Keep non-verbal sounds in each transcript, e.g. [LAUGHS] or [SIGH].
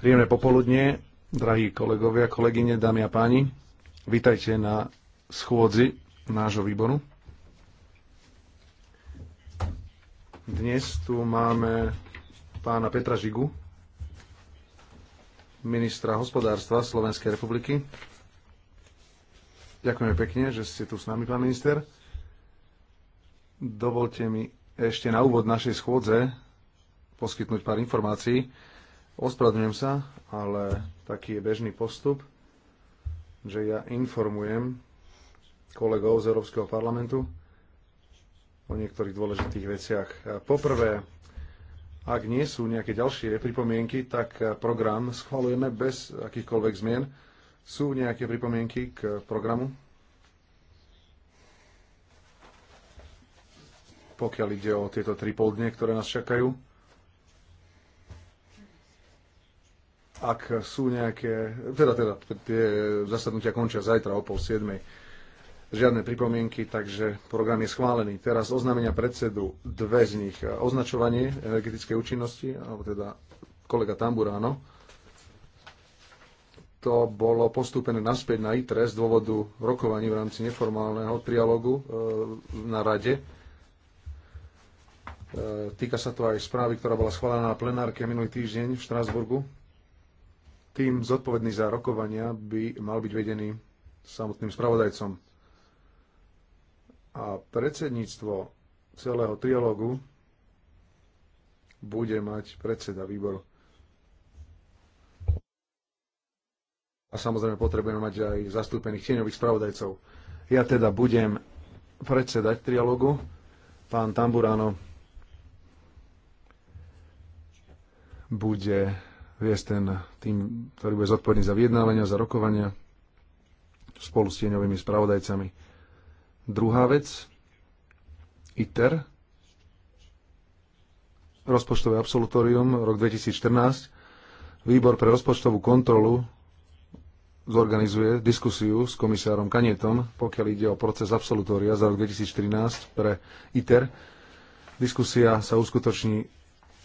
Príjemné popoludne, drahí kolegovia, kolegyne, dámy a páni. Vítajte na schôdzi nášho výboru. Dnes tu máme pána Petra Žigu, ministra hospodárstva Slovenskej republiky. Ďakujeme pekne, že ste tu s nami, pán minister. Dovolte mi ešte na úvod našej schôdze poskytnúť pár informácií. Ospravedlňujem sa, ale taký je bežný postup, že ja informujem kolegov z Európskeho parlamentu o niektorých dôležitých veciach. Poprvé, ak nie sú nejaké ďalšie pripomienky, tak program schvalujeme bez akýchkoľvek zmien. Sú nejaké pripomienky k programu? Pokiaľ ide o tieto tri poldne, ktoré nás čakajú. ak sú nejaké, teda, teda tie zasadnutia končia zajtra o pol siedmej, žiadne pripomienky, takže program je schválený. Teraz oznámenia predsedu, dve z nich. Označovanie energetickej účinnosti, alebo teda kolega Tamburáno, to bolo postúpené naspäť na ITRE z dôvodu rokovaní v rámci neformálneho trialógu e, na rade. E, týka sa to aj správy, ktorá bola schválená na plenárke minulý týždeň v Štrásburgu tým zodpovedný za rokovania by mal byť vedený samotným spravodajcom. A predsedníctvo celého trialógu bude mať predseda výboru. A samozrejme potrebujeme mať aj zastúpených tieňových spravodajcov. Ja teda budem predsedať trialogu. Pán Tamburáno bude viesť ten tým, ktorý bude zodpovedný za vyjednávania, za rokovania spolu s tieňovými spravodajcami. Druhá vec, ITER, rozpočtové absolutórium, rok 2014, výbor pre rozpočtovú kontrolu zorganizuje diskusiu s komisárom Kanietom, pokiaľ ide o proces absolutória za rok 2013 pre ITER. Diskusia sa uskutoční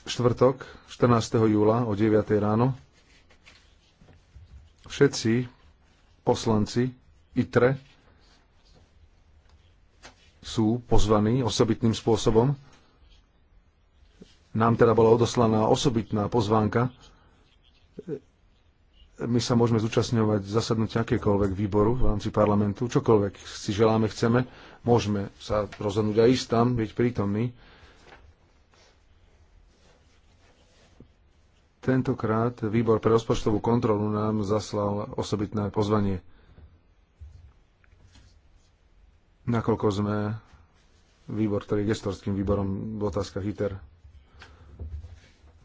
štvrtok, 14. júla o 9. ráno, všetci poslanci ITRE sú pozvaní osobitným spôsobom. Nám teda bola odoslaná osobitná pozvánka. My sa môžeme zúčastňovať zasadnúť akékoľvek výboru v rámci parlamentu, čokoľvek si želáme, chceme. Môžeme sa rozhodnúť aj ísť tam, byť prítomní. Tentokrát výbor pre rozpočtovú kontrolu nám zaslal osobitné pozvanie. Nakoľko sme výbor, ktorý je gestorským výborom v otázkach ITER,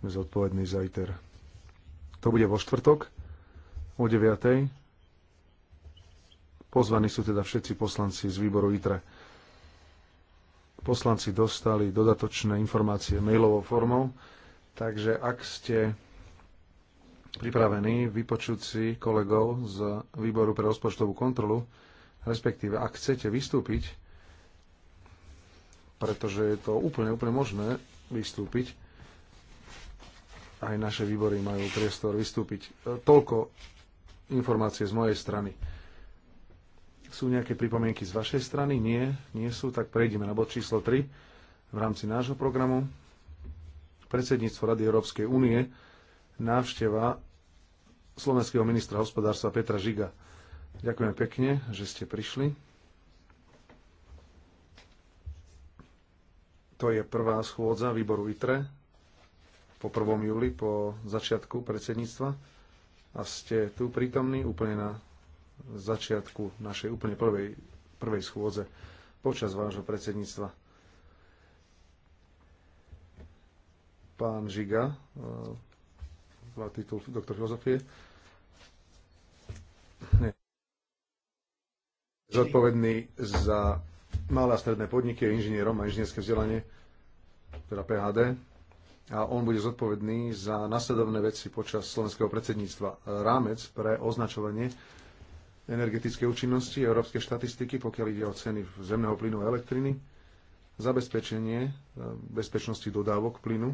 sme zodpovední za ITER. To bude vo štvrtok o 9. Pozvaní sú teda všetci poslanci z výboru ITRE. Poslanci dostali dodatočné informácie mailovou formou. Takže ak ste pripravení vypočuť si kolegov z výboru pre rozpočtovú kontrolu, respektíve ak chcete vystúpiť, pretože je to úplne, úplne možné vystúpiť, aj naše výbory majú priestor vystúpiť. E, toľko informácie z mojej strany. Sú nejaké pripomienky z vašej strany? Nie, nie sú, tak prejdeme na bod číslo 3 v rámci nášho programu. Predsedníctvo Rady Európskej únie návšteva slovenského ministra hospodárstva Petra Žiga. Ďakujem pekne, že ste prišli. To je prvá schôdza výboru ITRE po 1. júli, po začiatku predsedníctva. A ste tu prítomní úplne na začiatku našej úplne prvej, prvej schôdze počas vášho predsedníctva. Pán Žiga má titul doktor filozofie. Nie. Zodpovedný za malé a stredné podniky, je inžinierom a inžinierské vzdelanie, teda PHD. A on bude zodpovedný za nasledovné veci počas slovenského predsedníctva. Rámec pre označovanie energetickej účinnosti, európske štatistiky, pokiaľ ide o ceny zemného plynu a elektriny, zabezpečenie e, bezpečnosti dodávok plynu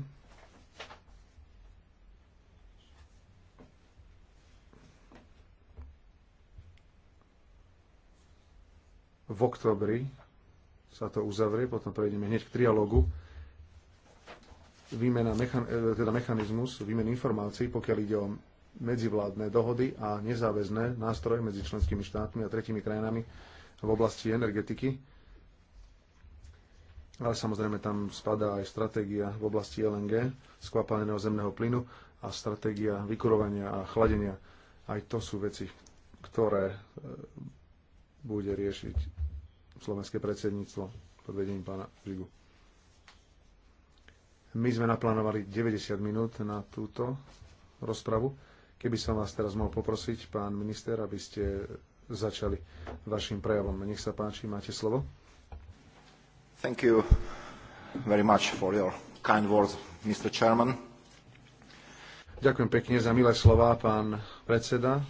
v oktobri sa to uzavrie, potom prejdeme hneď k trialogu. Výmena, mechan, e, teda mechanizmus výmeny informácií, pokiaľ ide o medzivládne dohody a nezáväzné nástroje medzi členskými štátmi a tretími krajinami v oblasti energetiky. Ale samozrejme tam spadá aj stratégia v oblasti LNG, skvapaleného zemného plynu a stratégia vykurovania a chladenia. Aj to sú veci, ktoré e, bude riešiť slovenské predsedníctvo pod vedením pána Žigu. My sme naplánovali 90 minút na túto rozpravu. Keby som vás teraz mohol poprosiť, pán minister, aby ste začali vašim prejavom. Nech sa páči, máte slovo. Thank you very much for your kind words, Mr. Chairman. Ďakujem pekne za milé slova, pán predseda.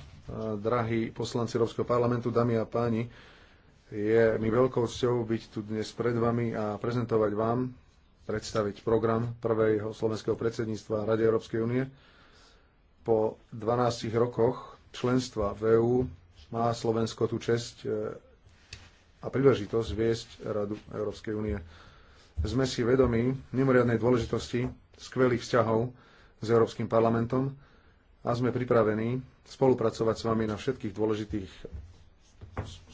Drahí poslanci Európskeho parlamentu, dámy a páni, je mi veľkou cťou byť tu dnes pred vami a prezentovať vám, predstaviť program prvého slovenského predsedníctva Rady Európskej únie. Po 12 rokoch členstva v EÚ má Slovensko tú čest e, a príležitosť viesť Radu Európskej únie. Sme si vedomi mimoriadnej dôležitosti skvelých vzťahov s Európskym parlamentom a sme pripravení spolupracovať s vami na všetkých dôležitých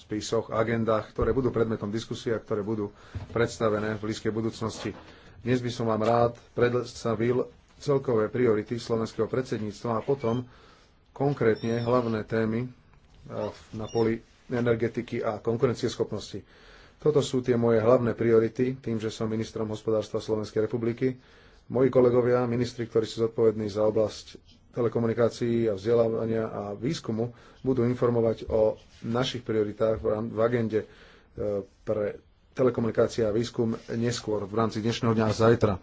spisoch, agendách, ktoré budú predmetom diskusie a ktoré budú predstavené v blízkej budúcnosti. Dnes by som vám rád predstavil celkové priority slovenského predsedníctva a potom konkrétne hlavné témy eh, na poli energetiky a konkurencieschopnosti. Toto sú tie moje hlavné priority, tým, že som ministrom hospodárstva Slovenskej republiky. Moji kolegovia, ministri, ktorí sú zodpovední za oblasť telekomunikácií a vzdelávania a výskumu budú informovať o našich prioritách v agende e, pre telekomunikácia a výskum neskôr v rámci dnešného dňa a zajtra.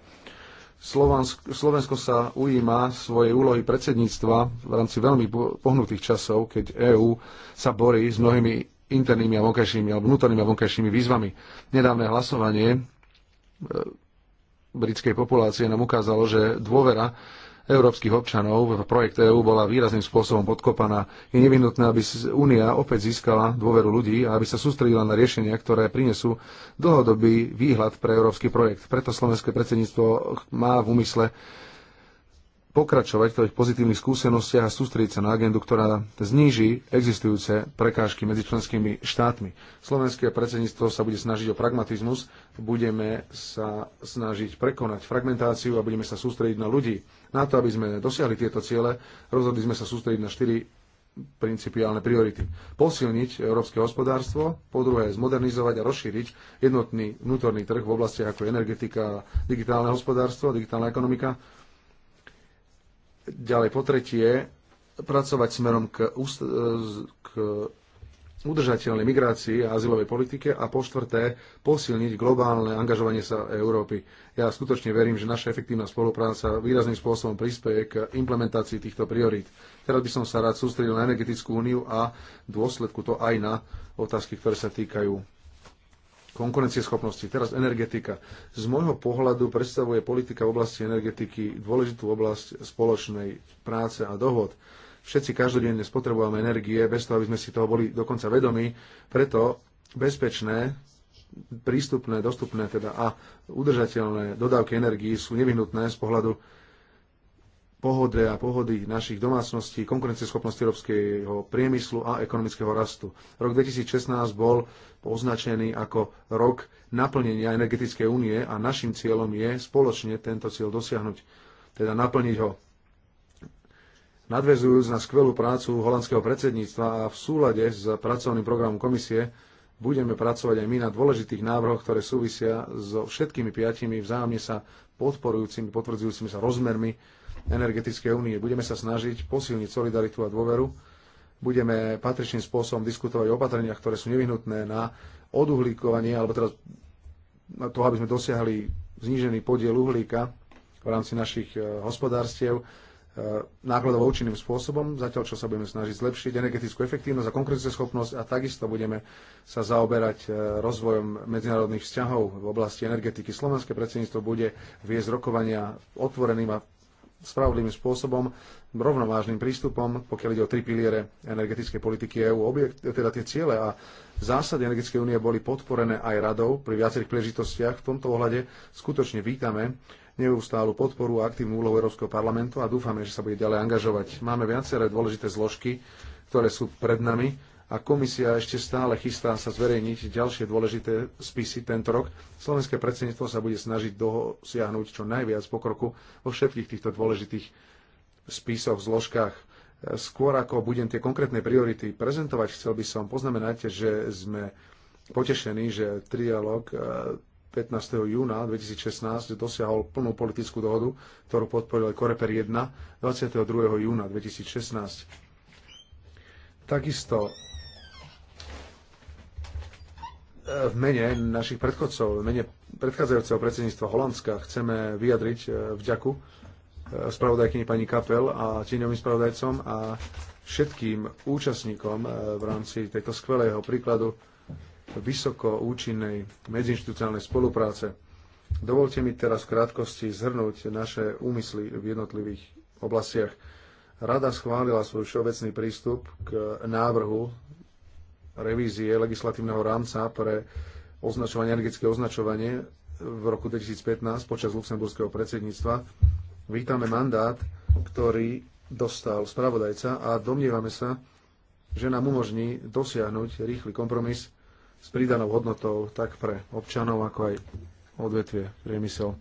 Slovensko, Slovensko sa ujíma svojej úlohy predsedníctva v rámci veľmi pohnutých časov, keď EÚ sa borí s mnohými internými a vonkajšími alebo vnútornými a vonkajšími výzvami. Nedávne hlasovanie e, britskej populácie nám ukázalo, že dôvera európskych občanov, projekt EÚ bola výrazným spôsobom podkopaná. Je nevyhnutné, aby Únia opäť získala dôveru ľudí a aby sa sústredila na riešenia, ktoré prinesú dlhodobý výhľad pre európsky projekt. Preto slovenské predsedníctvo má v úmysle pokračovať v tých pozitívnych skúsenostiach a sústrediť sa na agendu, ktorá zníži existujúce prekážky medzi členskými štátmi. Slovenské predsedníctvo sa bude snažiť o pragmatizmus, budeme sa snažiť prekonať fragmentáciu a budeme sa sústrediť na ľudí. Na to, aby sme dosiahli tieto ciele, rozhodli sme sa sústrediť na štyri principiálne priority. Posilniť európske hospodárstvo, po druhé zmodernizovať a rozšíriť jednotný vnútorný trh v oblastiach ako energetika, digitálne hospodárstvo, digitálna ekonomika. Ďalej po tretie pracovať smerom k, k udržateľnej migrácii a azylovej politike a po štvrté posilniť globálne angažovanie sa Európy. Ja skutočne verím, že naša efektívna spolupráca výrazným spôsobom prispieje k implementácii týchto priorít. Teraz by som sa rád sústredil na energetickú úniu a dôsledku to aj na otázky, ktoré sa týkajú konkurencieschopnosti. Teraz energetika. Z môjho pohľadu predstavuje politika v oblasti energetiky dôležitú oblasť spoločnej práce a dohod Všetci každodenne spotrebujeme energie bez toho, aby sme si toho boli dokonca vedomi. Preto bezpečné, prístupné, dostupné teda a udržateľné dodávky energii sú nevyhnutné z pohľadu pohode a pohody našich domácností, konkurencieschopnosti európskeho priemyslu a ekonomického rastu. Rok 2016 bol označený ako rok naplnenia energetickej únie a našim cieľom je spoločne tento cieľ dosiahnuť, teda naplniť ho. Nadvezujúc na skvelú prácu holandského predsedníctva a v súlade s pracovným programom komisie, budeme pracovať aj my na dôležitých návrhoch, ktoré súvisia so všetkými piatimi vzájomne sa podporujúcimi, potvrdzujúcimi sa rozmermi energetickej únie. Budeme sa snažiť posilniť solidaritu a dôveru. Budeme patričným spôsobom diskutovať o opatreniach, ktoré sú nevyhnutné na oduhlíkovanie, alebo teraz na to, aby sme dosiahli znížený podiel uhlíka v rámci našich eh, hospodárstiev E, nákladovo účinným spôsobom, zatiaľ čo sa budeme snažiť zlepšiť energetickú efektívnosť a konkurencieschopnosť a takisto budeme sa zaoberať e, rozvojom medzinárodných vzťahov v oblasti energetiky. Slovenské predsedníctvo bude viesť rokovania otvoreným a spravodlivým spôsobom, rovnovážnym prístupom, pokiaľ ide o tri piliere energetickej politiky EÚ. teda tie ciele a zásady energetickej únie boli podporené aj radou pri viacerých príležitostiach. V tomto ohľade skutočne vítame neustálu podporu a aktívnu úlohu Európskeho parlamentu a dúfame, že sa bude ďalej angažovať. Máme viaceré dôležité zložky, ktoré sú pred nami a komisia ešte stále chystá sa zverejniť ďalšie dôležité spisy tento rok. Slovenské predsedníctvo sa bude snažiť dosiahnuť čo najviac pokroku vo všetkých týchto dôležitých spisoch, zložkách. Skôr ako budem tie konkrétne priority prezentovať, chcel by som poznamenať, že sme potešení, že trialog 15. júna 2016 dosiahol plnú politickú dohodu, ktorú podporil aj Koreper 1 22. júna 2016. Takisto e, v mene našich predchodcov, v mene predchádzajúceho predsedníctva Holandska chceme vyjadriť e, vďaku e, spravodajkyni pani Kapel a tieňovým spravodajcom a všetkým účastníkom v rámci tejto skvelého príkladu vysoko účinnej medziinstitucionálnej spolupráce. Dovolte mi teraz v krátkosti zhrnúť naše úmysly v jednotlivých oblastiach. Rada schválila svoj všeobecný prístup k návrhu revízie legislatívneho rámca pre označovanie, energetické označovanie v roku 2015 počas luxemburského predsedníctva. Vítame mandát, ktorý dostal spravodajca a domnievame sa, že nám umožní dosiahnuť rýchly kompromis s pridanou hodnotou tak pre občanov, ako aj odvetvie priemysel.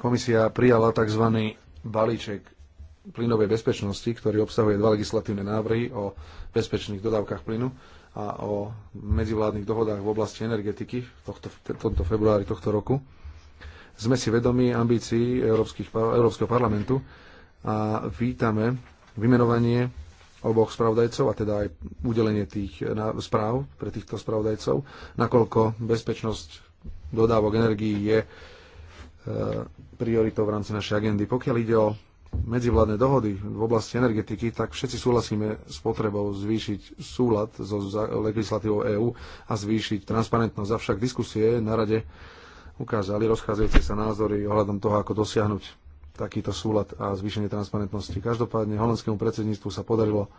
Komisia prijala tzv. balíček plynovej bezpečnosti, ktorý obsahuje dva legislatívne návrhy o bezpečných dodávkach plynu a o medzivládnych dohodách v oblasti energetiky v tohto, tomto februári tohto roku. Sme si vedomi ambícií Európskeho parlamentu a vítame vymenovanie oboch spravodajcov, a teda aj udelenie tých eh, správ pre týchto spravodajcov, nakoľko bezpečnosť dodávok energií je eh, prioritou v rámci našej agendy. Pokiaľ ide o medzivládne dohody v oblasti energetiky, tak všetci súhlasíme s potrebou zvýšiť súlad so legislatívou EÚ a zvýšiť transparentnosť. Avšak diskusie na rade ukázali rozchádzajúce sa názory ohľadom toho, ako dosiahnuť takýto súlad a zvýšenie transparentnosti. Každopádne holandskému predsedníctvu sa podarilo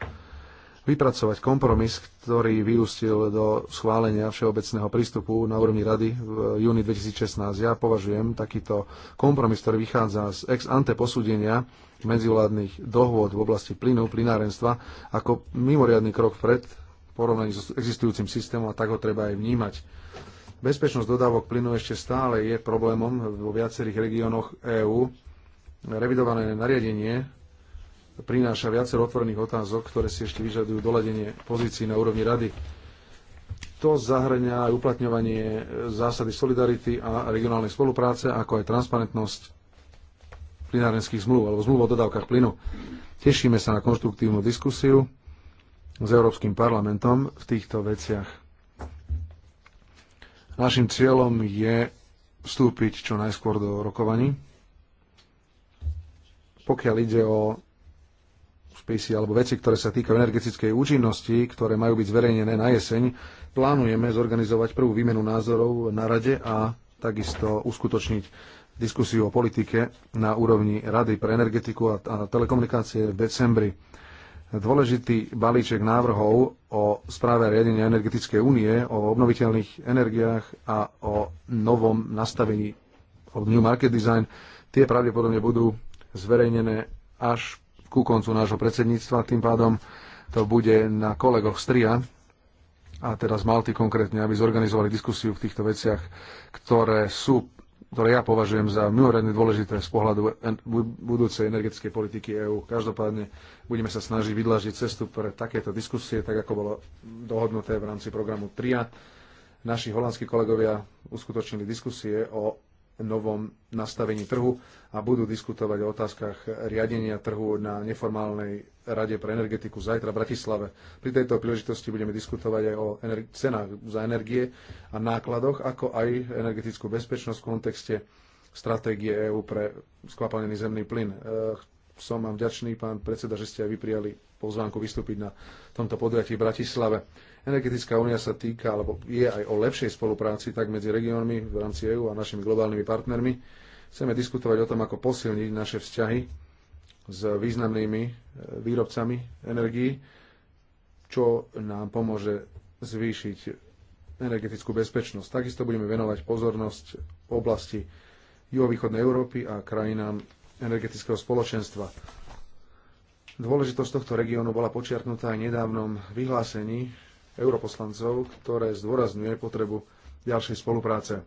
vypracovať kompromis, ktorý vyústil do schválenia všeobecného prístupu na úrovni rady v júni 2016. Ja považujem takýto kompromis, ktorý vychádza z ex ante posúdenia medzivládnych dohôd v oblasti plynu, plynárenstva, ako mimoriadný krok vpred v porovnaní s so existujúcim systémom a tak ho treba aj vnímať. Bezpečnosť dodávok plynu ešte stále je problémom vo viacerých regiónoch EÚ revidované nariadenie prináša viacero otvorených otázok, ktoré si ešte vyžadujú doladenie pozícií na úrovni rady. To zahrania aj uplatňovanie zásady solidarity a regionálnej spolupráce, ako aj transparentnosť plinárenských zmluv alebo zmluv o dodávkach plynu. Tešíme sa na konštruktívnu diskusiu s Európskym parlamentom v týchto veciach. Našim cieľom je vstúpiť čo najskôr do rokovaní. Pokiaľ ide o spisy alebo veci, ktoré sa týkajú energetickej účinnosti, ktoré majú byť zverejnené na jeseň, plánujeme zorganizovať prvú výmenu názorov na rade a takisto uskutočniť diskusiu o politike na úrovni Rady pre energetiku a, a telekomunikácie v decembri. Dôležitý balíček návrhov o správe riadenia energetickej únie, o obnoviteľných energiách a o novom nastavení, o New Market Design, tie pravdepodobne budú zverejnené až ku koncu nášho predsedníctva. Tým pádom to bude na kolegoch z TRIA, a teda z Malty konkrétne, aby zorganizovali diskusiu v týchto veciach, ktoré sú ktoré ja považujem za mimoriadne dôležité z pohľadu budúcej energetickej politiky EÚ. Každopádne budeme sa snažiť vydlažiť cestu pre takéto diskusie, tak ako bolo dohodnuté v rámci programu TRIA. Naši holandskí kolegovia uskutočnili diskusie o novom nastavení trhu a budú diskutovať o otázkach riadenia trhu na neformálnej rade pre energetiku zajtra v Bratislave. Pri tejto príležitosti budeme diskutovať aj o cenách za energie a nákladoch, ako aj energetickú bezpečnosť v kontexte stratégie EÚ pre skvapalnený zemný plyn. E, som vám vďačný, pán predseda, že ste aj vy prijali pozvánku vystúpiť na tomto podujatí v Bratislave. Energetická únia sa týka, alebo je aj o lepšej spolupráci tak medzi regiónmi v rámci EÚ a našimi globálnymi partnermi. Chceme diskutovať o tom, ako posilniť naše vzťahy s významnými e, výrobcami energií, čo nám pomôže zvýšiť energetickú bezpečnosť. Takisto budeme venovať pozornosť oblasti juhovýchodnej Európy a krajinám energetického spoločenstva. Dôležitosť tohto regiónu bola počiarknutá aj nedávnom vyhlásení europoslancov, ktoré zdôrazňuje potrebu ďalšej spolupráce.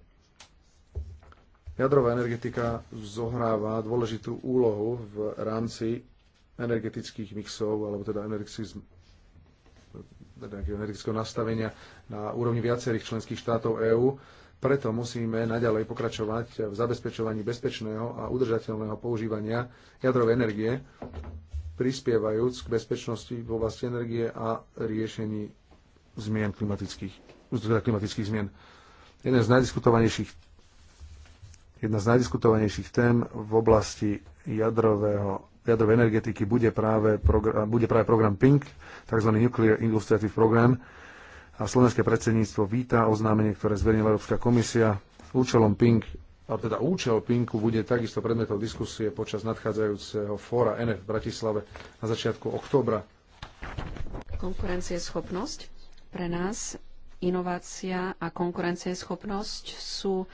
Jadrová energetika zohráva dôležitú úlohu v rámci energetických mixov, alebo teda energetického nastavenia na úrovni viacerých členských štátov EÚ. Preto musíme naďalej pokračovať v zabezpečovaní bezpečného a udržateľného používania jadrovej energie, prispievajúc k bezpečnosti v oblasti energie a riešení zmien klimatických, teda klimatických zmien. Jeden z najdiskutovanejších Jedna z najdiskutovanejších tém v oblasti jadrového, jadrovej energetiky bude práve, program, bude práve program PINK, tzv. Nuclear Industriative Program. A slovenské predsedníctvo víta oznámenie, ktoré zverejnila Európska komisia. Účelom PINK, a teda účel PINKu bude takisto predmetom diskusie počas nadchádzajúceho fóra NF v Bratislave na začiatku októbra. Konkurencieschopnosť pre nás inovácia a konkurencieschopnosť sú e,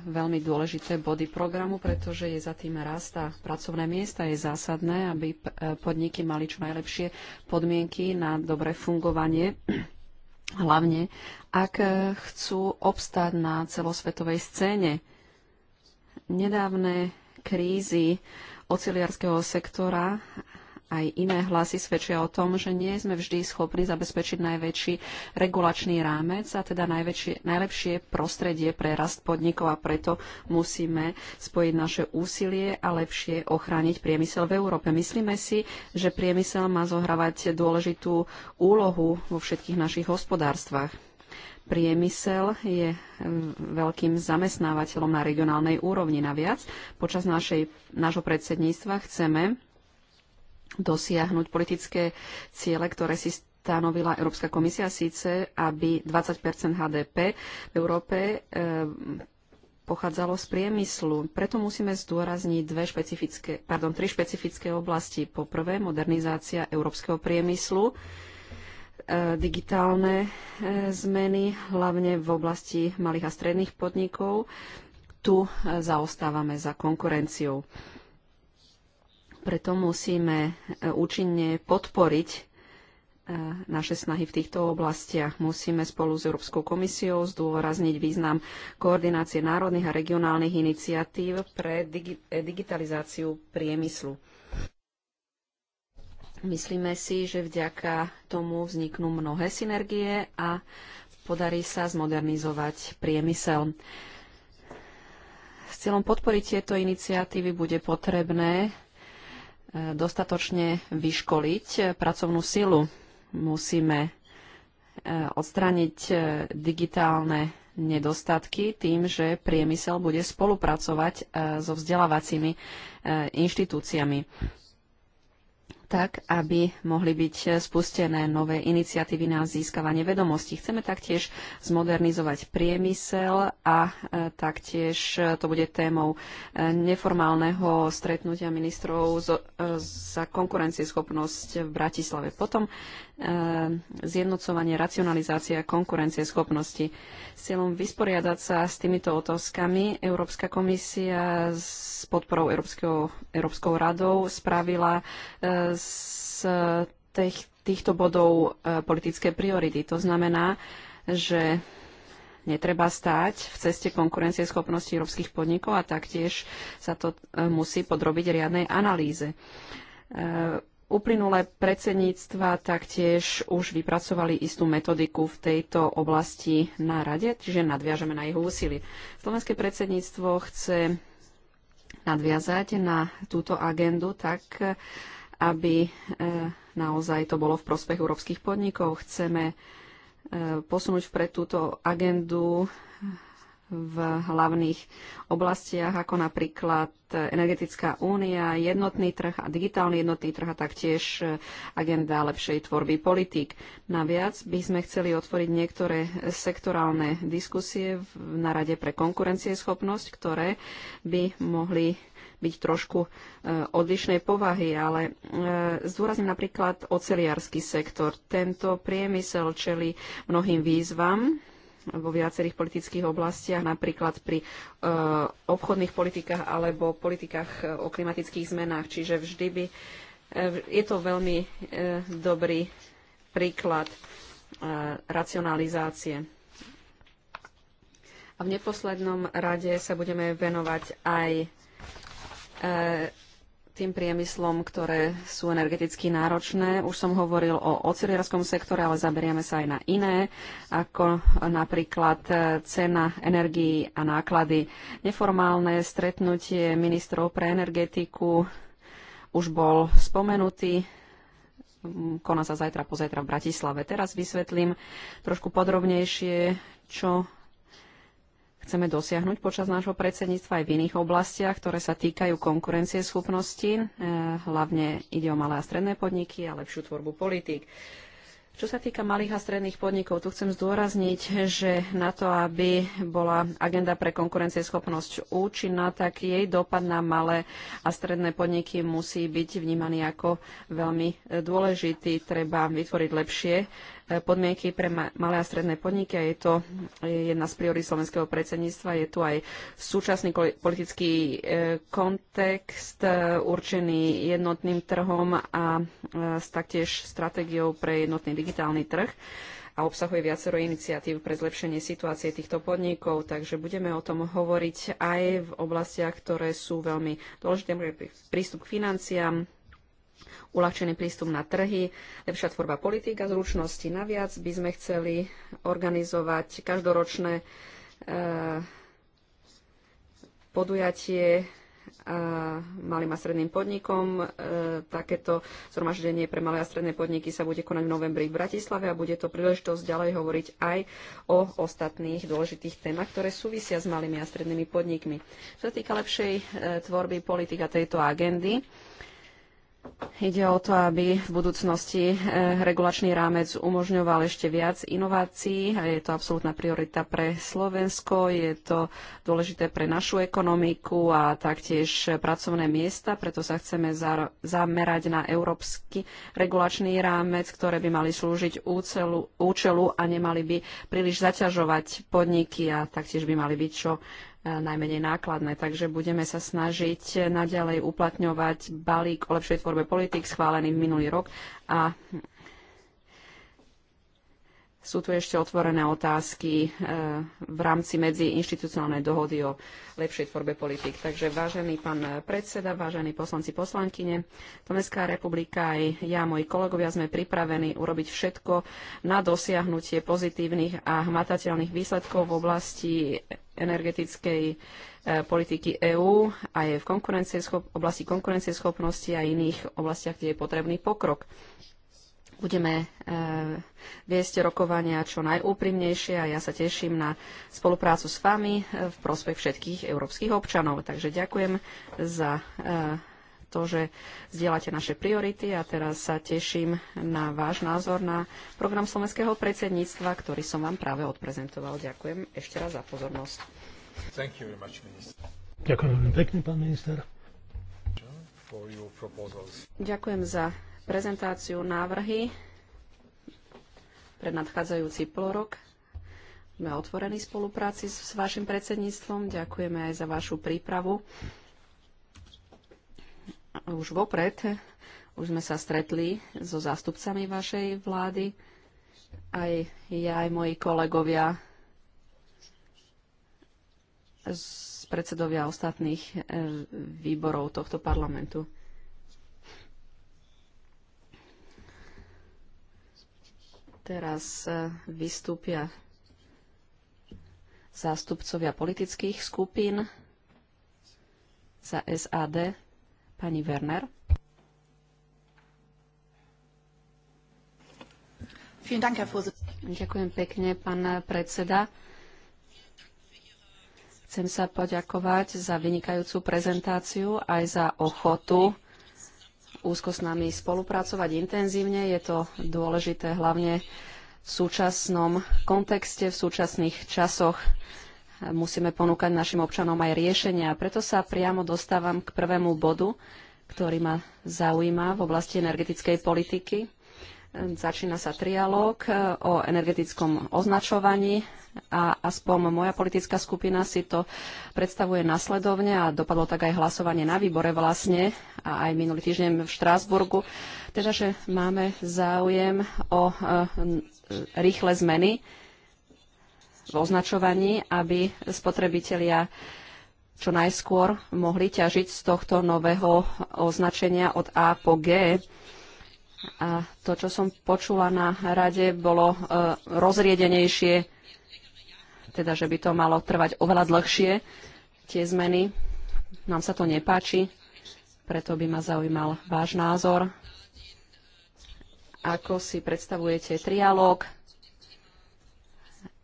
veľmi dôležité body programu, pretože je za tým rast a pracovné miesta. Je zásadné, aby e, podniky mali čo najlepšie podmienky na dobré fungovanie, [CLEARS THROAT] hlavne ak e, chcú obstáť na celosvetovej scéne. Nedávne krízy oceliarského sektora aj iné hlasy svedčia o tom, že nie sme vždy schopní zabezpečiť najväčší regulačný rámec a teda najväčšie, najlepšie prostredie pre rast podnikov a preto musíme spojiť naše úsilie a lepšie ochrániť priemysel v Európe. Myslíme si, že priemysel má zohrávať dôležitú úlohu vo všetkých našich hospodárstvách. Priemysel je veľkým zamestnávateľom na regionálnej úrovni. Naviac, počas našej, nášho predsedníctva chceme dosiahnuť politické ciele, ktoré si stanovila Európska komisia, síce aby 20 HDP v Európe e, pochádzalo z priemyslu. Preto musíme zdôrazniť dve špecifické, pardon, tri špecifické oblasti. Po prvé, modernizácia európskeho priemyslu, e, digitálne e, zmeny, hlavne v oblasti malých a stredných podnikov. Tu zaostávame za konkurenciou. Preto musíme e, účinne podporiť e, naše snahy v týchto oblastiach. Musíme spolu s Európskou komisiou zdôrazniť význam koordinácie národných a regionálnych iniciatív pre digi e, digitalizáciu priemyslu. Myslíme si, že vďaka tomu vzniknú mnohé synergie a podarí sa zmodernizovať priemysel. S cieľom podporiť tieto iniciatívy bude potrebné dostatočne vyškoliť pracovnú silu. Musíme e, odstrániť e, digitálne nedostatky tým, že priemysel bude spolupracovať e, so vzdelávacími inštitúciami tak aby mohli byť spustené nové iniciatívy na získavanie vedomostí. Chceme taktiež zmodernizovať priemysel a e, taktiež e, to bude témou e, neformálneho stretnutia ministrov za konkurencieschopnosť v Bratislave. Potom zjednocovanie, racionalizácia konkurencieschopnosti. S cieľom vysporiadať sa s týmito otázkami Európska komisia s podporou Európskeho, Európskou radou spravila z tých, týchto bodov e, politické priority. To znamená, že netreba stáť v ceste konkurencieschopnosti európskych podnikov a taktiež sa to e, musí podrobiť riadnej analýze. E, uplynulé predsedníctva taktiež už vypracovali istú metodiku v tejto oblasti na rade, čiže nadviažeme na jeho úsilie. Slovenské predsedníctvo chce nadviazať na túto agendu tak, aby e, naozaj to bolo v prospech európskych podnikov. Chceme e, posunúť vpred túto agendu v hlavných oblastiach, ako napríklad Energetická únia, jednotný trh a digitálny jednotný trh a taktiež e, agenda lepšej tvorby politík. Naviac by sme chceli otvoriť niektoré sektorálne diskusie na Rade pre konkurencieschopnosť, ktoré by mohli byť trošku e, odlišnej povahy, ale e, zdôrazním napríklad oceliársky sektor. Tento priemysel čeli mnohým výzvam, vo viacerých politických oblastiach, napríklad pri e, obchodných politikách alebo politikách e, o klimatických zmenách. Čiže vždy by. E, je to veľmi e, dobrý príklad racionalizácie. A v neposlednom rade sa budeme venovať aj E, tým priemyslom, ktoré sú energeticky náročné. Už som hovoril o oceliarskom sektore, ale zaberieme sa aj na iné, ako napríklad e, cena energií a náklady. Neformálne stretnutie ministrov pre energetiku už bol spomenutý. Mm, koná sa zajtra, pozajtra v Bratislave. Teraz vysvetlím trošku podrobnejšie, čo chceme dosiahnuť počas nášho predsedníctva aj v iných oblastiach, ktoré sa týkajú konkurencie schopnosti. Eh, hlavne ide o malé a stredné podniky a lepšiu tvorbu politík. Čo sa týka malých a stredných podnikov, tu chcem zdôrazniť, že na to, aby bola agenda pre konkurencieschopnosť účinná, tak jej dopad na malé a stredné podniky musí byť vnímaný ako veľmi eh, dôležitý. Treba vytvoriť lepšie eh, podmienky pre malé a stredné podniky a je to jedna z priorí slovenského predsedníctva. Je tu aj súčasný politický e, kontext e, určený jednotným trhom a e, taktiež stratégiou pre jednotný digitálny trh a obsahuje viacero iniciatív pre zlepšenie situácie týchto podnikov, takže budeme o tom hovoriť aj v oblastiach, ktoré sú veľmi dôležité, prístup k financiám, uľahčený prístup na trhy, lepšia tvorba politika zručnosti. Naviac by sme chceli organizovať každoročné e, podujatie e, malým a stredným podnikom. E, takéto zhromaždenie pre malé a stredné podniky sa bude konať v novembri v Bratislave a bude to príležitosť ďalej hovoriť aj o ostatných dôležitých témach, ktoré súvisia s malými a strednými podnikmi. Čo sa týka lepšej tvorby politika tejto agendy, Ide o to, aby v budúcnosti eh, regulačný rámec umožňoval ešte viac inovácií a je to absolútna priorita pre Slovensko, je to dôležité pre našu ekonomiku a taktiež pracovné miesta, preto sa chceme zamerať na európsky regulačný rámec, ktoré by mali slúžiť úcelu, účelu a nemali by príliš zaťažovať podniky a taktiež by mali byť čo E, najmenej nákladné. Takže budeme sa snažiť naďalej uplatňovať balík o lepšej tvorbe politik schválený minulý rok a sú tu ešte otvorené otázky e, v rámci medziinštitucionálnej dohody o lepšej tvorbe politik. Takže vážený pán predseda, vážení poslanci, poslankyne, Tomeská republika aj ja, moji kolegovia sme pripravení urobiť všetko na dosiahnutie pozitívnych a hmatateľných výsledkov v oblasti energetickej e, politiky EÚ a aj v oblasti konkurencieschopnosti a iných oblastiach, kde je potrebný pokrok budeme e, viesť rokovania čo najúprimnejšie a ja sa teším na spoluprácu s vami e, v prospech všetkých európskych občanov. Takže ďakujem za e, to, že zdieľate naše priority a teraz sa teším na váš názor na program slovenského predsedníctva, ktorý som vám práve odprezentoval. Ďakujem ešte raz za pozornosť. Much, Ďakujem veľmi pekne, pán minister. Ďakujem za prezentáciu návrhy pre nadchádzajúci polorok. Sme otvorení spolupráci s, vašim predsedníctvom. Ďakujeme aj za vašu prípravu. Už vopred, už sme sa stretli so zástupcami vašej vlády. Aj ja, aj moji kolegovia, z predsedovia ostatných eh, výborov tohto parlamentu. Teraz e, vystúpia zástupcovia politických skupín za SAD pani Werner. Ďakujem pekne, pán predseda. Chcem sa poďakovať za vynikajúcu prezentáciu aj za ochotu úzko s nami spolupracovať intenzívne. Je to dôležité hlavne v súčasnom kontexte, v súčasných časoch musíme ponúkať našim občanom aj riešenia. Preto sa priamo dostávam k prvému bodu, ktorý ma zaujíma v oblasti energetickej politiky. Začína sa trialóg eh, o energetickom označovaní a aspoň moja politická skupina si to predstavuje nasledovne a dopadlo tak aj hlasovanie na výbore vlastne a aj minulý týždeň v Štrásburgu. Teda, že máme záujem o e, rýchle zmeny v označovaní, aby spotrebitelia čo najskôr mohli ťažiť z tohto nového označenia od A po G. A to, čo som počula na rade, bolo e, rozriedenejšie, teda, že by to malo trvať oveľa dlhšie, tie zmeny. Nám sa to nepáči, preto by ma zaujímal váš názor. Ako si predstavujete trialóg,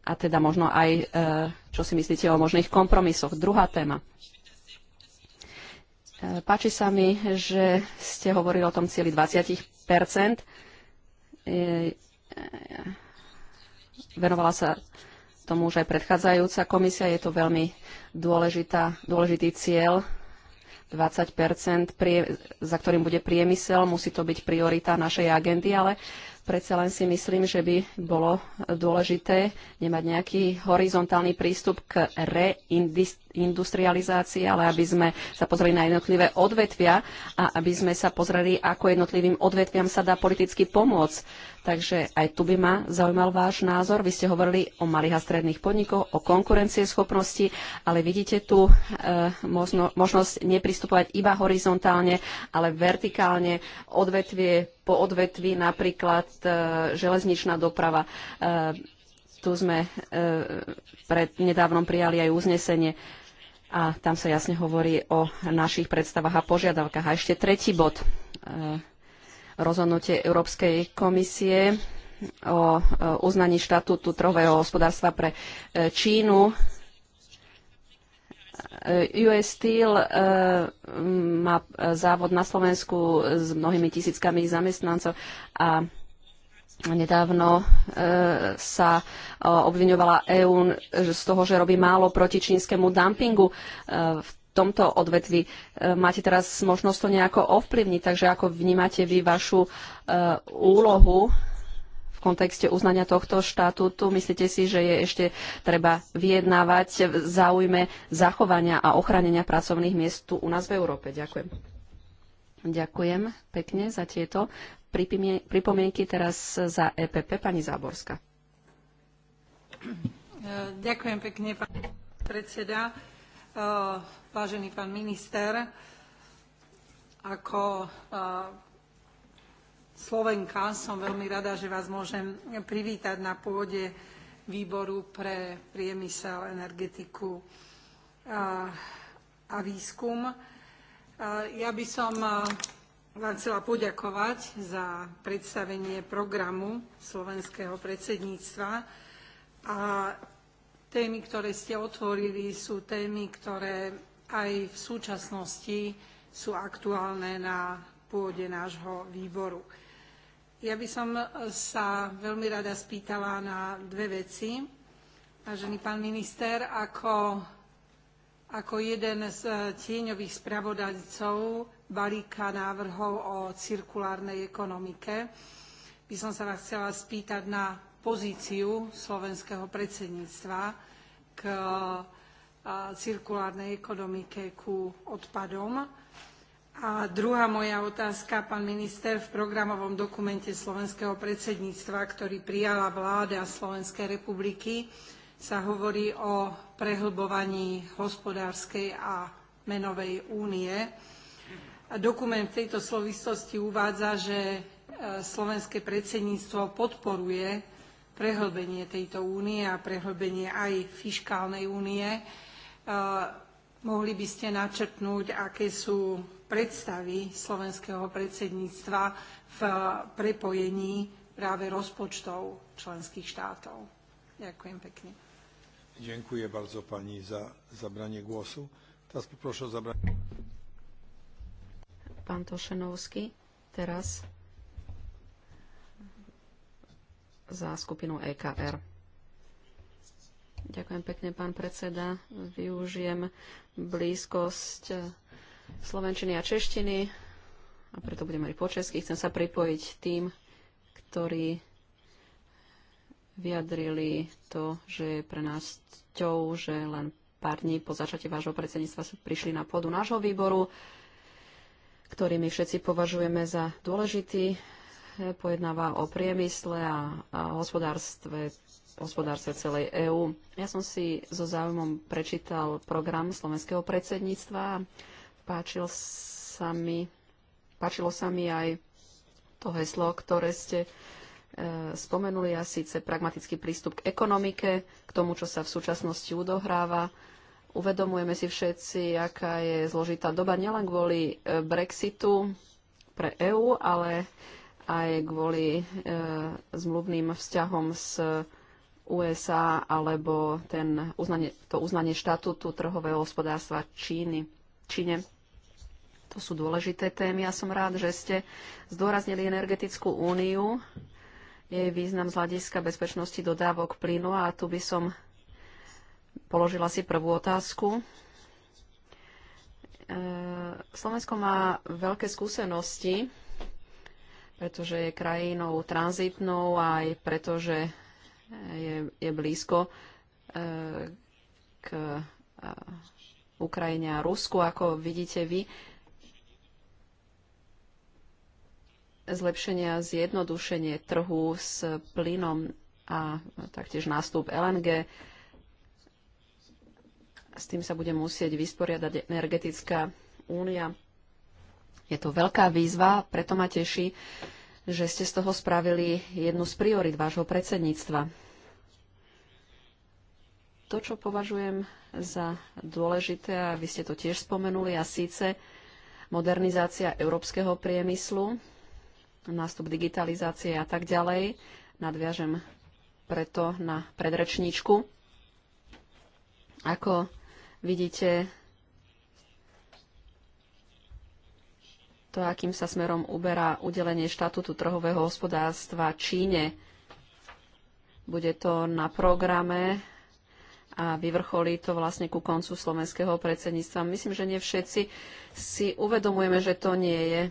a teda možno aj, e, čo si myslíte o možných kompromisoch. Druhá téma. E, páči sa mi, že ste hovorili o tom cieli 20 Venovala sa tomu už aj predchádzajúca komisia. Je to veľmi dôležitá, dôležitý cieľ 20 prie, za ktorým bude priemysel. Musí to byť priorita našej agendy, ale predsa len si myslím, že by bolo dôležité nemať nejaký horizontálny prístup k reindustrializácii industrializácii, ale aby sme sa pozreli na jednotlivé odvetvia a aby sme sa pozreli, ako jednotlivým odvetviam sa dá politicky pomôcť. Takže aj tu by ma zaujímal váš názor. Vy ste hovorili o malých a stredných podnikoch, o konkurencieschopnosti, ale vidíte tu e, možno, možnosť nepristupovať iba horizontálne, ale vertikálne, odvetvie po odvetvi, napríklad e, železničná doprava. E, tu sme e, pred nedávnom prijali aj uznesenie a tam sa jasne hovorí o našich predstavách a požiadavkách. A ešte tretí bod. E, rozhodnutie Európskej komisie o e, uznaní štatútu trhového hospodárstva pre e, Čínu. US Steel má závod na Slovensku s mnohými tisíckami zamestnancov a Nedávno e, sa e, obviňovala EÚ z toho, že robí málo proti čínskemu dumpingu. E, v tomto odvetvi e, máte teraz možnosť to nejako ovplyvniť, takže ako vnímate vy vašu e, úlohu v kontexte uznania tohto štatútu? Myslíte si, že je ešte treba vyjednávať v záujme zachovania a ochránenia pracovných miest tu u nás v Európe? Ďakujem. Ďakujem pekne za tieto pripomienky. Teraz za EPP pani Záborská. Ďakujem pekne, pán predseda. Vážený pán minister, ako Slovenka som veľmi rada, že vás môžem privítať na pôde výboru pre priemysel, energetiku a výskum. Eh, ja by som eh, vám chcela poďakovať za predstavenie programu slovenského predsedníctva. A témy, ktoré ste otvorili, sú témy, ktoré aj v súčasnosti sú aktuálne na pôde nášho výboru. Ja by som eh, sa veľmi rada spýtala na dve veci. Vážený pán minister, ako ako jeden z eh, tieňových spravodajcov balíka návrhov o cirkulárnej ekonomike by som sa vás chcela spýtať na pozíciu slovenského predsedníctva k eh, cirkulárnej ekonomike, ku odpadom. A druhá moja otázka, pán minister, v programovom dokumente slovenského predsedníctva, ktorý prijala vláda Slovenskej republiky, sa hovorí o prehlbovaní hospodárskej a menovej únie. Dokument v tejto súvislosti uvádza, že e, slovenské predsedníctvo podporuje prehlbenie tejto únie a prehlbenie aj fiškálnej únie. E, mohli by ste načrtnúť, aké sú predstavy slovenského predsedníctva v prepojení práve rozpočtov členských štátov. Ďakujem pekne. Dziękuję bardzo pani za zabranie głosu. Teraz poproszę o zabranie... Pan Tošenovský, teraz za skupinu EKR. Ďakujem pekne, pán predseda. Využijem blízkosť slovenčiny a češtiny a preto budem aj po česky. Chcem sa pripojiť tým, ktorí vyjadrili to, že je pre nás ťou, že len pár dní po začate vášho predsedníctva prišli na pôdu nášho výboru, ktorý my všetci považujeme za dôležitý. Pojednáva o priemysle a, a hospodárstve, hospodárstve celej EÚ. Ja som si so záujmom prečítal program slovenského predsedníctva a páčil sa mi, páčilo sa mi aj to heslo, ktoré ste spomenuli a síce pragmatický prístup k ekonomike, k tomu, čo sa v súčasnosti udohráva. Uvedomujeme si všetci, aká je zložitá doba nielen kvôli e, Brexitu pre EÚ, ale aj kvôli e, zmluvným vzťahom s USA alebo ten uznanie, to uznanie štatútu trhového hospodárstva Číny, Číne. To sú dôležité témy. Ja som rád, že ste zdôraznili energetickú úniu jej význam z hľadiska bezpečnosti dodávok plynu a tu by som položila si prvú otázku. E, Slovensko má veľké skúsenosti, pretože je krajinou tranzitnou aj pretože je, je blízko e, k e, Ukrajine a Rusku. Ako vidíte vy, zlepšenia zjednodušenie trhu s plynom a taktiež nástup LNG. S tým sa bude musieť vysporiadať energetická únia. Je to veľká výzva, preto ma teší, že ste z toho spravili jednu z priorit vášho predsedníctva to, čo považujem za dôležité, a vy ste to tiež spomenuli, a síce modernizácia európskeho priemyslu nástup digitalizácie a tak ďalej. Nadviažem preto na predrečníčku. Ako vidíte, to, akým sa smerom uberá udelenie štatútu trhového hospodárstva Číne, bude to na programe a vyvrcholí to vlastne ku koncu slovenského predsedníctva. Myslím, že nie všetci si uvedomujeme, že to nie je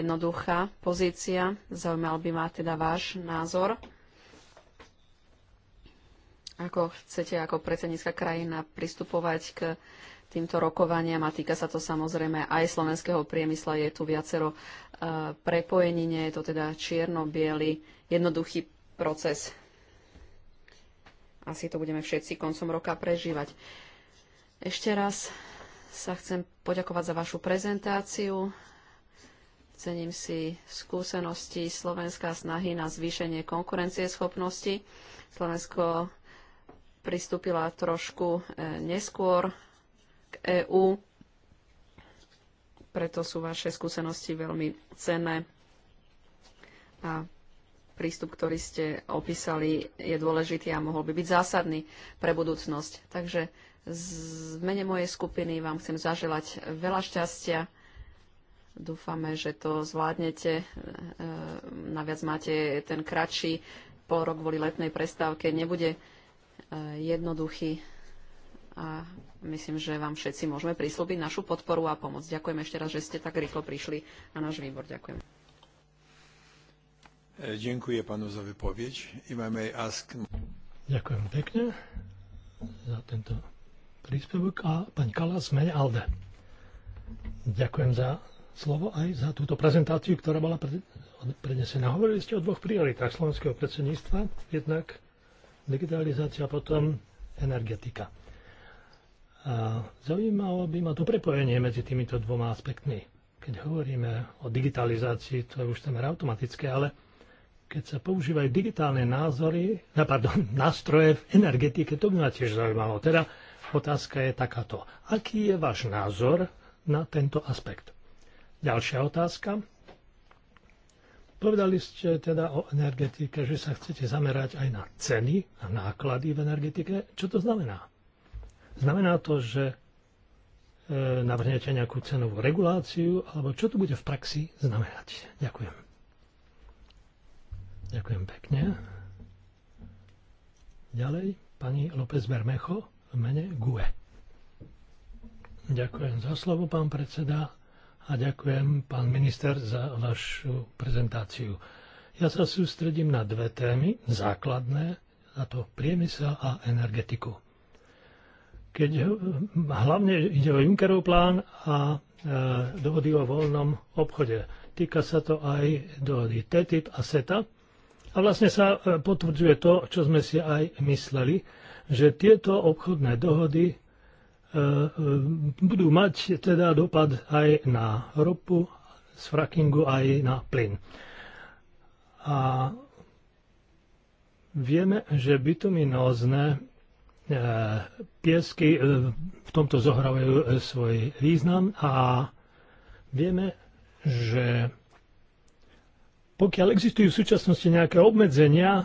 jednoduchá pozícia. Zaujímal by ma teda váš názor. Ako chcete ako predsednícka krajina pristupovať k týmto rokovaniam a týka sa to samozrejme aj slovenského priemysla. Je tu viacero e, prepojení, nie je to teda čierno-biely, jednoduchý proces asi to budeme všetci koncom roka prežívať. Ešte raz sa chcem poďakovať za vašu prezentáciu. Cením si skúsenosti Slovenska snahy na zvýšenie konkurencie schopnosti. Slovensko pristúpila trošku e, neskôr k EÚ, preto sú vaše skúsenosti veľmi cenné a prístup, ktorý ste opísali, je dôležitý a mohol by byť zásadný pre budúcnosť. Takže z mene mojej skupiny vám chcem zaželať veľa šťastia. Dúfame, že to zvládnete. E, naviac máte ten kratší pol rok kvôli letnej prestávke. Nebude e, jednoduchý a myslím, že vám všetci môžeme prislúbiť našu podporu a pomoc. Ďakujem ešte raz, že ste tak rýchlo prišli na náš výbor. Ďakujem. Ďakujem panu za Ask... Ďakujem pekne za tento príspevok. A pani Kalas, mene Alde. Ďakujem za slovo aj za túto prezentáciu, ktorá bola prednesená. Hovorili ste o dvoch prioritách slovenského predsedníctva. Jednak digitalizácia, a potom energetika. A zaujímalo by ma to prepojenie medzi týmito dvoma aspektmi. Keď hovoríme o digitalizácii, to je už tam automatické, ale keď sa používajú digitálne názory, na, pardon, [LAUGHS] nástroje v energetike, to by ma tiež zaujímalo. Teda otázka je takáto. Aký je váš názor na tento aspekt? Ďalšia otázka. Povedali ste teda o energetike, že sa chcete zamerať aj na ceny a náklady v energetike. Čo to znamená? Znamená to, že e, navrhnete nejakú cenovú reguláciu, alebo čo to bude v praxi znamenať? Ďakujem. Ďakujem pekne. Ďalej pani López Bermecho v mene GUE. Ďakujem za slovo, pán predseda, a ďakujem, pán minister, za vašu prezentáciu. Ja sa sústredím na dve témy základné, a to priemysel a energetiku. Keď hlavne ide o Junckerov plán a e, dohody o voľnom obchode. Týka sa to aj dohody TTIP a SETA, a vlastne sa e, potvrdzuje to, čo sme si aj mysleli, že tieto obchodné dohody e, e, budú mať teda dopad aj na ropu z frackingu, aj na plyn. A vieme, že bituminózne piesky v tomto zohrávajú svoj význam a vieme, že pokiaľ existujú v súčasnosti nejaké obmedzenia, eh,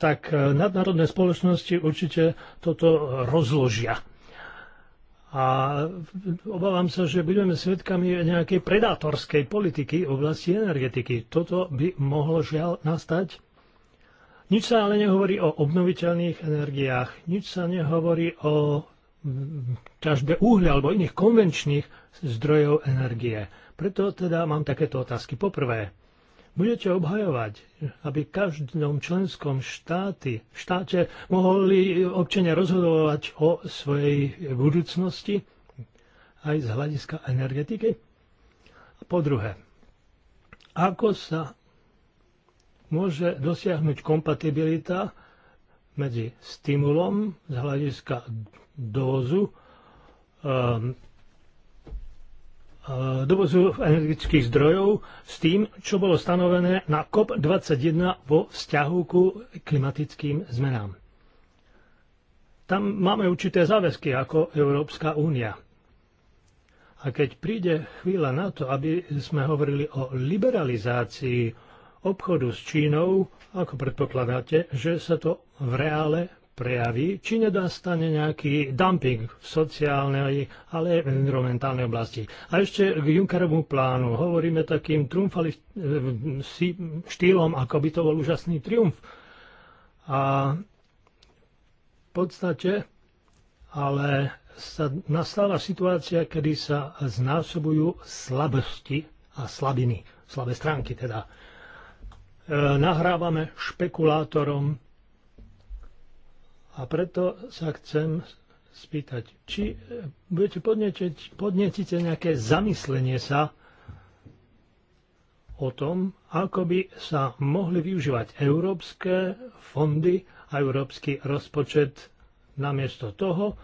tak eh, nadnárodné spoločnosti určite toto rozložia. A obávam sa, že budeme svedkami nejakej predátorskej politiky v oblasti energetiky. Toto by mohlo žiaľ nastať. Nič sa ale nehovorí o obnoviteľných energiách, nič sa nehovorí o mm, ťažbe uhlia alebo iných konvenčných zdrojov energie. Preto teda mám takéto otázky. Poprvé, budete obhajovať, aby v každom členskom štáte, štáte mohli občania rozhodovať o svojej budúcnosti aj z hľadiska energetiky? A po druhé, ako sa môže dosiahnuť kompatibilita medzi stimulom z hľadiska dózu ehm, E, dovozu energetických zdrojov s tým, čo bolo stanovené na COP21 vo vzťahu ku klimatickým zmenám. Tam máme určité záväzky ako Európska únia. A keď príde chvíľa na to, aby sme hovorili o liberalizácii obchodu s Čínou, ako predpokladáte, že sa to v reále prejaví, či nedostane nejaký dumping v sociálnej, ale environmentálnej oblasti. A ešte k Junckerovmu plánu. Hovoríme takým triumfali štýlom, ako by to bol úžasný triumf. A v podstate, ale sa nastala situácia, kedy sa znásobujú slabosti a slabiny, slabé stránky teda. E, nahrávame špekulátorom a preto sa chcem spýtať, či budete podnetiť, nejaké zamyslenie sa o tom, ako by sa mohli využívať európske fondy a európsky rozpočet namiesto toho,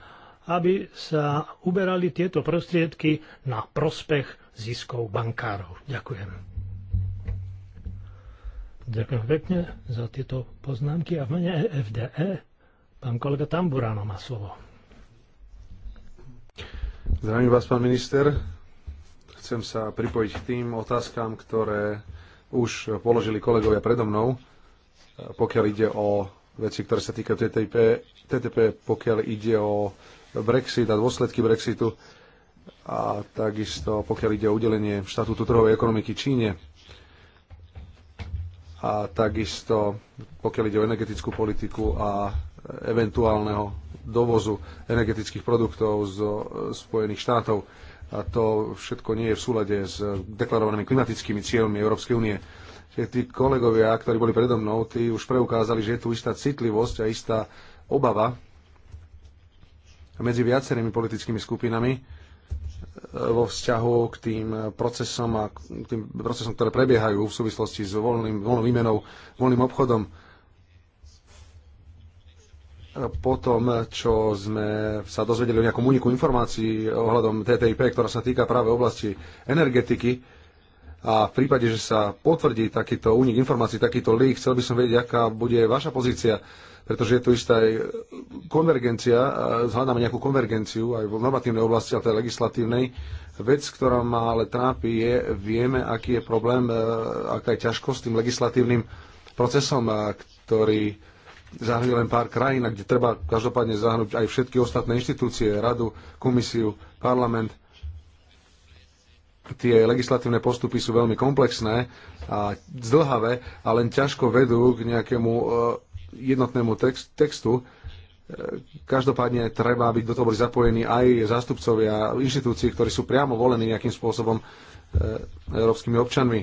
aby sa uberali tieto prostriedky na prospech ziskov bankárov. Ďakujem. Ďakujem pekne za tieto poznámky a v mene FDE. Pán kolega Tamburáno má slovo. Zdravím vás, pán minister. Chcem sa pripojiť k tým otázkám, ktoré už položili kolegovia predo mnou, pokiaľ ide o veci, ktoré sa týkajú TTP, TTP, pokiaľ ide o Brexit a dôsledky Brexitu a takisto pokiaľ ide o udelenie štatútu trhovej ekonomiky Číne a takisto pokiaľ ide o energetickú politiku a eventuálneho dovozu energetických produktov zo e, Spojených štátov. A to všetko nie je v súlade s deklarovanými klimatickými cieľmi Európskej únie. tí kolegovia, ktorí boli predo mnou, tí už preukázali, že je tu istá citlivosť a istá obava medzi viacerými politickými skupinami e, vo vzťahu k tým procesom a k tým procesom, ktoré prebiehajú v súvislosti s voľným, voľnou výmenou, voľným obchodom po tom, čo sme sa dozvedeli o nejakom úniku informácií ohľadom TTIP, ktorá sa týka práve oblasti energetiky, a v prípade, že sa potvrdí takýto únik informácií, takýto lík, chcel by som vedieť, aká bude vaša pozícia, pretože je tu istá aj konvergencia, zhľadáme nejakú konvergenciu aj v normatívnej oblasti, ale tej legislatívnej. Vec, ktorá ma ale trápi, je, vieme, aký je problém, e, aká je ťažkosť s tým legislatívnym procesom, e, ktorý zahrnú len pár krajín, kde treba každopádne zahrnúť aj všetky ostatné inštitúcie, radu, komisiu, parlament. Tie legislatívne postupy sú veľmi komplexné a zdlhavé a len ťažko vedú k nejakému e, jednotnému textu. E, každopádne treba, aby do toho boli zapojení aj zástupcovia inštitúcií, ktorí sú priamo volení nejakým spôsobom e, európskymi občanmi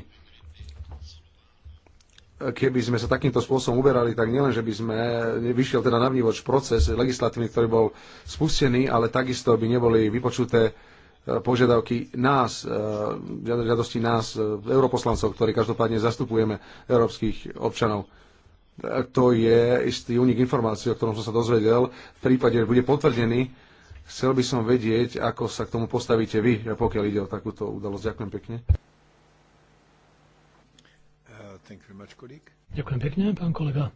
keby sme sa takýmto spôsobom uberali, tak nielen, že by sme vyšiel teda na vnívoč proces legislatívny, ktorý bol spustený, ale takisto by neboli vypočuté e, požiadavky nás, e, žiadosti nás, e, europoslancov, ktorí každopádne zastupujeme európskych občanov. To je istý únik informácií, o ktorom som sa dozvedel. V prípade, že bude potvrdený, chcel by som vedieť, ako sa k tomu postavíte vy, pokiaľ ide o takúto udalosť. Ďakujem pekne. Mačkolík. Ďakujem pekne, pán kolega.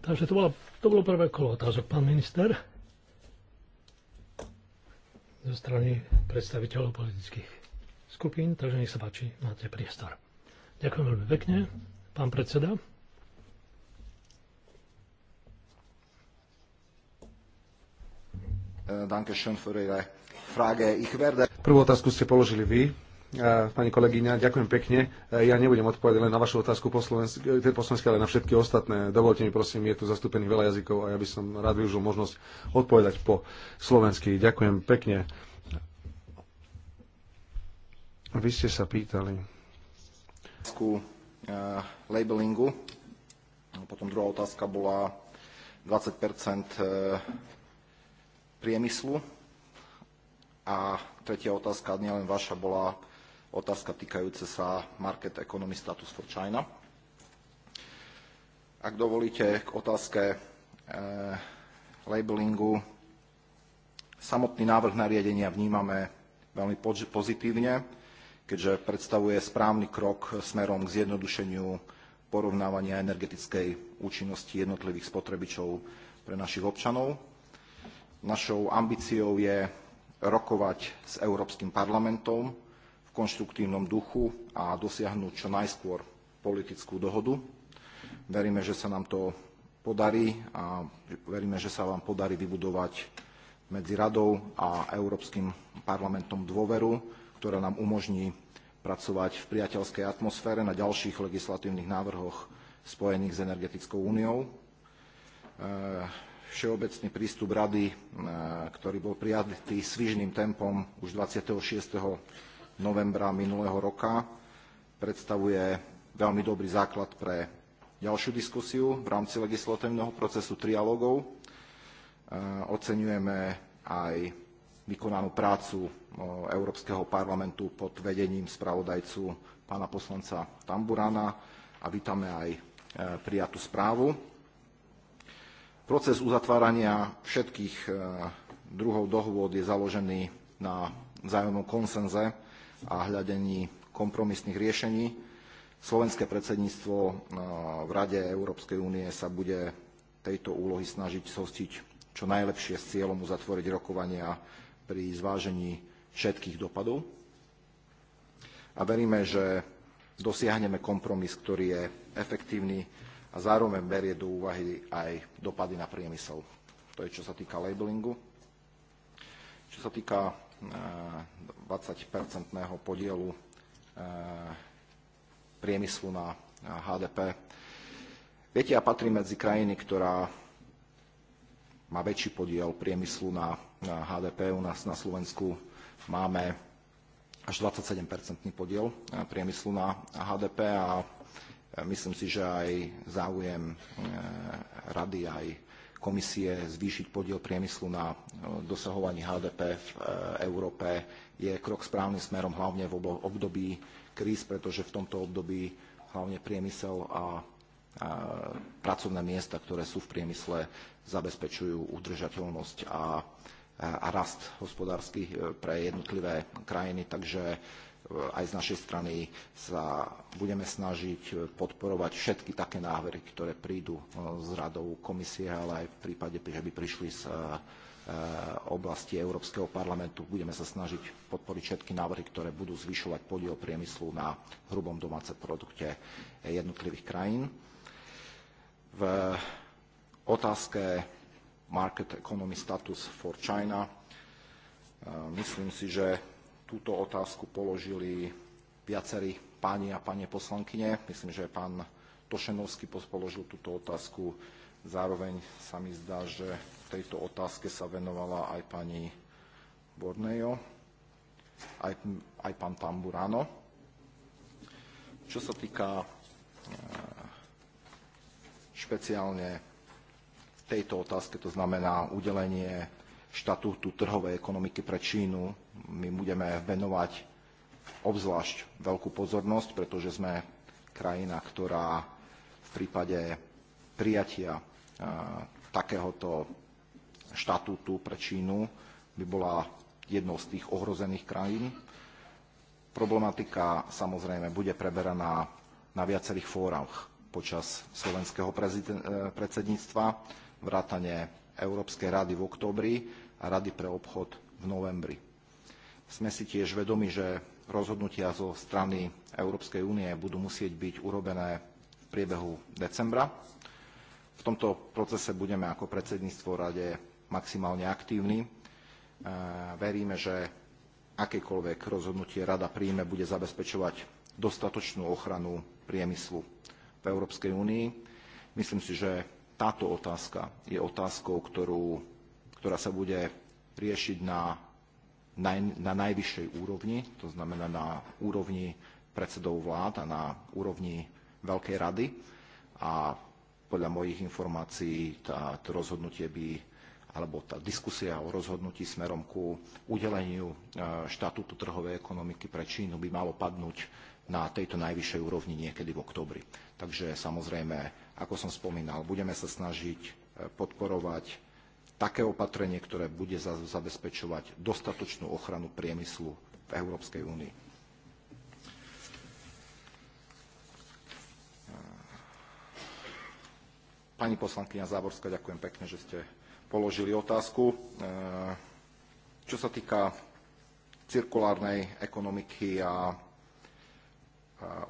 Takže to, bola, to bolo prvé kolo otázok, pán minister, zo strany predstaviteľov politických skupín, takže nech sa páči, máte priestor. Ďakujem veľmi pekne, pán predseda. Danke schön für Ihre Prvú otázku ste položili vy, e, pani kolegyňa, ďakujem pekne. E, ja nebudem odpovedať len na vašu otázku po, slovensk- e, po slovensky, ale na všetky ostatné. Dovolte mi, prosím, je tu zastúpených veľa jazykov a ja by som rád využil možnosť odpovedať po slovensky. Ďakujem pekne. Vy ste sa pýtali. Ku labelingu. Potom druhá otázka bola 20 priemyslu a tretia otázka, nielen vaša, bola otázka týkajúca sa Market Economy Status for China. Ak dovolíte, k otázke e, labelingu. Samotný návrh nariadenia vnímame veľmi pozitívne, keďže predstavuje správny krok smerom k zjednodušeniu porovnávania energetickej účinnosti jednotlivých spotrebičov pre našich občanov. Našou ambíciou je rokovať s Európskym parlamentom v konštruktívnom duchu a dosiahnuť čo najskôr politickú dohodu. Veríme, že sa nám to podarí a veríme, že sa vám podarí vybudovať medzi radou a Európskym parlamentom dôveru, ktorá nám umožní pracovať v priateľskej atmosfére na ďalších legislatívnych návrhoch spojených s energetickou úniou všeobecný prístup rady, e, ktorý bol prijatý svižným tempom už 26. novembra minulého roka, predstavuje veľmi dobrý základ pre ďalšiu diskusiu v rámci legislatívneho procesu trialogov. E, oceňujeme aj vykonanú prácu e, Európskeho parlamentu pod vedením spravodajcu pána poslanca Tamburana a vítame aj prijatú správu. Proces uzatvárania všetkých e, druhov dohôd je založený na vzájomnom konsenze a hľadení kompromisných riešení. Slovenské predsedníctvo e, v Rade Európskej únie sa bude tejto úlohy snažiť sostiť čo najlepšie s cieľom uzatvoriť rokovania pri zvážení všetkých dopadov. A veríme, že dosiahneme kompromis, ktorý je efektívny a zároveň berie do úvahy aj dopady na priemysel. To je, čo sa týka labelingu. Čo sa týka 20-percentného e, podielu e, priemyslu na HDP. Viete, ja patrím medzi krajiny, ktorá má väčší podiel priemyslu na, na HDP. U nás na Slovensku máme až 27-percentný podiel e, priemyslu na HDP a Myslím si, že aj záujem e, rady, aj komisie zvýšiť podiel priemyslu na e, dosahovaní HDP v e, Európe je krok správnym smerom, hlavne v období kríz, pretože v tomto období hlavne priemysel a, pracovné miesta, ktoré sú v priemysle, zabezpečujú udržateľnosť a rast hospodársky pre jednotlivé krajiny. Takže aj z našej strany sa budeme snažiť eh, podporovať všetky také návrhy, ktoré prídu eh, z radou komisie, ale aj v prípade, že by prišli z eh, oblasti Európskeho parlamentu, budeme sa snažiť podporiť všetky návrhy, ktoré budú zvyšovať podiel priemyslu na hrubom domácom produkte jednotlivých krajín. V otázke market economy status for China myslím si, že túto otázku položili viacerí páni a pani poslankyne. Myslím, že pán Tošenovský položil túto otázku. Zároveň sa mi zdá, že v tejto otázke sa venovala aj pani Bornejo, aj, aj pán Tamburano. Čo sa týka e, špeciálne tejto otázke, to znamená udelenie štatútu trhovej ekonomiky pre Čínu my budeme venovať obzvlášť veľkú pozornosť, pretože sme krajina, ktorá v prípade prijatia e, takéhoto štatútu pre Čínu by bola jednou z tých ohrozených krajín. Problematika samozrejme bude preberaná na viacerých fórach počas slovenského e, predsedníctva, vrátane Európskej rady v októbri a Rady pre obchod v novembri. Sme si tiež vedomi, že rozhodnutia zo strany Európskej únie budú musieť byť urobené v priebehu decembra. V tomto procese budeme ako predsedníctvo rade maximálne aktívni. E, veríme, že akékoľvek rozhodnutie rada príjme, bude zabezpečovať dostatočnú ochranu priemyslu v Európskej únii. Myslím si, že táto otázka je otázkou, ktorú, ktorá sa bude riešiť na na najvyššej úrovni, to znamená na úrovni predsedov vlád a na úrovni Veľkej rady. A podľa mojich informácií tá, to rozhodnutie by alebo tá diskusia o rozhodnutí smerom ku udeleniu e, štatútu trhovej ekonomiky pre Čínu by malo padnúť na tejto najvyššej úrovni niekedy v oktobri. Takže samozrejme, ako som spomínal, budeme sa snažiť e, podporovať také opatrenie, ktoré bude zabezpečovať dostatočnú ochranu priemyslu v Európskej únii. Pani poslankyňa Záborská, ďakujem pekne, že ste položili otázku. Čo sa týka cirkulárnej ekonomiky a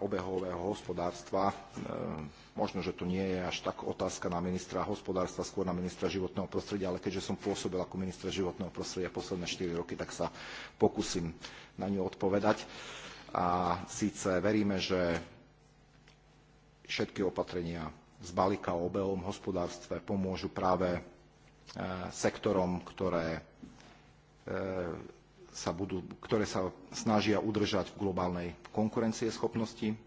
obehového hospodárstva. E, možno, že to nie je až tak otázka na ministra hospodárstva, skôr na ministra životného prostredia, ale keďže som pôsobil ako ministra životného prostredia posledné 4 roky, tak sa pokúsim na ňu odpovedať. A síce veríme, že všetky opatrenia z balíka o obehovom hospodárstve pomôžu práve e, sektorom, ktoré e, sa budú, ktoré sa snažia udržať v globálnej konkurencieschopnosti.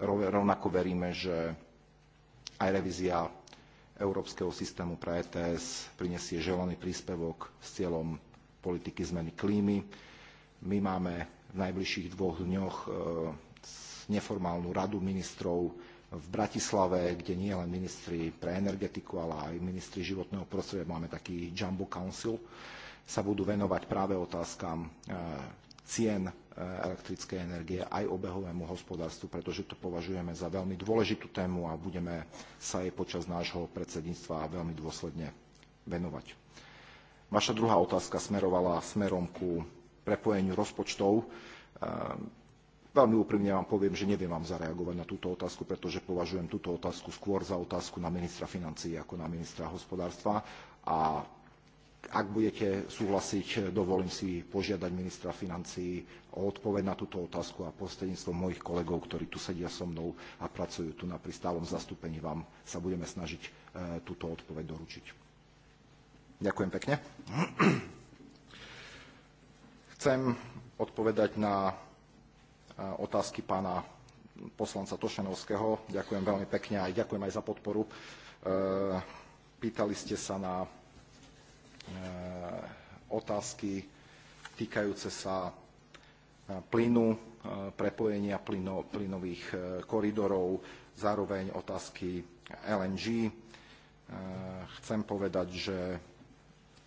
Rovnako veríme, že aj revízia európskeho systému pre ETS prinesie želaný príspevok s cieľom politiky zmeny klímy. My máme v najbližších dvoch dňoch e, neformálnu radu ministrov v Bratislave, kde nie len ministri pre energetiku, ale aj ministri životného prostredia. Máme taký Jumbo Council, sa budú venovať práve otázkam e, cien e, elektrickej energie aj obehovému hospodárstvu, pretože to považujeme za veľmi dôležitú tému a budeme sa jej počas nášho predsedníctva veľmi dôsledne venovať. Vaša druhá otázka smerovala smerom ku prepojeniu rozpočtov. E, veľmi úprimne vám poviem, že neviem vám zareagovať na túto otázku, pretože považujem túto otázku skôr za otázku na ministra financií ako na ministra hospodárstva a ak budete súhlasiť, eh, dovolím si požiadať ministra financí o odpoveď na túto otázku a prostredníctvom mojich kolegov, ktorí tu sedia so mnou a pracujú tu na pristálom zastúpení, vám sa budeme snažiť eh, túto odpoveď doručiť. Ďakujem pekne. [CLEARS THROAT] Chcem odpovedať na eh, otázky pána poslanca Tošenovského. Ďakujem veľmi pekne a ďakujem aj za podporu. Pýtali ste sa na Eh, otázky týkajúce sa eh, plynu, eh, prepojenia plyno, plynových koridorov, zároveň otázky LNG. Chcem povedať, že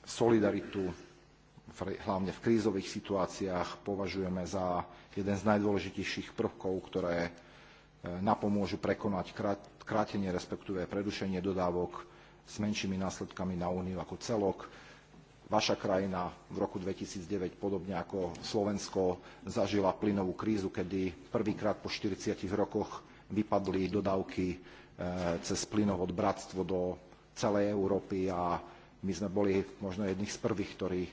solidaritu hlavne v krízových situáciách považujeme za jeden z najdôležitejších prvkov, ktoré napomôžu prekonať krátenie, respektíve predušenie dodávok s menšími následkami na Úniu ako celok vaša krajina v roku 2009, podobne ako Slovensko, zažila plynovú krízu, kedy prvýkrát po 40 rokoch vypadli dodávky e, cez plynovod Bratstvo do celej Európy a my sme boli možno jedných z prvých, ktorí e,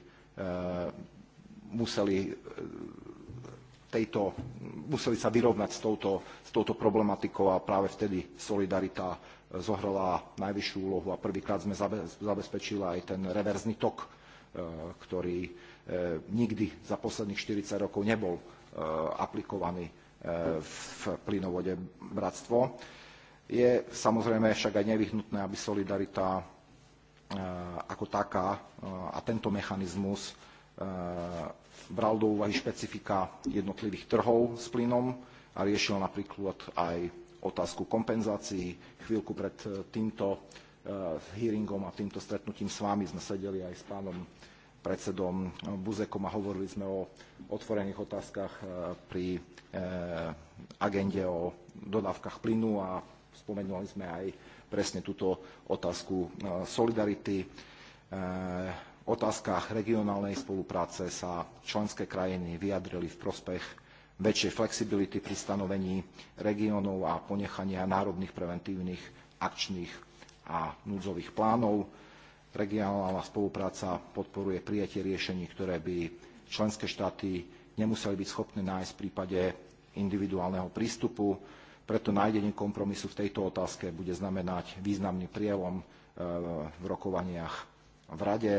museli, e, tejto, museli sa vyrovnať s touto, s touto problematikou a práve vtedy solidarita zohrala najvyššiu úlohu a prvýkrát sme zabezpečili aj ten reverzný tok E, ktorý e, nikdy za posledných 40 rokov nebol e, aplikovaný v plynovode Bratstvo. Je samozrejme však aj nevyhnutné, aby solidarita ako taká a tento mechanizmus bral do úvahy špecifika jednotlivých trhov s plynom a riešil napríklad aj otázku kompenzácií. Chvíľku pred týmto Eh, hearingom a týmto stretnutím s vami sme sedeli aj s pánom predsedom Buzekom a hovorili sme o otvorených otázkach eh, pri eh, agende o dodávkach plynu a spomenuli sme aj presne túto otázku solidarity. otázkach regionálnej spolupráce sa členské krajiny vyjadrili v prospech väčšej flexibility pri stanovení regiónov a ponechania národných preventívnych akčných a núdzových plánov. Regionálna spolupráca podporuje prijatie riešení, ktoré by členské štáty nemuseli byť schopné nájsť v prípade individuálneho prístupu. Preto nájdenie kompromisu v tejto otázke bude znamenať významný prielom eh, v rokovaniach v Rade.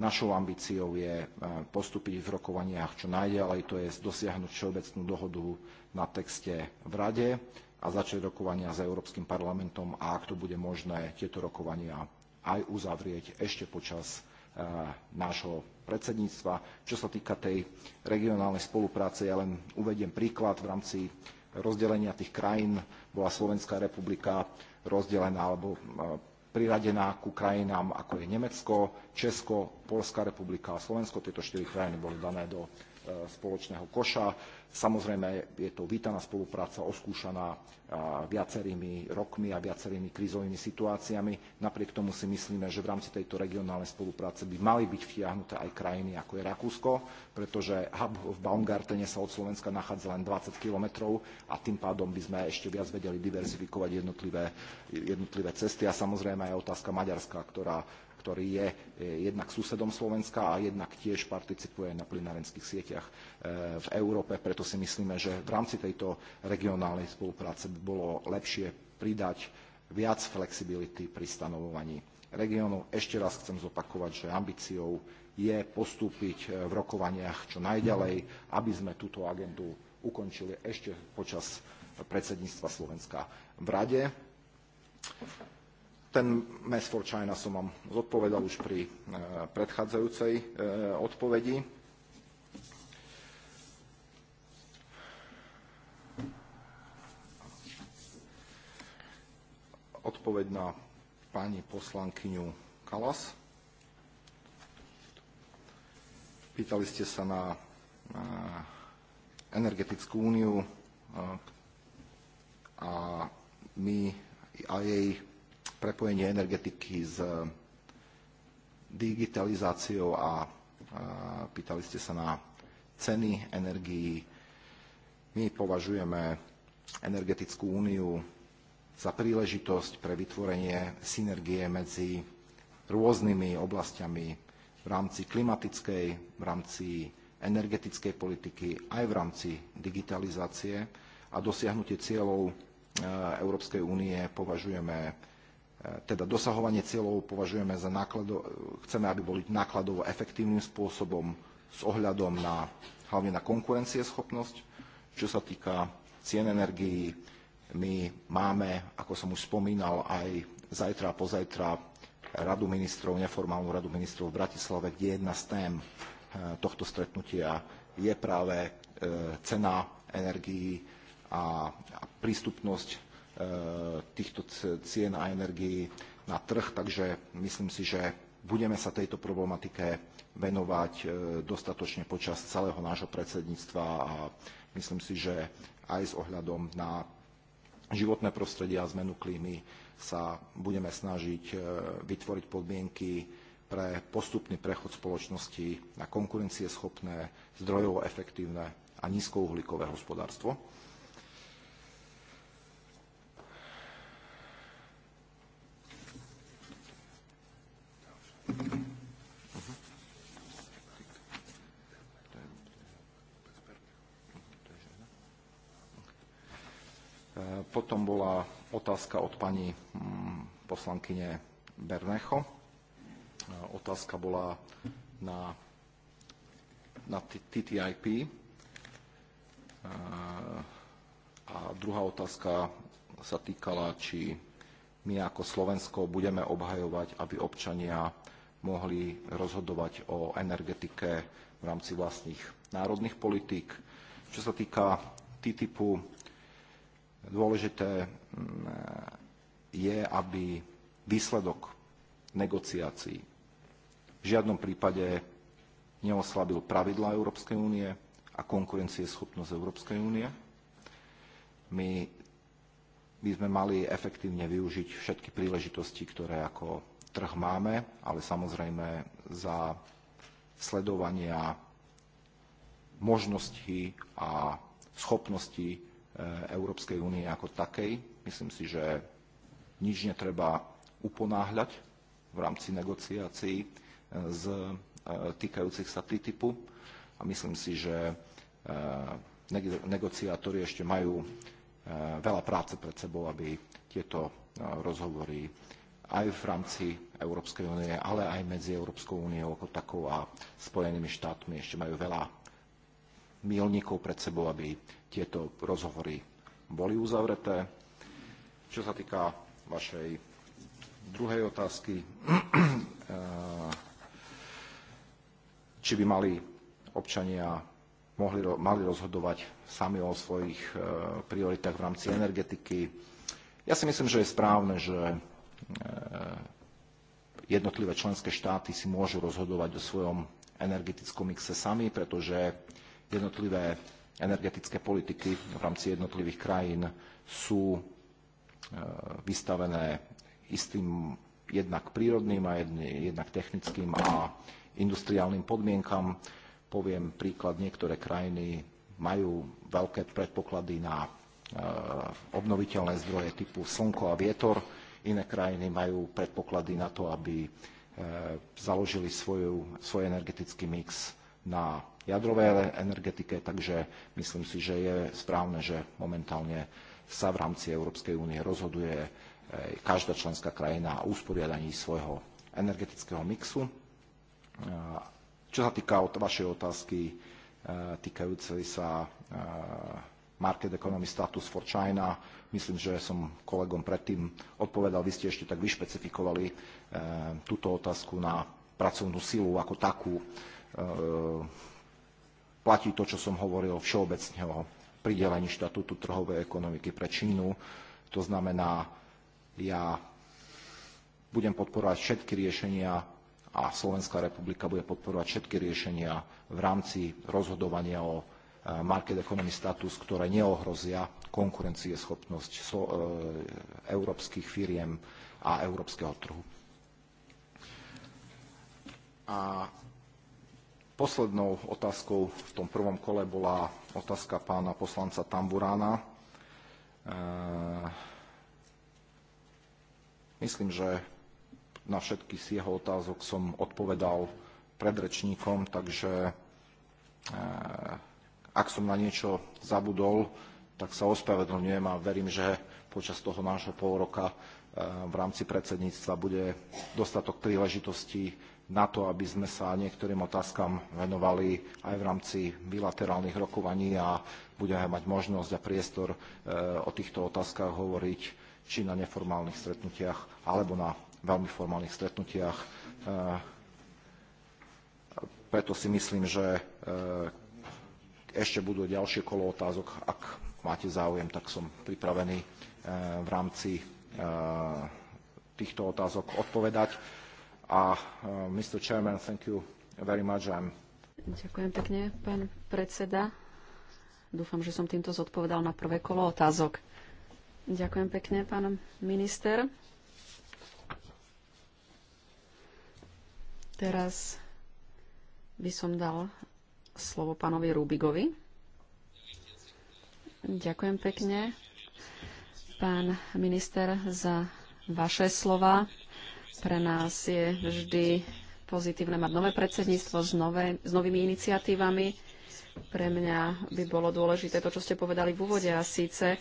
Našou ambíciou je eh, postúpiť v rokovaniach čo najďalej, to je dosiahnuť všeobecnú dohodu na texte v Rade a začať rokovania s Európskym parlamentom a ak to bude možné, tieto rokovania aj uzavrieť ešte počas e, nášho predsedníctva. Čo sa týka tej regionálnej spolupráce, ja len uvediem príklad v rámci rozdelenia tých krajín. Bola Slovenská republika rozdelená alebo e, priradená ku krajinám, ako je Nemecko, Česko, Polská republika a Slovensko. Tieto štyri krajiny boli dané do E, spoločného koša. Samozrejme, je to vítaná spolupráca, oskúšaná e, viacerými rokmi a viacerými krízovými situáciami. Napriek tomu si myslíme, že v rámci tejto regionálnej spolupráce by mali byť vtiahnuté aj krajiny, ako je Rakúsko, pretože hub v Baumgartene sa od Slovenska nachádza len 20 kilometrov a tým pádom by sme ešte viac vedeli diverzifikovať jednotlivé, jednotlivé cesty. A samozrejme aj otázka Maďarska, ktorá ktorý je eh, jednak susedom Slovenska a jednak tiež participuje na plynárenských sieťach eh, v Európe. Preto si myslíme, že v rámci tejto regionálnej spolupráce by bolo lepšie pridať viac flexibility pri stanovovaní regiónov. Ešte raz chcem zopakovať, že ambíciou je postúpiť eh, v rokovaniach čo najďalej, aby sme túto agendu ukončili ešte počas predsedníctva Slovenska v Rade. Ten mess for China som vám zodpovedal už pri eh, predchádzajúcej eh, odpovedi. Odpoveď na pani poslankyňu Kalas. Pýtali ste sa na eh, energetickú úniu a my a jej prepojenie energetiky s eh, digitalizáciou a, eh, pýtali ste sa na ceny energií. My považujeme energetickú úniu za príležitosť pre vytvorenie synergie medzi rôznymi oblastiami v rámci klimatickej, v rámci energetickej politiky, aj v rámci digitalizácie a dosiahnutie cieľov eh, Európskej únie považujeme E, teda dosahovanie cieľov považujeme za náklado, e, chceme, aby boli nákladovo efektívnym spôsobom s ohľadom na, hlavne na konkurencieschopnosť. Čo sa týka cien energií, my máme, ako som už spomínal, aj zajtra a pozajtra radu ministrov, neformálnu radu ministrov v Bratislave, kde jedna z tém e, tohto stretnutia je práve cena energií a prístupnosť E, týchto cien a energií na trh, takže myslím si, že budeme sa tejto problematike venovať e, dostatočne počas celého nášho predsedníctva a myslím si, že aj s ohľadom na životné prostredie a zmenu klímy sa budeme snažiť e, vytvoriť podmienky pre postupný prechod spoločnosti na konkurencieschopné, zdrojovo efektívne a nízkouhlíkové hospodárstvo. E, potom bola otázka od pani mm, poslankyne Bernecho. E, otázka bola na, na TTIP. E, a druhá otázka sa týkala, či my ako Slovensko budeme obhajovať, aby občania mohli rozhodovať o energetike v rámci vlastných národných politík. Čo sa týka TTIPu, Dôležité mm, je, aby výsledok negociácií v žiadnom prípade neoslabil pravidlá Európskej únie a konkurencieschopnosť Európskej únie. My by sme mali efektívne využiť všetky príležitosti, ktoré ako trh máme, ale samozrejme za sledovania možností a schopností Eh, Európskej únie ako takej. Myslím si, že nič netreba uponáhľať v rámci negociácií eh, z eh, týkajúcich sa TTIP-u. a myslím si, že negociátori ešte majú veľa práce pred sebou, aby tieto rozhovory aj v rámci Európskej únie, ale aj medzi Európskou úniou ako takou a Spojenými štátmi ešte majú veľa milníkov pred sebou, aby tieto rozhovory boli uzavreté. Čo sa týka vašej druhej otázky, [CLEARS THROAT] či by mali občania mohli, mali rozhodovať sami o svojich e, prioritách v rámci energetiky. Ja si myslím, že je správne, že e, jednotlivé členské štáty si môžu rozhodovať o svojom energetickom mixe sami, pretože jednotlivé energetické politiky v rámci jednotlivých krajín sú e, vystavené istým jednak prírodným a jednak technickým a industriálnym podmienkam. Poviem príklad, niektoré krajiny majú veľké predpoklady na e, obnoviteľné zdroje typu slnko a vietor. Iné krajiny majú predpoklady na to, aby e, založili svoj energetický mix na jadrovej energetike, takže myslím si, že je správne, že momentálne sa v rámci Európskej únie rozhoduje e, každá členská krajina o usporiadaní svojho energetického mixu. E, čo sa týka od vašej otázky e, týkajúcej sa Market Economy Status for China, myslím, že som kolegom predtým odpovedal, vy ste ešte tak vyšpecifikovali túto otázku na pracovnú silu ako takú platí to, čo som hovoril všeobecne o pridelení štatútu trhovej ekonomiky pre Čínu. To znamená, ja budem podporovať všetky riešenia a Slovenská republika bude podporovať všetky riešenia v rámci rozhodovania o e, market economy status, ktoré neohrozia konkurencieschopnosť e, európskych firiem a európskeho trhu. A Poslednou otázkou v tom prvom kole bola otázka pána poslanca Tamburána. E, myslím, že na všetky z jeho otázok som odpovedal predrečníkom, takže e, ak som na niečo zabudol, tak sa ospravedlňujem a verím, že počas toho nášho pol roka e, v rámci predsedníctva bude dostatok príležitostí na to, aby sme sa niektorým otázkam venovali aj v rámci bilaterálnych rokovaní a budeme mať možnosť a priestor e, o týchto otázkach hovoriť či na neformálnych stretnutiach, alebo na veľmi formálnych stretnutiach. E, preto si myslím, že e, ešte budú ďalšie kolo otázok. Ak máte záujem, tak som pripravený v rámci týchto otázok odpovedať. A uh, Mr. Chairman, thank you very much. I'm... Ďakujem pekne, pán predseda. Dúfam, že som týmto zodpovedal na prvé kolo otázok. Ďakujem pekne, pán minister. Teraz by som dal slovo pánovi Rubigovi. Ďakujem pekne, pán minister, za vaše slova. Pre nás je vždy pozitívne mať nové predsedníctvo s, nové, s novými iniciatívami. Pre mňa by bolo dôležité to, čo ste povedali v úvode a síce,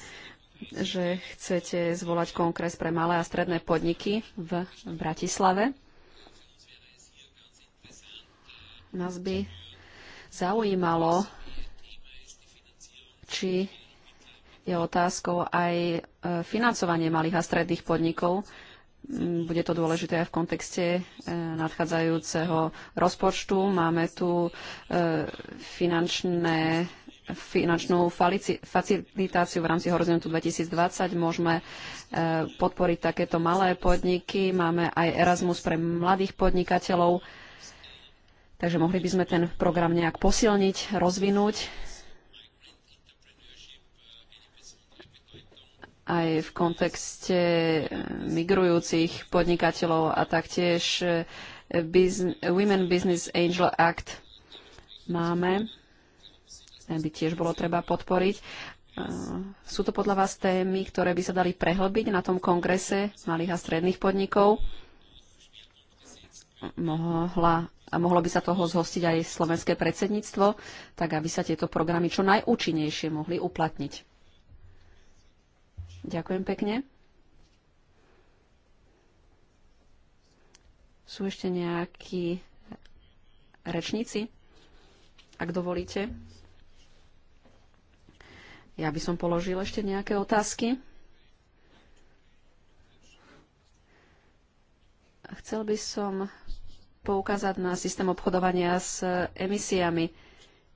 že chcete zvolať kongres pre malé a stredné podniky v Bratislave. Nás by zaujímalo, či je otázkou aj e, financovanie malých a stredných podnikov bude to dôležité aj v kontexte e, nadchádzajúceho rozpočtu. Máme tu e, finančné finančnú facilitáciu v rámci Horizontu 2020. Môžeme e, podporiť takéto malé podniky. Máme aj Erasmus pre mladých podnikateľov. Takže mohli by sme ten program nejak posilniť, rozvinúť. aj v kontexte eh, migrujúcich podnikateľov a taktiež eh, Business, Women Business Angel Act máme. Ten by tiež bolo treba podporiť. Eh, sú to podľa vás témy, ktoré by sa dali prehlbiť na tom kongrese malých a stredných podnikov? Mohla, a mohlo by sa toho zhostiť aj slovenské predsedníctvo, tak aby sa tieto programy čo najúčinnejšie mohli uplatniť. Ďakujem pekne. Sú ešte nejakí rečníci, ak dovolíte? Ja by som položil ešte nejaké otázky. Chcel by som poukázať na systém obchodovania s emisiami.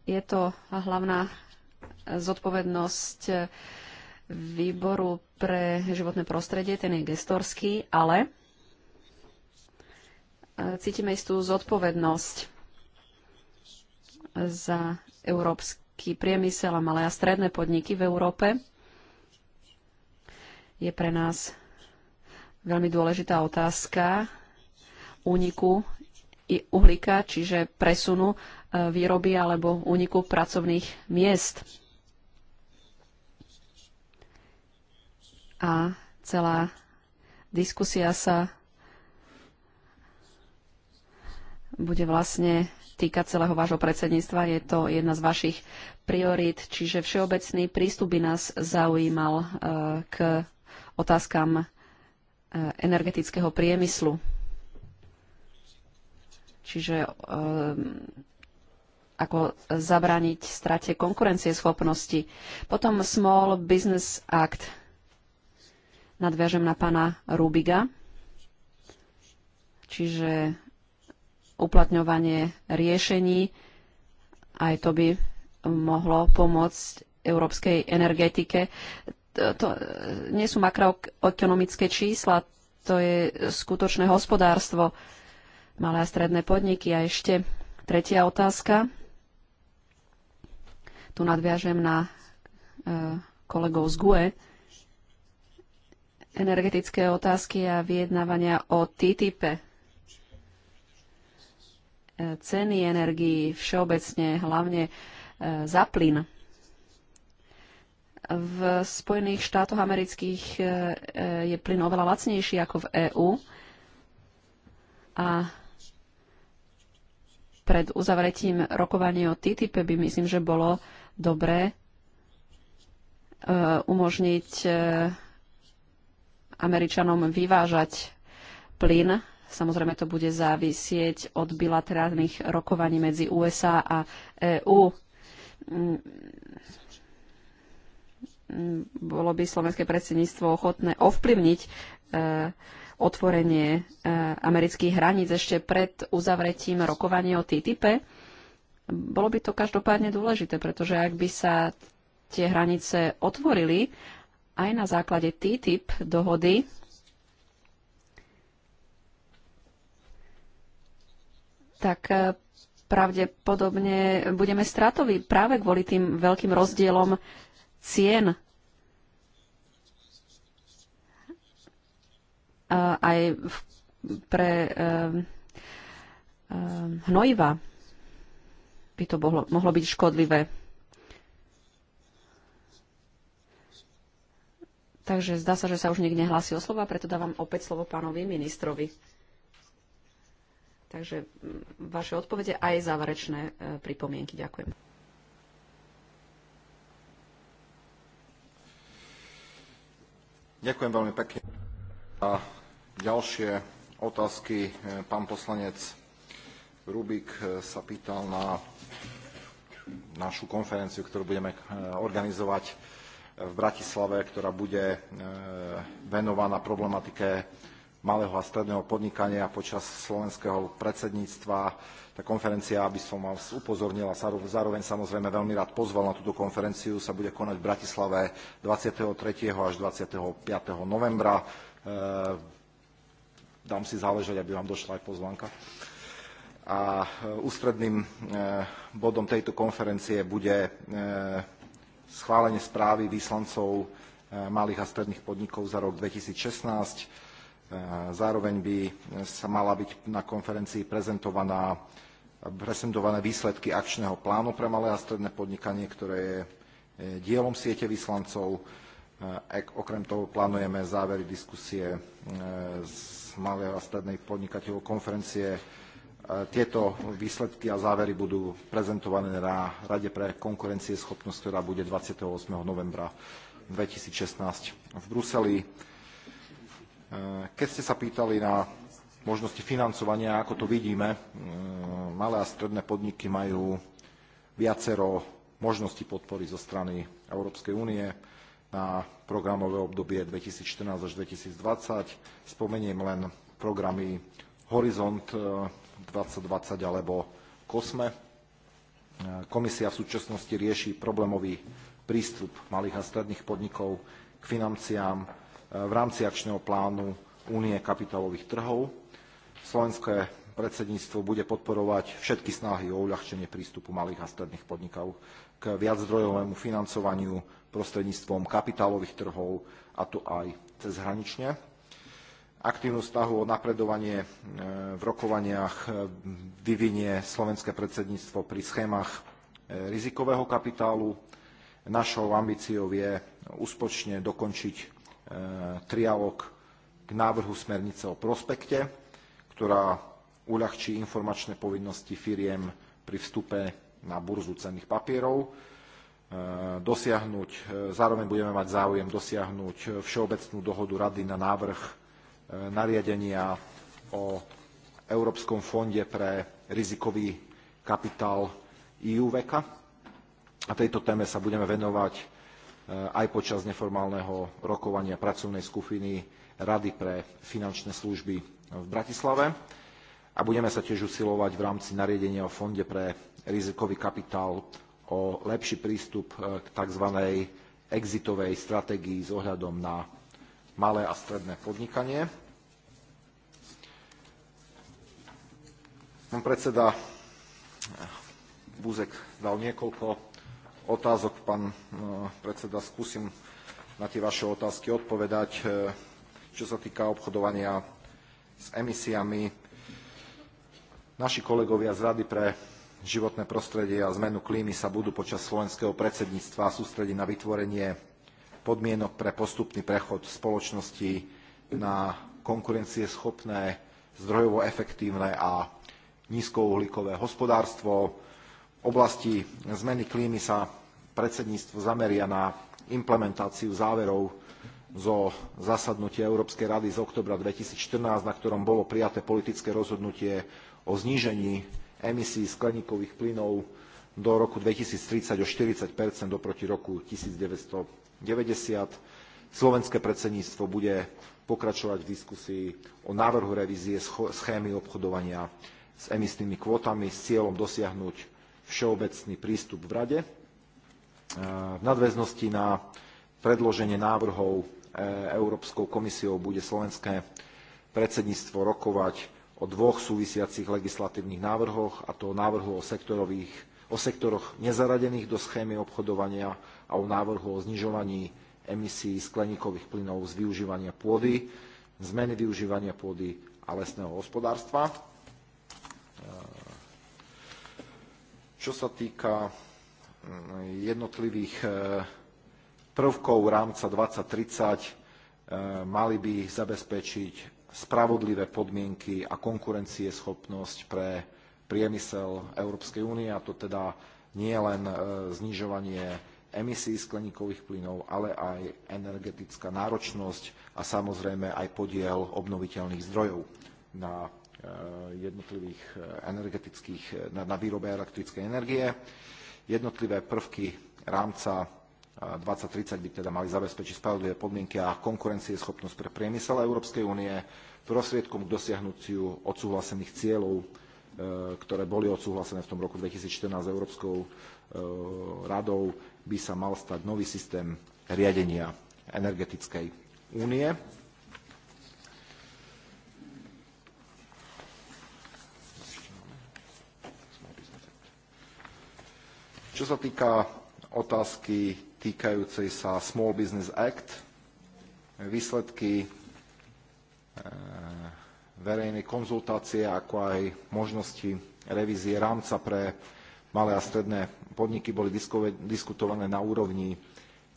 Je to hlavná zodpovednosť výboru pre životné prostredie, ten je gestorský, ale e, cítime istú zodpovednosť za európsky priemysel a malé a stredné podniky v Európe. Je pre nás veľmi dôležitá otázka úniku i uhlíka, čiže presunu e, výroby alebo úniku pracovných miest a celá diskusia sa bude vlastne týkať celého vášho predsedníctva. Je to jedna z vašich priorít, čiže všeobecný prístup by nás zaujímal e, k otázkam e, energetického priemyslu. Čiže e, ako zabrániť strate konkurencieschopnosti. Potom Small Business Act nadviažem na pána Rubiga, čiže uplatňovanie riešení, aj to by mohlo pomôcť európskej energetike. To, to nie sú makroekonomické čísla, to je skutočné hospodárstvo, malé a stredné podniky. A ešte tretia otázka. Tu nadviažem na e, kolegov z GUE energetické otázky a vyjednávania o TTIP. E, ceny energii všeobecne, hlavne e, za plyn. V Spojených štátoch amerických e, je plyn oveľa lacnejší ako v EÚ a pred uzavretím rokovania o TTIP by myslím, že bolo dobré umožniť Američanom vyvážať plyn. Samozrejme to bude závisieť od bilaterálnych rokovaní medzi USA a EÚ. Bolo by slovenské predsedníctvo ochotné ovplyvniť eh, otvorenie eh, amerických hraníc ešte pred uzavretím rokovania o TTIP. Bolo by to každopádne dôležité, pretože ak by sa tie hranice otvorili aj na základe TTIP dohody tak e, pravdepodobne budeme stratoví práve kvôli tým veľkým rozdielom cien. E, aj pre e, hnojiva by to mohlo byť škodlivé. Takže zdá sa, že sa už nikto nehlási o slova, preto dávam opäť slovo pánovi ministrovi. Takže vaše odpovede aj záverečné e, pripomienky. Ďakujem. Ďakujem veľmi pekne. A ďalšie otázky. E, pán poslanec Rubik e, sa pýtal na našu konferenciu, ktorú budeme organizovať v Bratislave, ktorá bude e, venovaná problematike malého a stredného podnikania počas slovenského predsedníctva. Tá konferencia, aby som vás upozornil a zároveň samozrejme veľmi rád pozval na túto konferenciu, sa bude konať v Bratislave 23. až 25. novembra. E, dám si záležať, aby vám došla aj pozvanka. A e, ústredným bodom tejto konferencie bude schválenie správy výslancov eh, malých a stredných podnikov za rok 2016. Eh, zároveň by eh, sa mala byť na konferencii prezentovaná prezentované výsledky akčného plánu pre malé a stredné podnikanie, ktoré je dielom siete vyslancov. Okrem toho plánujeme závery diskusie z malého a strednej podnikateľov konferencie E, tieto výsledky a závery budú prezentované na Rade pre konkurencieschopnosť, ktorá bude 28. novembra 2016 v Bruseli. E, keď ste sa pýtali na možnosti financovania, ako to vidíme, e, malé a stredné podniky majú viacero možností podpory zo strany Európskej únie na programové obdobie 2014 až 2020. Spomeniem len programy Horizont 2020 alebo COSME. Komisia v súčasnosti rieši problémový prístup malých a stredných podnikov k financiám e, v rámci akčného plánu Únie kapitálových trhov. Slovenské predsedníctvo bude podporovať všetky snahy o uľahčenie prístupu malých a stredných podnikov k viacdrojovému financovaniu prostredníctvom kapitálových trhov, a to aj cezhranične aktívnu snahu o napredovanie e, v rokovaniach e, vyvinie slovenské predsedníctvo pri schémach e, rizikového kapitálu. Našou ambíciou je úspočne dokončiť trialog k návrhu smernice o prospekte, ktorá uľahčí informačné povinnosti firiem pri vstupe na burzu cenných papierov dosiahnuť, zároveň budeme mať záujem dosiahnuť všeobecnú dohodu rady na návrh E, nariadenia o Európskom fonde pre rizikový kapitál EU veka. A tejto téme sa budeme venovať e, aj počas neformálneho rokovania pracovnej skupiny Rady pre finančné služby v Bratislave. A budeme sa tiež usilovať v rámci nariadenia o Fonde pre rizikový kapitál o lepší prístup e, k tzv. exitovej stratégii s ohľadom na malé a stredné podnikanie. Pán predseda búzek dal niekoľko otázok. Pán no, predseda, skúsim na tie vaše otázky odpovedať. E, čo sa týka obchodovania s emisiami, naši kolegovia z Rady pre životné prostredie a zmenu klímy sa budú počas slovenského predsedníctva sústrediť na vytvorenie podmienok pre postupný prechod spoločnosti na konkurencieschopné, zdrojovo efektívne a nízkouhlíkové hospodárstvo. V oblasti zmeny klímy sa predsedníctvo zameria na implementáciu záverov zo zasadnutia Európskej rady z oktobra 2014, na ktorom bolo prijaté politické rozhodnutie o znížení emisí skleníkových plynov do roku 2030 o 40 oproti roku 1990. 90. Slovenské predsedníctvo bude pokračovať v diskusii o návrhu revízie schémy obchodovania s emisnými kvótami s cieľom dosiahnuť všeobecný prístup v Rade. E, v nadväznosti na predloženie návrhov e, Európskou komisiou bude slovenské predsedníctvo rokovať o dvoch súvisiacich legislatívnych návrhoch, a to návrhu o sektorových o sektoroch nezaradených do schémy obchodovania a o návrhu o znižovaní emisí skleníkových plynov z využívania pôdy, zmeny využívania pôdy a lesného hospodárstva. Čo sa týka mm, jednotlivých e, prvkov rámca 2030, e, mali by zabezpečiť spravodlivé podmienky a konkurencieschopnosť pre priemysel Európskej únie, a to teda nie len e, znižovanie emisí skleníkových plynov, ale aj energetická náročnosť a samozrejme aj podiel obnoviteľných zdrojov na e, jednotlivých e, energetických, na, na výrobe elektrickej energie. Jednotlivé prvky rámca 2030 by teda mali zabezpečiť spravodlivé podmienky a konkurencieschopnosť pre priemysel Európskej únie prostriedkom k dosiahnutiu odsúhlasených cieľov E, ktoré boli odsúhlasené v tom roku 2014 Európskou e, radou, by sa mal stať nový systém riadenia energetickej únie. Čo sa týka otázky týkajúcej sa Small Business Act, výsledky e, verejnej konzultácie, ako aj možnosti revízie rámca pre malé a stredné podniky boli diskutované na úrovni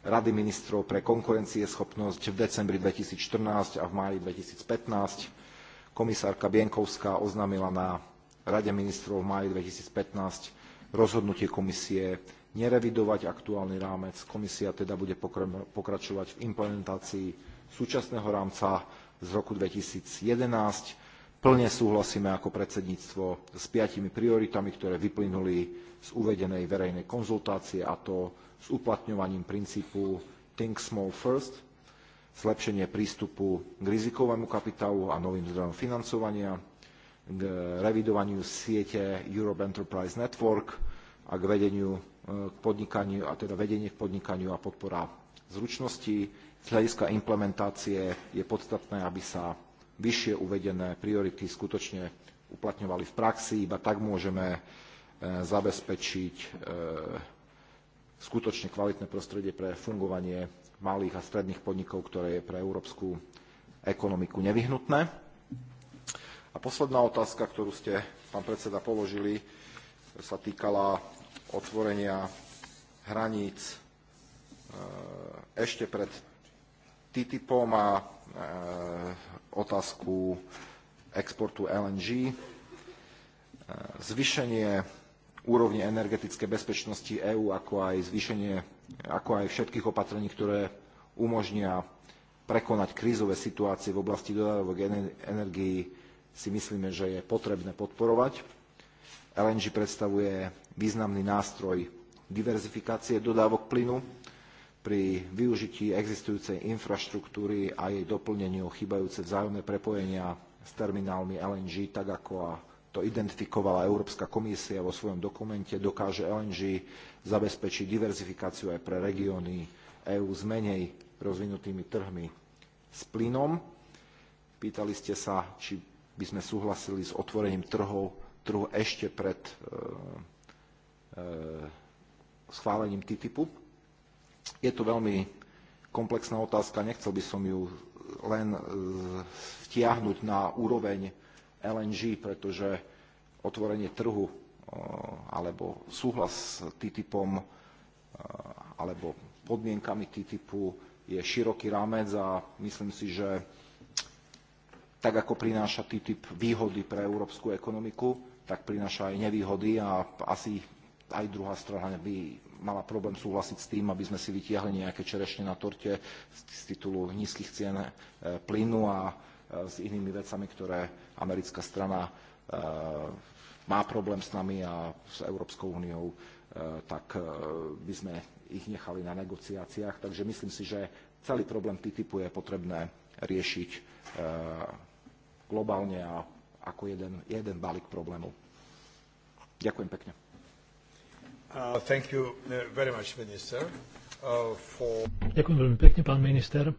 Rady ministrov pre konkurencieschopnosť v decembri 2014 a v máji 2015. Komisárka Bienkovská oznámila na Rade ministrov v máji 2015 rozhodnutie komisie nerevidovať aktuálny rámec. Komisia teda bude pokračovať v implementácii súčasného rámca z roku 2011. Plne súhlasíme ako predsedníctvo s piatimi prioritami, ktoré vyplynuli z uvedenej verejnej konzultácie, a to s uplatňovaním princípu Think Small First, zlepšenie prístupu k rizikovému kapitálu a novým zdrojom financovania, k revidovaniu siete Europe Enterprise Network a k vedeniu e, k podnikaniu, a teda vedenie k podnikaniu a podpora zručností, z hľadiska implementácie je podstatné, aby sa vyššie uvedené priority skutočne uplatňovali v praxi, iba tak môžeme e, zabezpečiť e, skutočne kvalitné prostredie pre fungovanie malých a stredných podnikov, ktoré je pre európsku ekonomiku nevyhnutné. A posledná otázka, ktorú ste, pán predseda, položili, sa týkala otvorenia hraníc e, ešte pred TTIPom a e, otázku exportu LNG, Zvyšenie zvýšenie úrovne energetickej bezpečnosti EÚ, ako aj zvýšenie, ako aj všetkých opatrení, ktoré umožnia prekonať krízové situácie v oblasti dodávok energií, si myslíme, že je potrebné podporovať. LNG predstavuje významný nástroj diverzifikácie dodávok plynu, pri využití existujúcej infraštruktúry a jej doplnení o chýbajúce vzájomné prepojenia s terminálmi LNG, tak ako to identifikovala Európska komisia vo svojom dokumente, dokáže LNG zabezpečiť diverzifikáciu aj pre regióny EÚ s menej rozvinutými trhmi s plynom. Pýtali ste sa, či by sme súhlasili s otvorením trhov, trhu ešte pred e, e, schválením je to veľmi komplexná otázka, nechcel by som ju len e, vtiahnuť na úroveň LNG, pretože otvorenie trhu e, alebo súhlas s TTIPom e, alebo podmienkami TTIPu je široký rámec a myslím si, že tak ako prináša TTIP výhody pre európsku ekonomiku, tak prináša aj nevýhody a asi aj druhá strana by mala problém súhlasiť s tým, aby sme si vytiahli nejaké čerešne na torte z titulu nízkych cien eh, plynu a eh, s inými vecami, ktoré americká strana eh, má problém s nami a s Európskou úniou, tak by sme ich nechali na negociáciách. Takže myslím si, že celý problém TTIPu je potrebné riešiť globálne a ako jeden, jeden balík problémov. Ďakujem pekne. Uh, uh, uh, ďakujem veľmi pekne, pán minister,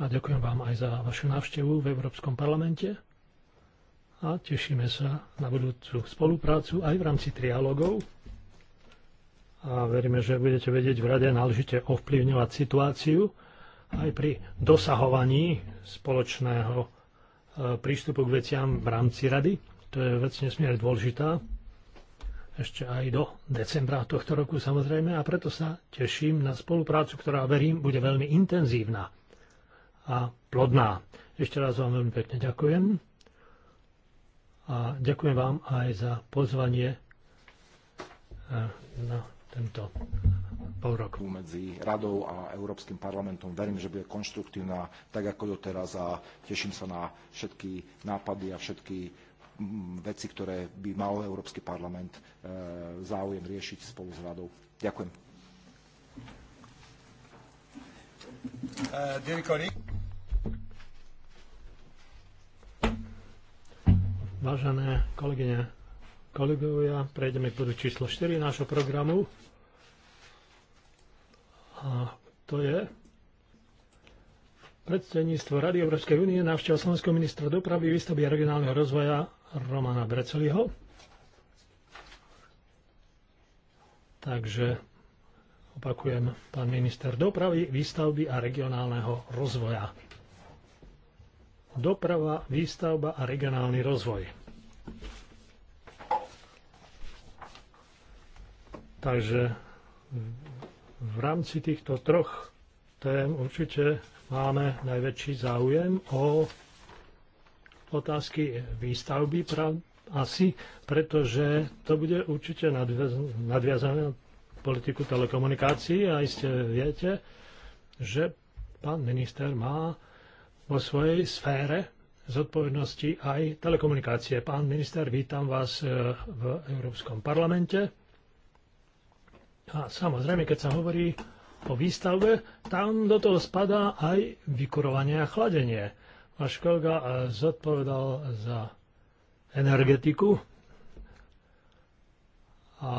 a ďakujem vám aj za vašu návštevu v Európskom parlamente a tešíme sa na budúcu spoluprácu aj v rámci trialogov a veríme, že budete vedieť v rade náležite ovplyvňovať situáciu aj pri dosahovaní spoločného prístupu k veciam v rámci rady. To je vec nesmierne dôležitá ešte aj do decembra tohto roku samozrejme a preto sa teším na spoluprácu, ktorá verím bude veľmi intenzívna a plodná. Ešte raz vám veľmi pekne ďakujem a ďakujem vám aj za pozvanie eh, na tento pol roku. Medzi Radou a Európskym parlamentom verím, že bude konštruktívna, tak ako doteraz a teším sa na všetky nápady a všetky veci, ktoré by mal Európsky parlament e, záujem riešiť spolu s radou. Ďakujem. E, Vážené kolegyne, kolegovia, prejdeme k bodu číslo 4 nášho programu. A to je predstavníctvo Rady Európskej únie navštívil Slovenského ministra dopravy, výstavby a regionálneho rozvoja Romana Breceliho. Takže opakujem, pán minister dopravy, výstavby a regionálneho rozvoja. Doprava, výstavba a regionálny rozvoj. Takže v rámci týchto troch tém určite máme najväčší záujem o otázky výstavby prav, asi, pretože to bude určite nadviazané na politiku telekomunikácií a iste viete, že pán minister má vo svojej sfére zodpovednosti aj telekomunikácie. Pán minister, vítam vás e, v Európskom parlamente. A samozrejme, keď sa hovorí o výstavbe, tam do toho spadá aj vykurovanie a chladenie. Váš kolega eh, zodpovedal za energetiku a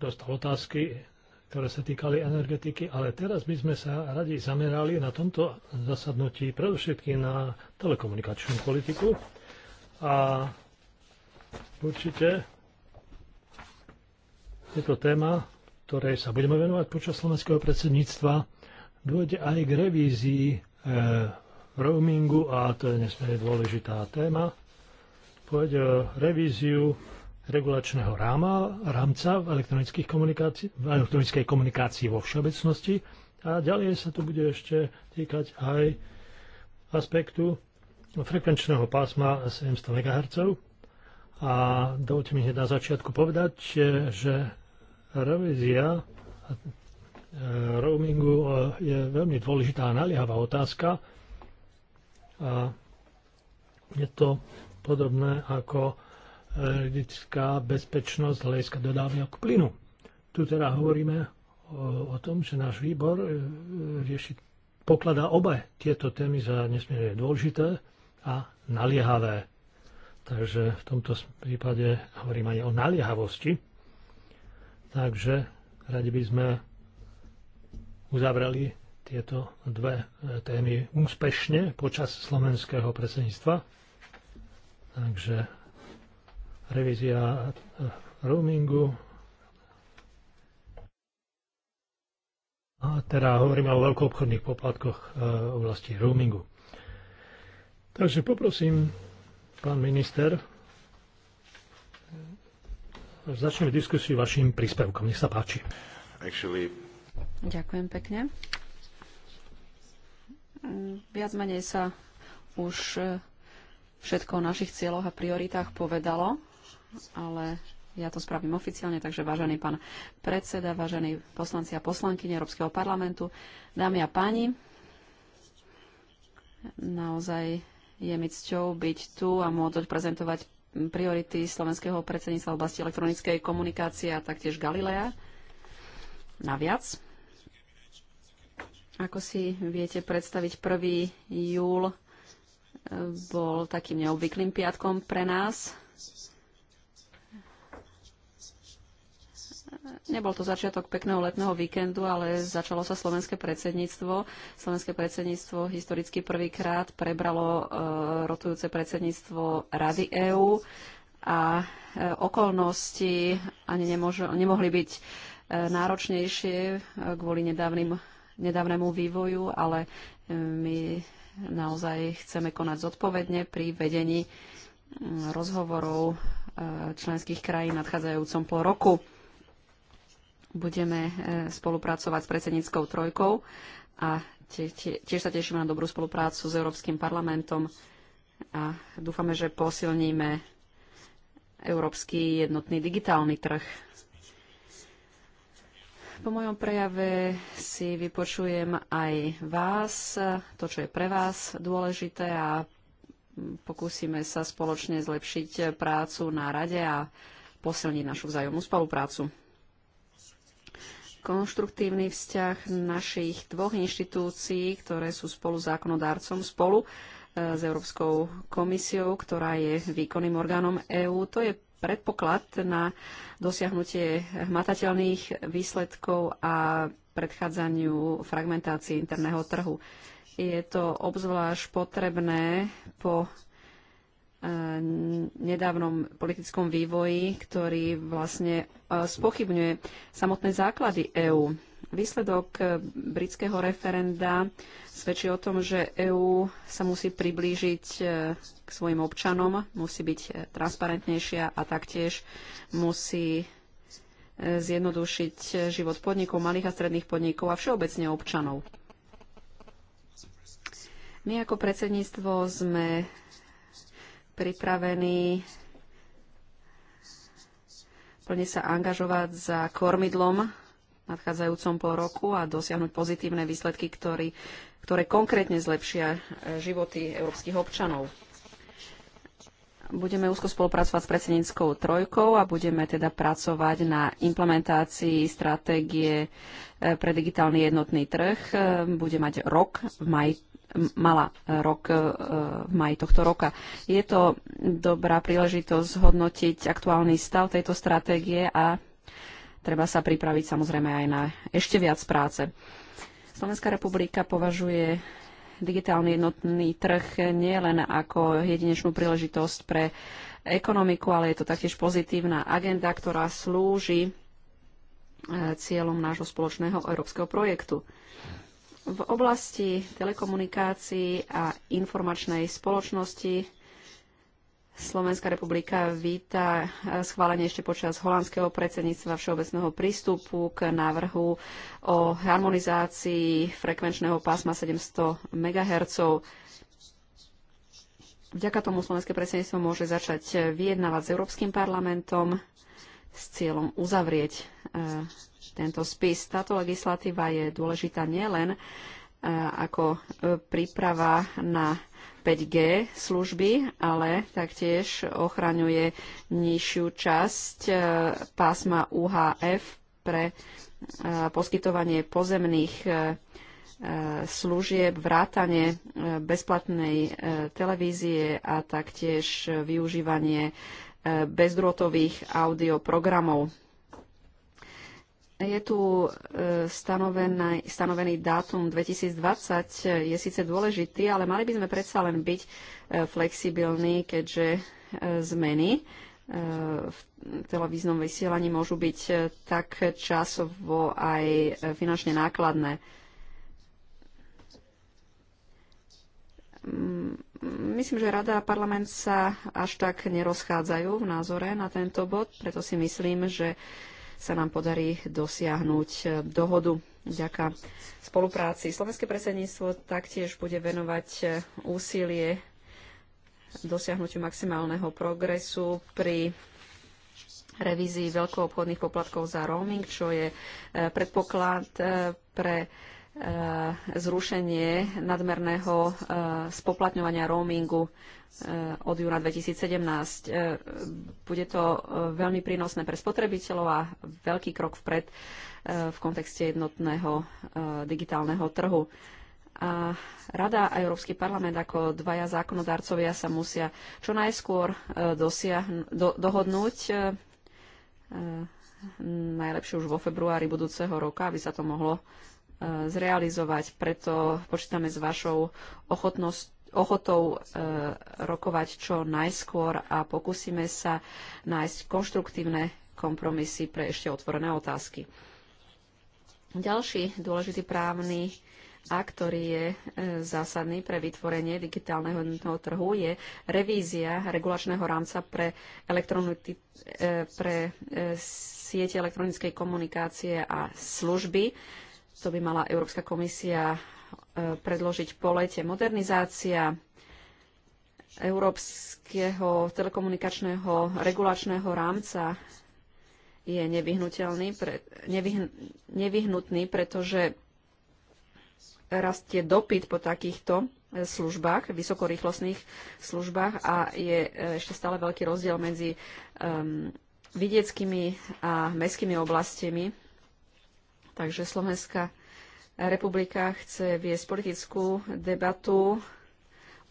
dostal otázky, ktoré sa týkali energetiky, ale teraz by sme sa radi zamerali na tomto zasadnutí predovšetkým na telekomunikačnú politiku a určite je to téma, ktorej sa budeme venovať počas slovenského predsedníctva dôjde aj k revízii e, roamingu a to je nesmierne dôležitá téma. Pôjde o revíziu regulačného ráma, rámca v, elektronických komunikácii, v elektronickej komunikácii vo všeobecnosti a ďalej sa tu bude ešte týkať aj aspektu frekvenčného pásma 700 MHz a dovolte mi hneď na začiatku povedať, že revízia roamingu je veľmi dôležitá a naliehavá otázka a je to podobné ako energetická bezpečnosť hľadiska dodávok plynu. Tu teda hovoríme o, o tom, že náš výbor e, rieši, pokladá obe tieto témy za nesmierne dôležité a naliehavé. Takže v tomto prípade hovorím aj o naliehavosti. Takže radi by sme uzavreli tieto dve e, témy úspešne počas slovenského predsedníctva. Takže revízia e, roamingu. A teda hovoríme o veľkoobchodných poplatkoch e, v oblasti roamingu. Takže poprosím, pán minister, začneme diskusiu vašim príspevkom. Nech sa páči. Actually, Ďakujem pekne. Viac menej sa už e, všetko o našich cieľoch a prioritách povedalo, ale ja to spravím oficiálne, takže vážený pán predseda, vážení poslanci a poslanky Európskeho parlamentu, dámy a páni, naozaj je mi cťou byť tu a môcť prezentovať priority slovenského predsedníctva v oblasti elektronickej komunikácie a taktiež Galilea. Naviac, ako si viete predstaviť, 1. júl e, bol takým neobvyklým piatkom pre nás. Nebol to začiatok pekného letného víkendu, ale začalo sa slovenské predsedníctvo. Slovenské predsedníctvo historicky prvýkrát prebralo e, rotujúce predsedníctvo Rady EÚ a e, okolnosti ani nemož- nemohli byť e, náročnejšie e, kvôli nedávnym nedávnemu vývoju, ale e, my naozaj chceme konať zodpovedne pri vedení e, rozhovorov e, členských krajín nadchádzajúcom pol roku. Budeme spolupracovať s predsedníckou trojkou a tiež sa tešíme na dobrú spoluprácu s Európskym parlamentom a dúfame, že posilníme európsky jednotný digitálny trh. Po mojom prejave si vypočujem aj vás, to, čo je pre vás dôležité a pokúsime sa spoločne zlepšiť prácu na rade a posilniť našu vzájomnú spoluprácu. Konštruktívny vzťah našich dvoch inštitúcií, ktoré sú spolu zákonodárcom, spolu e, s Európskou komisiou, ktorá je výkonným orgánom EÚ, to je predpoklad na dosiahnutie hmatateľných výsledkov a predchádzaniu fragmentácii interného trhu. Je to obzvlášť potrebné po e, nedávnom politickom vývoji, ktorý vlastne e, spochybňuje samotné základy EÚ. Výsledok eh, britského referenda svedčí o tom, že EÚ sa musí priblížiť eh, k svojim občanom, musí byť eh, transparentnejšia a taktiež musí zjednodušiť život podnikov, malých a stredných podnikov a všeobecne občanov. My ako predsedníctvo sme pripravení plne sa angažovať za kormidlom nadchádzajúcom pol roku a dosiahnuť pozitívne výsledky, ktorý, ktoré konkrétne zlepšia e, životy európskych občanov. Budeme úzko spolupracovať s predsedníckou trojkou a budeme teda pracovať na implementácii stratégie e, pre digitálny jednotný trh. E, bude mať rok v maji mala rok v maji tohto roka. Je to dobrá príležitosť zhodnotiť aktuálny stav tejto stratégie a treba sa pripraviť samozrejme aj na ešte viac práce. Slovenská republika považuje digitálny jednotný trh nie len ako jedinečnú príležitosť pre ekonomiku, ale je to taktiež pozitívna agenda, ktorá slúži e, cieľom nášho spoločného európskeho projektu. V oblasti telekomunikácií a informačnej spoločnosti Slovenská republika víta eh, schválenie ešte počas holandského predsedníctva všeobecného prístupu k návrhu o harmonizácii frekvenčného pásma 700 MHz. Vďaka tomu slovenské predsedníctvo môže začať eh, vyjednávať s Európskym parlamentom s cieľom uzavrieť eh, tento spis. Táto legislatíva je dôležitá nielen ako príprava na 5G služby, ale taktiež ochraňuje nižšiu časť e, pásma UHF pre e, poskytovanie pozemných e, služieb, vrátanie bezplatnej televízie a taktiež využívanie bezdrôtových audioprogramov. Je tu e, stanovený, stanovený dátum 2020, je síce dôležitý, ale mali by sme predsa len byť e, flexibilní, keďže e, zmeny v televíznom vysielaní môžu byť tak časovo aj finančne nákladné. Mm, myslím, že Rada a parlament sa až tak nerozchádzajú v názore na tento bod, preto si myslím, že sa nám podarí dosiahnuť e, dohodu vďaka spolupráci. Slovenské predsedníctvo taktiež bude venovať e, úsilie dosiahnutiu maximálneho progresu pri revízii veľkoobchodných poplatkov za roaming, čo je e, predpoklad pre E, zrušenie nadmerného e, spoplatňovania roamingu e, od júna 2017. Bude to veľmi prínosné pre spotrebiteľov a veľký krok vpred v kontexte jednotného digitálneho trhu. A Rada a Európsky parlament ako dvaja zákonodarcovia sa musia čo najskôr dosiahn- do- dohodnúť najlepšie už vo februári budúceho roka, aby sa to mohlo Eh, zrealizovať. Preto počítame s vašou ochotnosť, ochotou e, rokovať čo najskôr a pokúsime sa nájsť konštruktívne kompromisy pre ešte otvorené otázky. Ďalší dôležitý právny a ktorý je e, zásadný pre vytvorenie digitálneho jednotného trhu, je revízia regulačného rámca pre, e, pre siete elektronickej komunikácie a služby to by mala Európska komisia e, predložiť po lete. Modernizácia Európskeho telekomunikačného regulačného rámca je nevyhnutelný, pre, nevyhnutný, pretože rastie dopyt po takýchto e, službách, vysokorýchlostných službách a je e, ešte stále veľký rozdiel medzi um, vidieckými a mestskými oblastiami Takže Slovenská republika chce viesť politickú debatu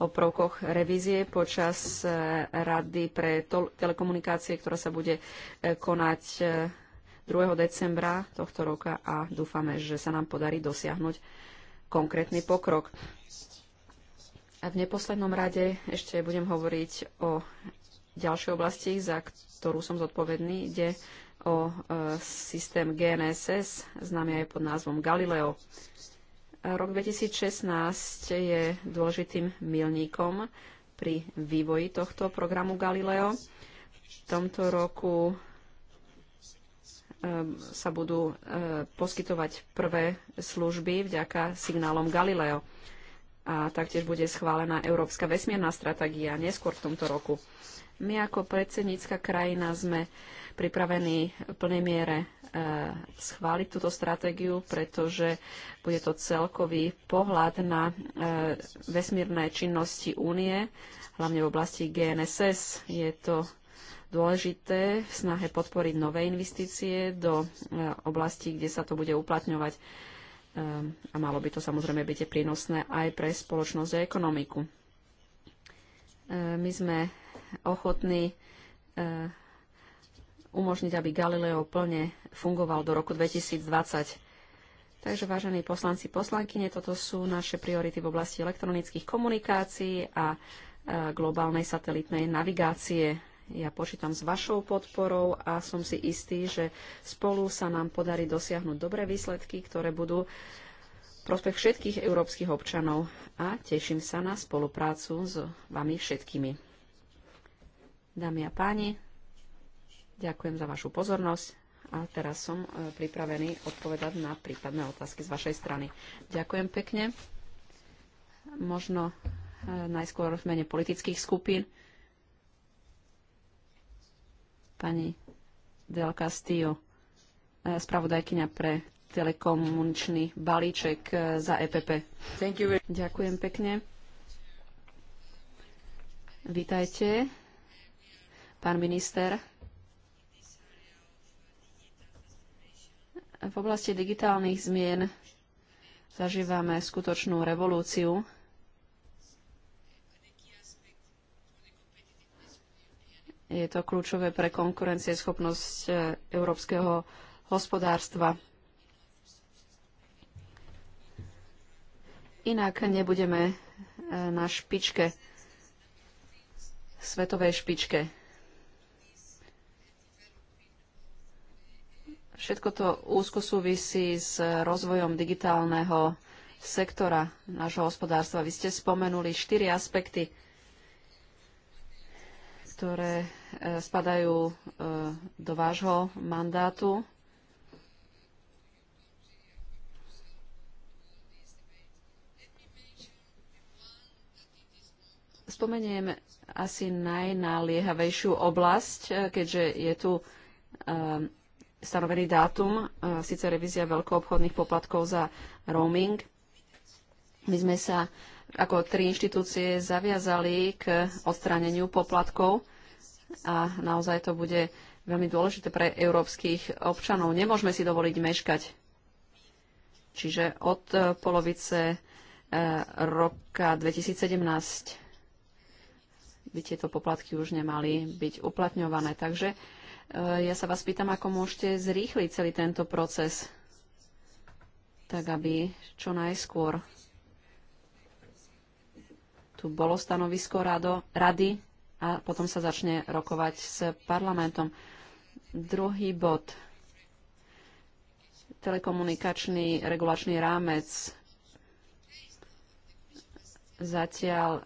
o prvkoch revízie počas e, Rady pre telekomunikácie, ktorá sa bude e, konať 2. E, decembra tohto roka a dúfame, že sa nám podarí dosiahnuť konkrétny pokrok. A v neposlednom rade ešte budem hovoriť o ďalšej oblasti, za ktorú som zodpovedný. Ide o e, systém GNSS, známy aj pod názvom Galileo. Rok 2016 je dôležitým milníkom pri vývoji tohto programu Galileo. V tomto roku e, sa budú e, poskytovať prvé služby vďaka signálom Galileo. A taktiež bude schválená Európska vesmierna stratégia neskôr v tomto roku. My ako predsednícka krajina sme pripravení v plnej miere e, schváliť túto stratégiu, pretože bude to celkový pohľad na e, vesmírne činnosti únie, hlavne v oblasti GNSS. Je to dôležité v snahe podporiť nové investície do e, oblasti, kde sa to bude uplatňovať a malo by to samozrejme byť prínosné aj pre spoločnosť a ekonomiku. My sme ochotní umožniť, aby Galileo plne fungoval do roku 2020. Takže, vážení poslanci, poslankyne, toto sú naše priority v oblasti elektronických komunikácií a e, globálnej satelitnej navigácie. Ja počítam s vašou podporou a som si istý, že spolu sa nám podarí dosiahnuť dobré výsledky, ktoré budú prospech všetkých európskych občanov a teším sa na spoluprácu s vami všetkými. Dámy a páni, Ďakujem za vašu pozornosť a teraz som e, pripravený odpovedať na prípadné otázky z vašej strany. Ďakujem pekne. Možno e, najskôr v mene politických skupín. Pani Del Castillo, e, spravodajkyňa pre telekomunčný balíček za EPP. Ďakujem pekne. Vítajte, pán minister. V oblasti digitálnych zmien zažívame skutočnú revolúciu. Je to kľúčové pre konkurencieschopnosť eh, európskeho hospodárstva. Inak nebudeme eh, na špičke, svetovej špičke. Všetko to úzko súvisí s rozvojom digitálneho sektora nášho hospodárstva. Vy ste spomenuli štyri aspekty, ktoré e, spadajú e, do vášho mandátu. Spomeniem asi najnaliehavejšiu oblasť, e, keďže je tu stanovený dátum, e, síce revízia veľkoobchodných poplatkov za roaming. My sme sa ako tri inštitúcie zaviazali k odstráneniu poplatkov a naozaj to bude veľmi dôležité pre európskych občanov. Nemôžeme si dovoliť meškať. Čiže od e, polovice e, roka 2017 by tieto poplatky už nemali byť uplatňované. Takže Eh, ja sa vás pýtam, ako môžete zrýchliť celý tento proces, tak aby čo najskôr tu bolo stanovisko rado, rady a potom sa začne rokovať s parlamentom. Druhý bod. Telekomunikačný regulačný rámec. Zatiaľ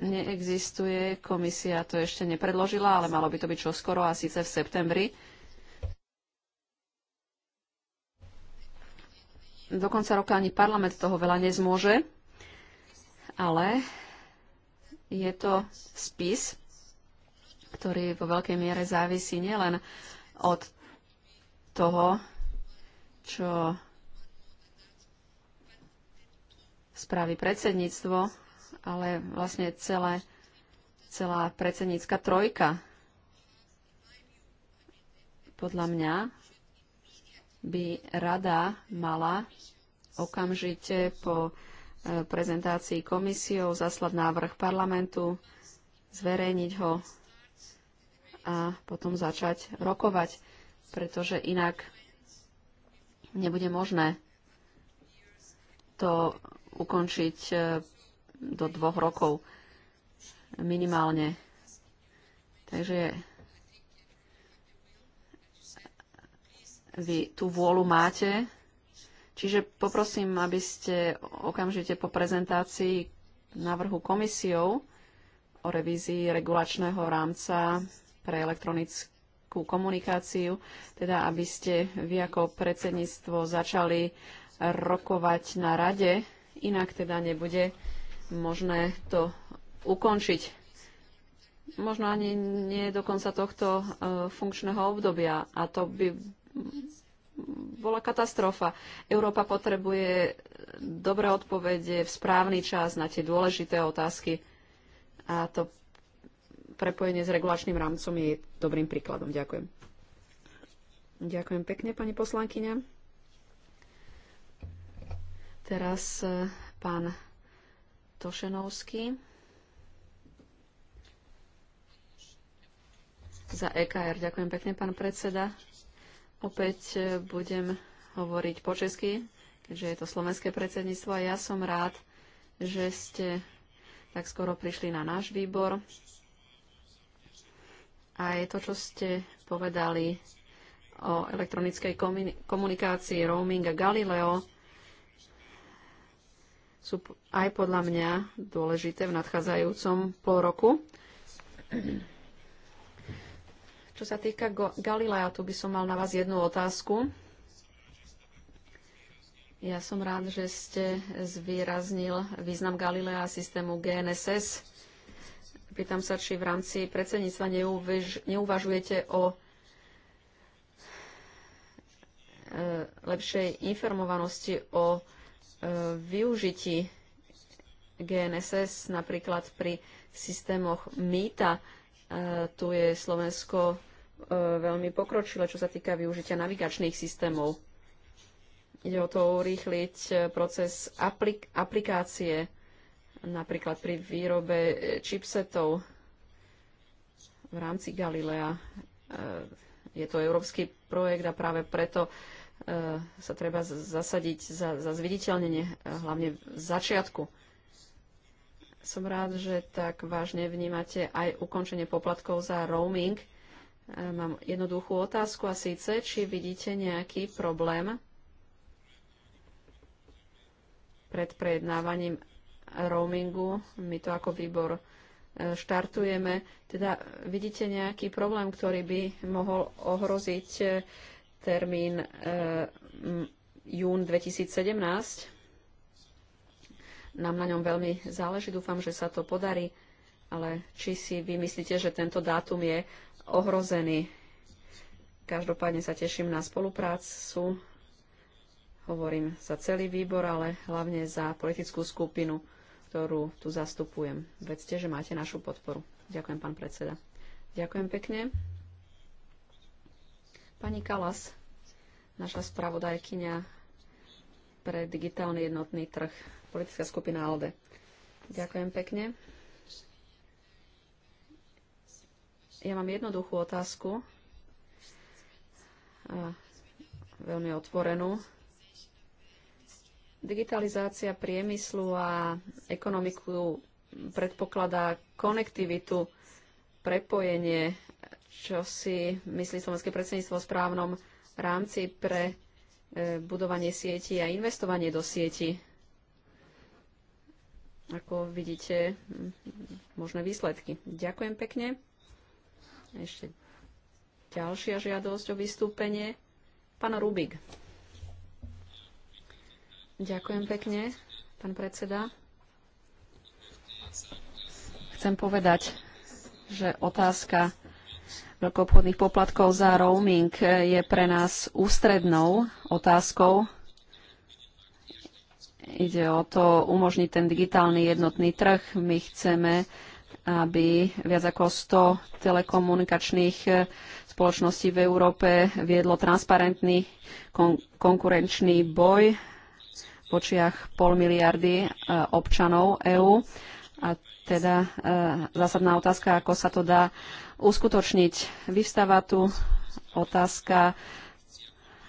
neexistuje. Komisia to ešte nepredložila, ale malo by to byť čoskoro a síce v septembri. Do konca roka ani parlament toho veľa nezmôže, ale je to spis, ktorý vo veľkej miere závisí nielen od toho, čo spraví predsedníctvo ale vlastne celé, celá predsednícka trojka. Podľa mňa by rada mala okamžite po e, prezentácii komisiou zaslať návrh parlamentu, zverejniť ho a potom začať rokovať, pretože inak nebude možné to ukončiť e, do dvoch rokov minimálne. Takže vy tú vôľu máte. Čiže poprosím, aby ste okamžite po prezentácii návrhu komisiou o revízii regulačného rámca pre elektronickú komunikáciu, teda aby ste vy ako predsedníctvo začali rokovať na rade, inak teda nebude možné to ukončiť. Možno ani nie do konca tohto e, funkčného obdobia a to by bola katastrofa. Európa potrebuje dobré odpovede v správny čas na tie dôležité otázky a to prepojenie s regulačným rámcom je dobrým príkladom. Ďakujem. Ďakujem pekne, pani poslankyňa. Teraz e, pán Tošenovský za EKR. Ďakujem pekne, pán predseda. Opäť e, budem hovoriť po česky, keďže je to slovenské predsedníctvo a ja som rád, že ste tak skoro prišli na náš výbor. A je to, čo ste povedali o elektronickej komunikácii, roaming a Galileo, sú aj podľa mňa dôležité v nadchádzajúcom pol roku. Čo sa týka Galilea, tu by som mal na vás jednu otázku. Ja som rád, že ste zvýraznil význam Galilea systému GNSS. Pýtam sa, či v rámci predsedníctva neuvaž neuvažujete o e, lepšej informovanosti o využití GNSS napríklad pri systémoch mýta. E, tu je Slovensko e, veľmi pokročilé, čo sa týka využitia navigačných systémov. Ide o to urýchliť e, proces aplik- aplikácie napríklad pri výrobe chipsetov v rámci Galilea. Je to európsky projekt a práve preto E, sa treba zasadiť za, za zviditeľnenie, e, hlavne v začiatku. Som rád, že tak vážne vnímate aj ukončenie poplatkov za roaming. E, mám jednoduchú otázku a síce, či vidíte nejaký problém pred prejednávaním roamingu. My to ako výbor štartujeme. Teda vidíte nejaký problém, ktorý by mohol ohroziť termín uh, jún 2017. Nám na ňom veľmi záleží, dúfam, že sa to podarí, ale či si vy myslíte, že tento dátum je ohrozený? Každopádne sa teším na spoluprácu, hovorím za celý výbor, ale hlavne za politickú skupinu, ktorú tu zastupujem. Vedzte, že máte našu podporu. Ďakujem, pán predseda. Ďakujem pekne. Pani Kalas, naša spravodajkyňa pre digitálny jednotný trh, politická skupina ALDE. Ďakujem pekne. Ja mám jednoduchú otázku, a veľmi otvorenú. Digitalizácia priemyslu a ekonomiku predpokladá konektivitu, prepojenie čo si myslí slovenské predsedníctvo o správnom rámci pre e, budovanie sieti a investovanie do sieti. Ako vidíte, možné výsledky. Ďakujem pekne. Ešte ďalšia žiadosť o vystúpenie. Pán Rubik. Ďakujem pekne, pán predseda. Chcem povedať, že otázka veľkoobchodných poplatkov za roaming eh, je pre nás ústrednou otázkou. Ide o to umožniť ten digitálny jednotný trh. My chceme, aby viac ako 100 telekomunikačných eh, spoločností v Európe viedlo transparentný kon- konkurenčný boj v očiach pol miliardy eh, občanov EÚ. A teda zásadná otázka, ako sa to dá uskutočniť. Vyvstáva tu otázka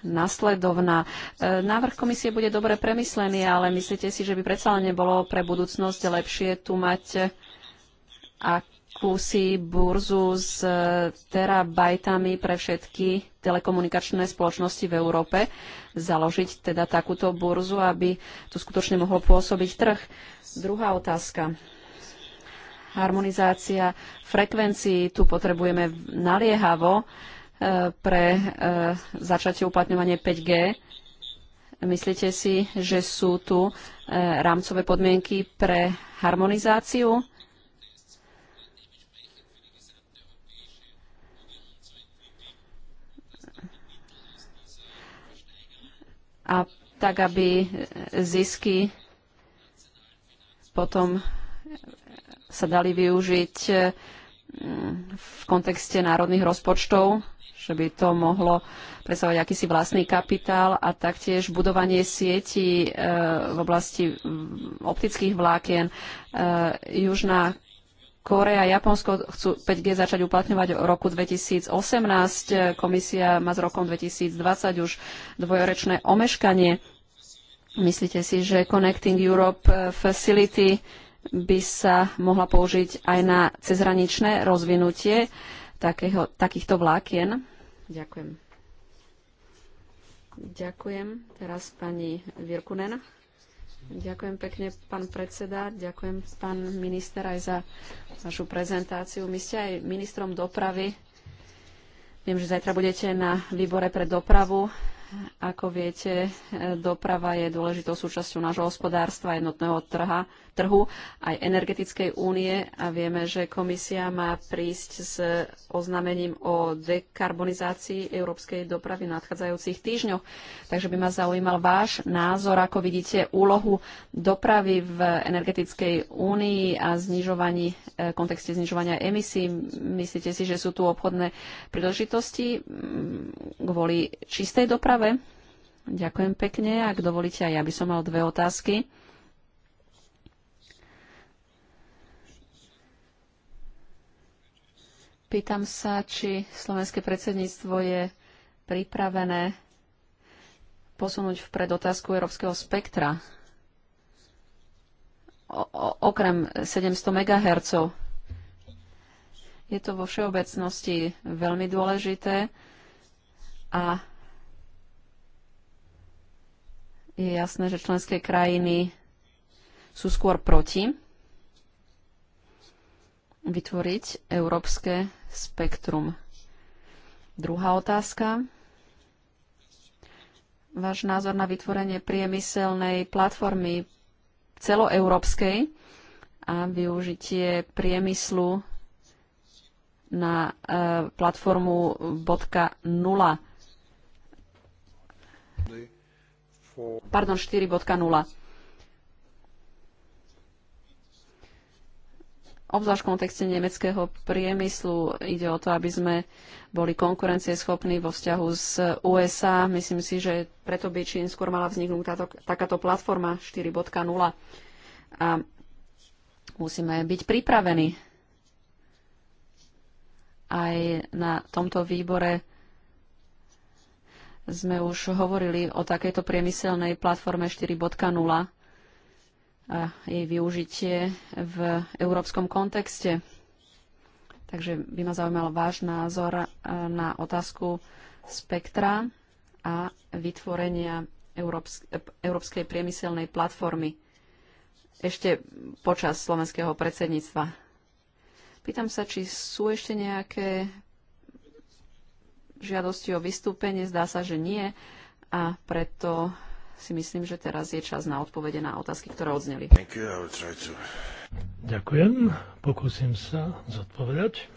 nasledovná. E, návrh komisie bude dobre premyslený, ale myslíte si, že by predsa len nebolo pre budúcnosť lepšie tu mať akúsi burzu s terabajtami pre všetky telekomunikačné spoločnosti v Európe, založiť teda takúto burzu, aby tu skutočne mohol pôsobiť trh. Druhá otázka harmonizácia frekvencií. Tu potrebujeme naliehavo e, pre e, začatie uplatňovanie 5G. Myslíte si, že sú tu e, rámcové podmienky pre harmonizáciu? A tak, aby zisky potom sa dali využiť eh, v kontexte národných rozpočtov, že by to mohlo predstavovať akýsi vlastný kapitál a taktiež budovanie sietí eh, v oblasti mm, optických vlákien. Eh, Južná Korea a Japonsko chcú 5G začať uplatňovať v roku 2018. Komisia má s rokom 2020 už dvojorečné omeškanie. Myslíte si, že Connecting Europe Facility by sa mohla použiť aj na cezhraničné rozvinutie takého, takýchto vlákien. Ďakujem. Ďakujem. Teraz pani Virkunen. Ďakujem pekne, pán predseda. Ďakujem, pán minister, aj za vašu prezentáciu. My ste aj ministrom dopravy. Viem, že zajtra budete na výbore pre dopravu. Ako viete, doprava je dôležitou súčasťou nášho hospodárstva, jednotného trha, trhu, aj energetickej únie a vieme, že komisia má prísť s oznámením o dekarbonizácii európskej dopravy v nadchádzajúcich týždňoch. Takže by ma zaujímal váš názor, ako vidíte úlohu dopravy v energetickej únii a znižovaní, v eh, kontexte znižovania emisí. Myslíte si, že sú tu obchodné príležitosti mm, kvôli čistej doprave? Ďakujem pekne. Ak dovolíte, aj ja by som mal dve otázky. Pýtam sa, či slovenské predsedníctvo je pripravené posunúť vpred otázku európskeho spektra. O, okrem 700 MHz je to vo všeobecnosti veľmi dôležité a je jasné, že členské krajiny sú skôr proti vytvoriť európske spektrum. Druhá otázka. Váš názor na vytvorenie priemyselnej platformy celoeurópskej a využitie priemyslu na e, platformu .0. Pardon, 4.0. obzvlášť v kontexte nemeckého priemyslu. Ide o to, aby sme boli konkurencieschopní vo vzťahu s USA. Myslím si, že preto by čím skôr mala vzniknúť táto, takáto platforma 4.0. A musíme byť pripravení aj na tomto výbore sme už hovorili o takejto priemyselnej platforme 4.0 a jej využitie v európskom kontexte. Takže by ma zaujímal váš názor e, na otázku spektra a vytvorenia e, Európskej priemyselnej platformy ešte počas slovenského predsedníctva. Pýtam sa, či sú ešte nejaké žiadosti o vystúpenie. Zdá sa, že nie. A preto si myslím, že teraz je čas na odpovede na otázky, ktoré odzneli. Ďakujem. Pokúsim sa zodpovedať.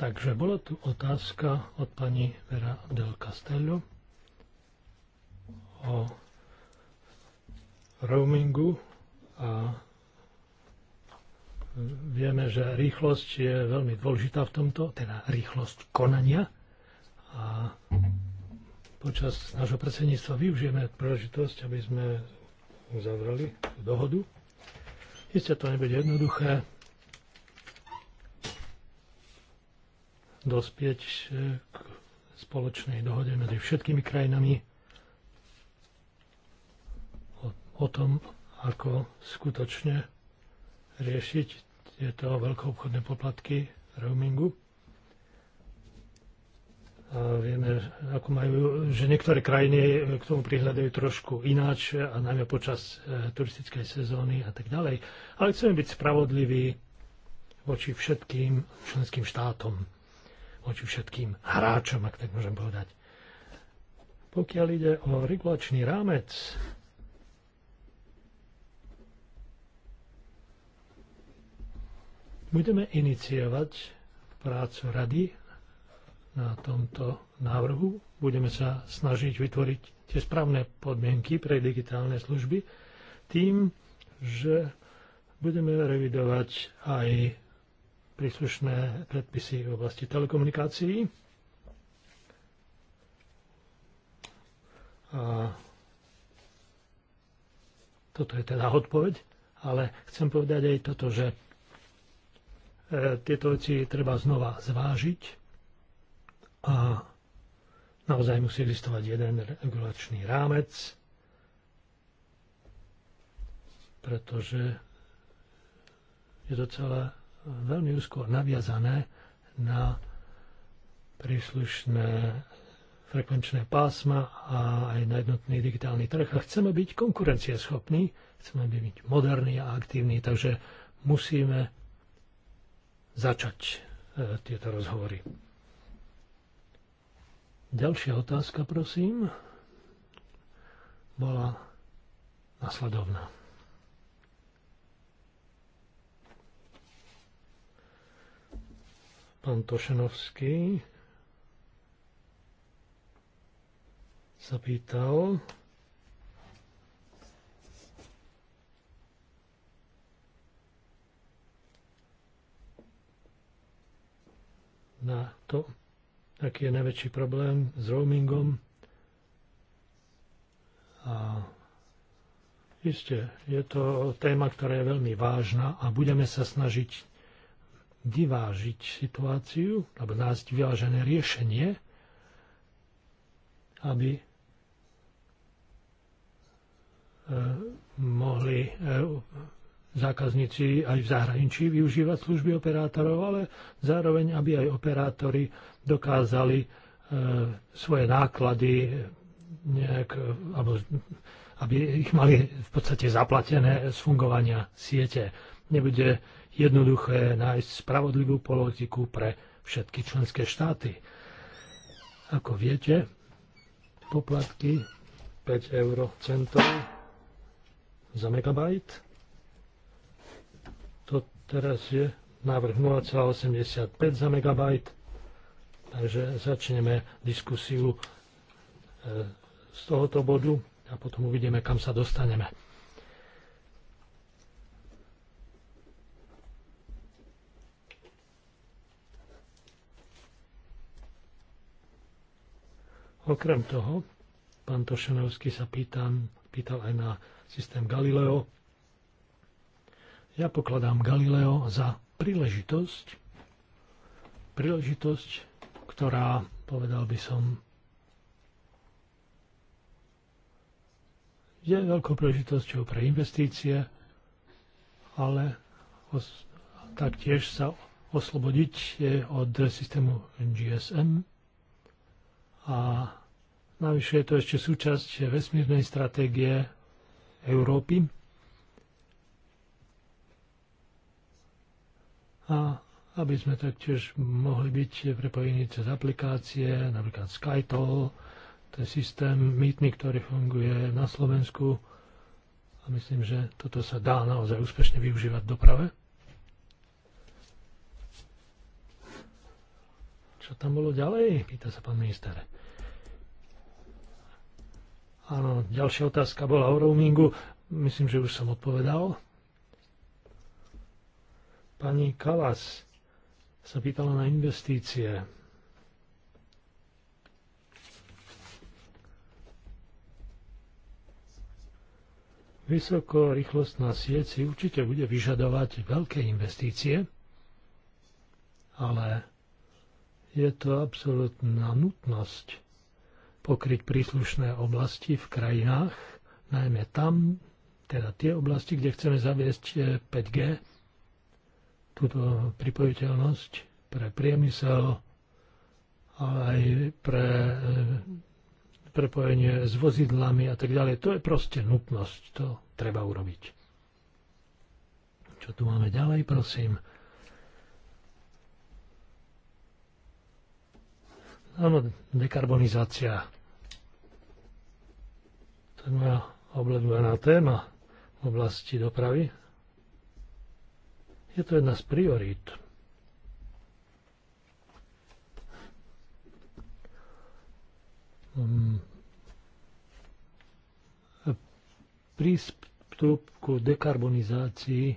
Takže bola tu otázka od pani Vera del Castello o roamingu a vieme, že rýchlosť je veľmi dôležitá v tomto, teda rýchlosť konania. A počas nášho predsedníctva využijeme príležitosť, aby sme uzavrali dohodu. Isté to nebude jednoduché dospieť k spoločnej dohode medzi všetkými krajinami o, o tom, ako skutočne riešiť je to veľkoobchodné poplatky roamingu. A vieme, ako majú, že niektoré krajiny k tomu prihľadajú trošku ináč, a najmä počas e, turistickej sezóny a tak ďalej. Ale chceme byť spravodliví voči všetkým členským štátom, voči všetkým hráčom, ak tak môžem povedať. Pokiaľ ide o regulačný rámec, Budeme iniciovať prácu rady na tomto návrhu. Budeme sa snažiť vytvoriť tie správne podmienky pre digitálne služby tým, že budeme revidovať aj príslušné predpisy v oblasti telekomunikácií. A toto je teda odpoveď, ale chcem povedať aj toto, že E, tieto veci treba znova zvážiť a naozaj musí existovať jeden regulačný rámec, pretože je to celé veľmi úzko naviazané na príslušné frekvenčné pásma a aj na jednotný digitálny trh. A chceme byť konkurencieschopní, chceme byť moderní a aktívni, takže musíme začať e, tieto rozhovory. Ďalšia otázka, prosím, bola nasledovná. Pán Tošenovský sa pýtal, na to, aký je najväčší problém s roamingom. A iste, je to téma, ktorá je veľmi vážna a budeme sa snažiť vyvážiť situáciu, alebo nájsť vyvážené riešenie, aby e, mohli e, zákazníci aj v zahraničí využívať služby operátorov, ale zároveň, aby aj operátori dokázali e, svoje náklady nejak, alebo aby ich mali v podstate zaplatené z fungovania siete. Nebude jednoduché nájsť spravodlivú politiku pre všetky členské štáty. Ako viete, poplatky 5 eurocentov centov za megabajt Teraz je návrh 0,85 za megabajt. Takže začneme diskusiu eh, z tohoto bodu a potom uvidíme, kam sa dostaneme. Okrem toho, pán Tošenovský sa pýtam, pýtal aj na systém Galileo, ja pokladám Galileo za príležitosť, príležitosť, ktorá, povedal by som, je veľkou príležitosťou pre investície, ale os- taktiež sa oslobodiť od systému GSM a navyše je to ešte súčasť vesmírnej stratégie Európy a aby sme taktiež mohli byť prepojení cez aplikácie, napríklad SkyToll, to je systém mýtny, ktorý funguje na Slovensku a myslím, že toto sa dá naozaj úspešne využívať v doprave. Čo tam bolo ďalej? Pýta sa pán minister. Áno, ďalšia otázka bola o roamingu. Myslím, že už som odpovedal. Pani Kalas sa pýtala na investície. Vysokorýchlostná sieť si určite bude vyžadovať veľké investície, ale je to absolútna nutnosť pokryť príslušné oblasti v krajinách, najmä tam, teda tie oblasti, kde chceme zaviesť eh, 5G, túto pripojiteľnosť pre priemysel, ale aj pre e, prepojenie s vozidlami a tak ďalej. To je proste nutnosť, to treba urobiť. Čo tu máme ďalej, prosím? Áno, dekarbonizácia. To je moja obľúbená téma v oblasti dopravy, je to jedna z priorít. Hm. Prístup ku dekarbonizácii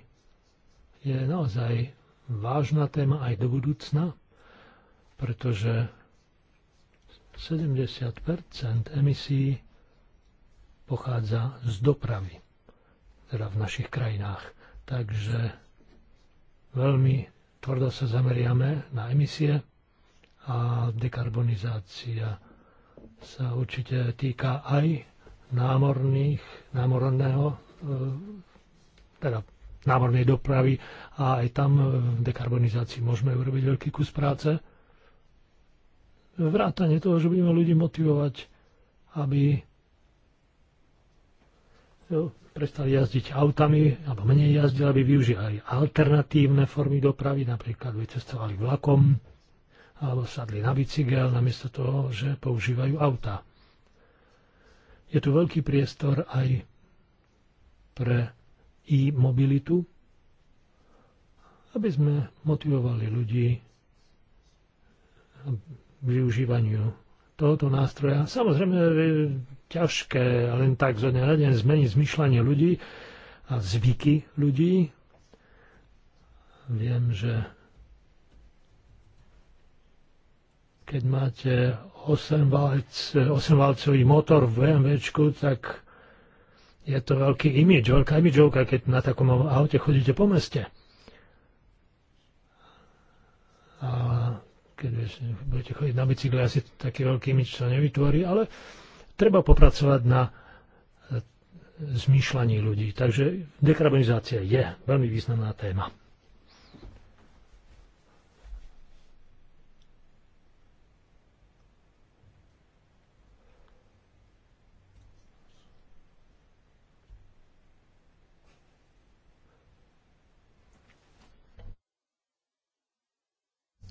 je naozaj vážna téma aj do budúcna, pretože 70 emisí pochádza z dopravy, teda v našich krajinách. Takže Veľmi tvrdo sa zameriame na emisie a dekarbonizácia sa určite týka aj námorných, námorného, e, teda námornej dopravy a aj tam v dekarbonizácii môžeme urobiť veľký kus práce. Vrátanie toho, že budeme ľudí motivovať, aby prestali jazdiť autami, alebo menej jazdili, aby využívali alternatívne formy dopravy, napríklad by cestovali vlakom, alebo sadli na bicykel, namiesto toho, že používajú auta. Je tu veľký priestor aj pre e-mobilitu, aby sme motivovali ľudí k využívaniu tohoto nástroja. Samozrejme, ťažké len tak zo dňa na deň zmeniť zmyšľanie ľudí a zvyky ľudí. Viem, že keď máte 8-valcový motor v BMW, tak je to veľký imidž, veľká imidžovka, keď na takom aute chodíte po meste. A keď budete chodiť na bicykle, asi taký veľký imidž sa nevytvorí, ale treba popracovať na e, zmýšľaní ľudí. Takže dekarbonizácia je veľmi významná téma.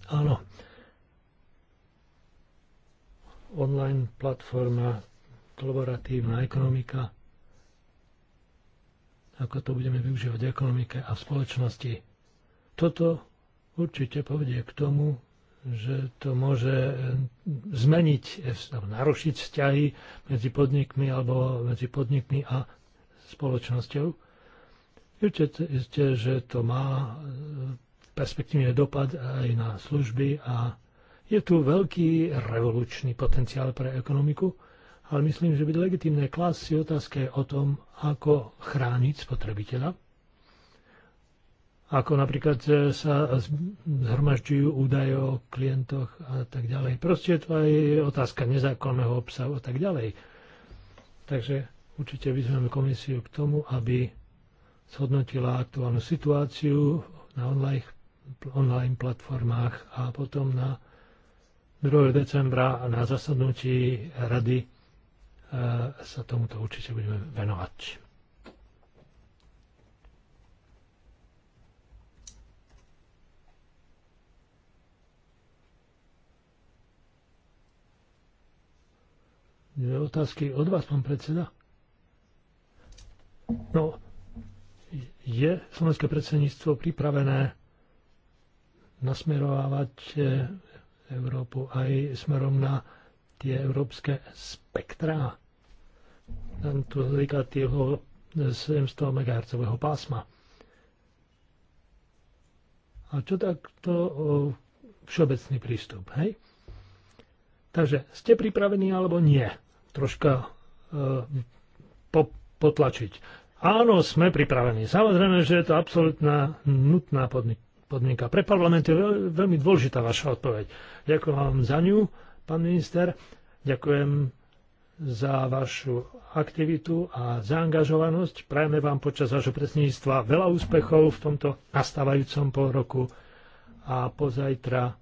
Áno. Online platforma kolaboratívna ekonomika, ako to budeme využívať v ekonomike a v spoločnosti. Toto určite povedie k tomu, že to môže zmeniť, narušiť vzťahy medzi podnikmi alebo medzi podnikmi a spoločnosťou. Určite, že to má perspektívne dopad aj na služby a je tu veľký revolučný potenciál pre ekonomiku ale myslím, že by legitimné klásť si otázke o tom, ako chrániť spotrebiteľa. Ako napríklad sa zhromažďujú údaje o klientoch a tak ďalej. Proste to aj otázka nezákonného obsahu a tak ďalej. Takže určite vyzveme komisiu k tomu, aby zhodnotila aktuálnu situáciu na online, online platformách a potom na 2. decembra na zasadnutí Rady E, sa tomuto určite budeme venovať. Dve otázky od vás, pán predseda. No, je slovenské predsedníctvo pripravené nasmerovávať e, Európu aj smerom na tie európske spektrá. Tam tu týka tieho 700 e, MHz pásma. A čo takto všeobecný prístup, hej? Takže ste pripravení alebo nie? Troška e, po, potlačiť. Áno, sme pripravení. Samozrejme, že je to absolútna nutná podmienka. Pre parlament je veľ, veľmi dôležitá vaša odpoveď. Ďakujem vám za ňu. Pán minister, ďakujem za vašu aktivitu a zaangažovanosť. Prajeme vám počas vašho predsedníctva veľa úspechov v tomto nastávajúcom pol roku a pozajtra e,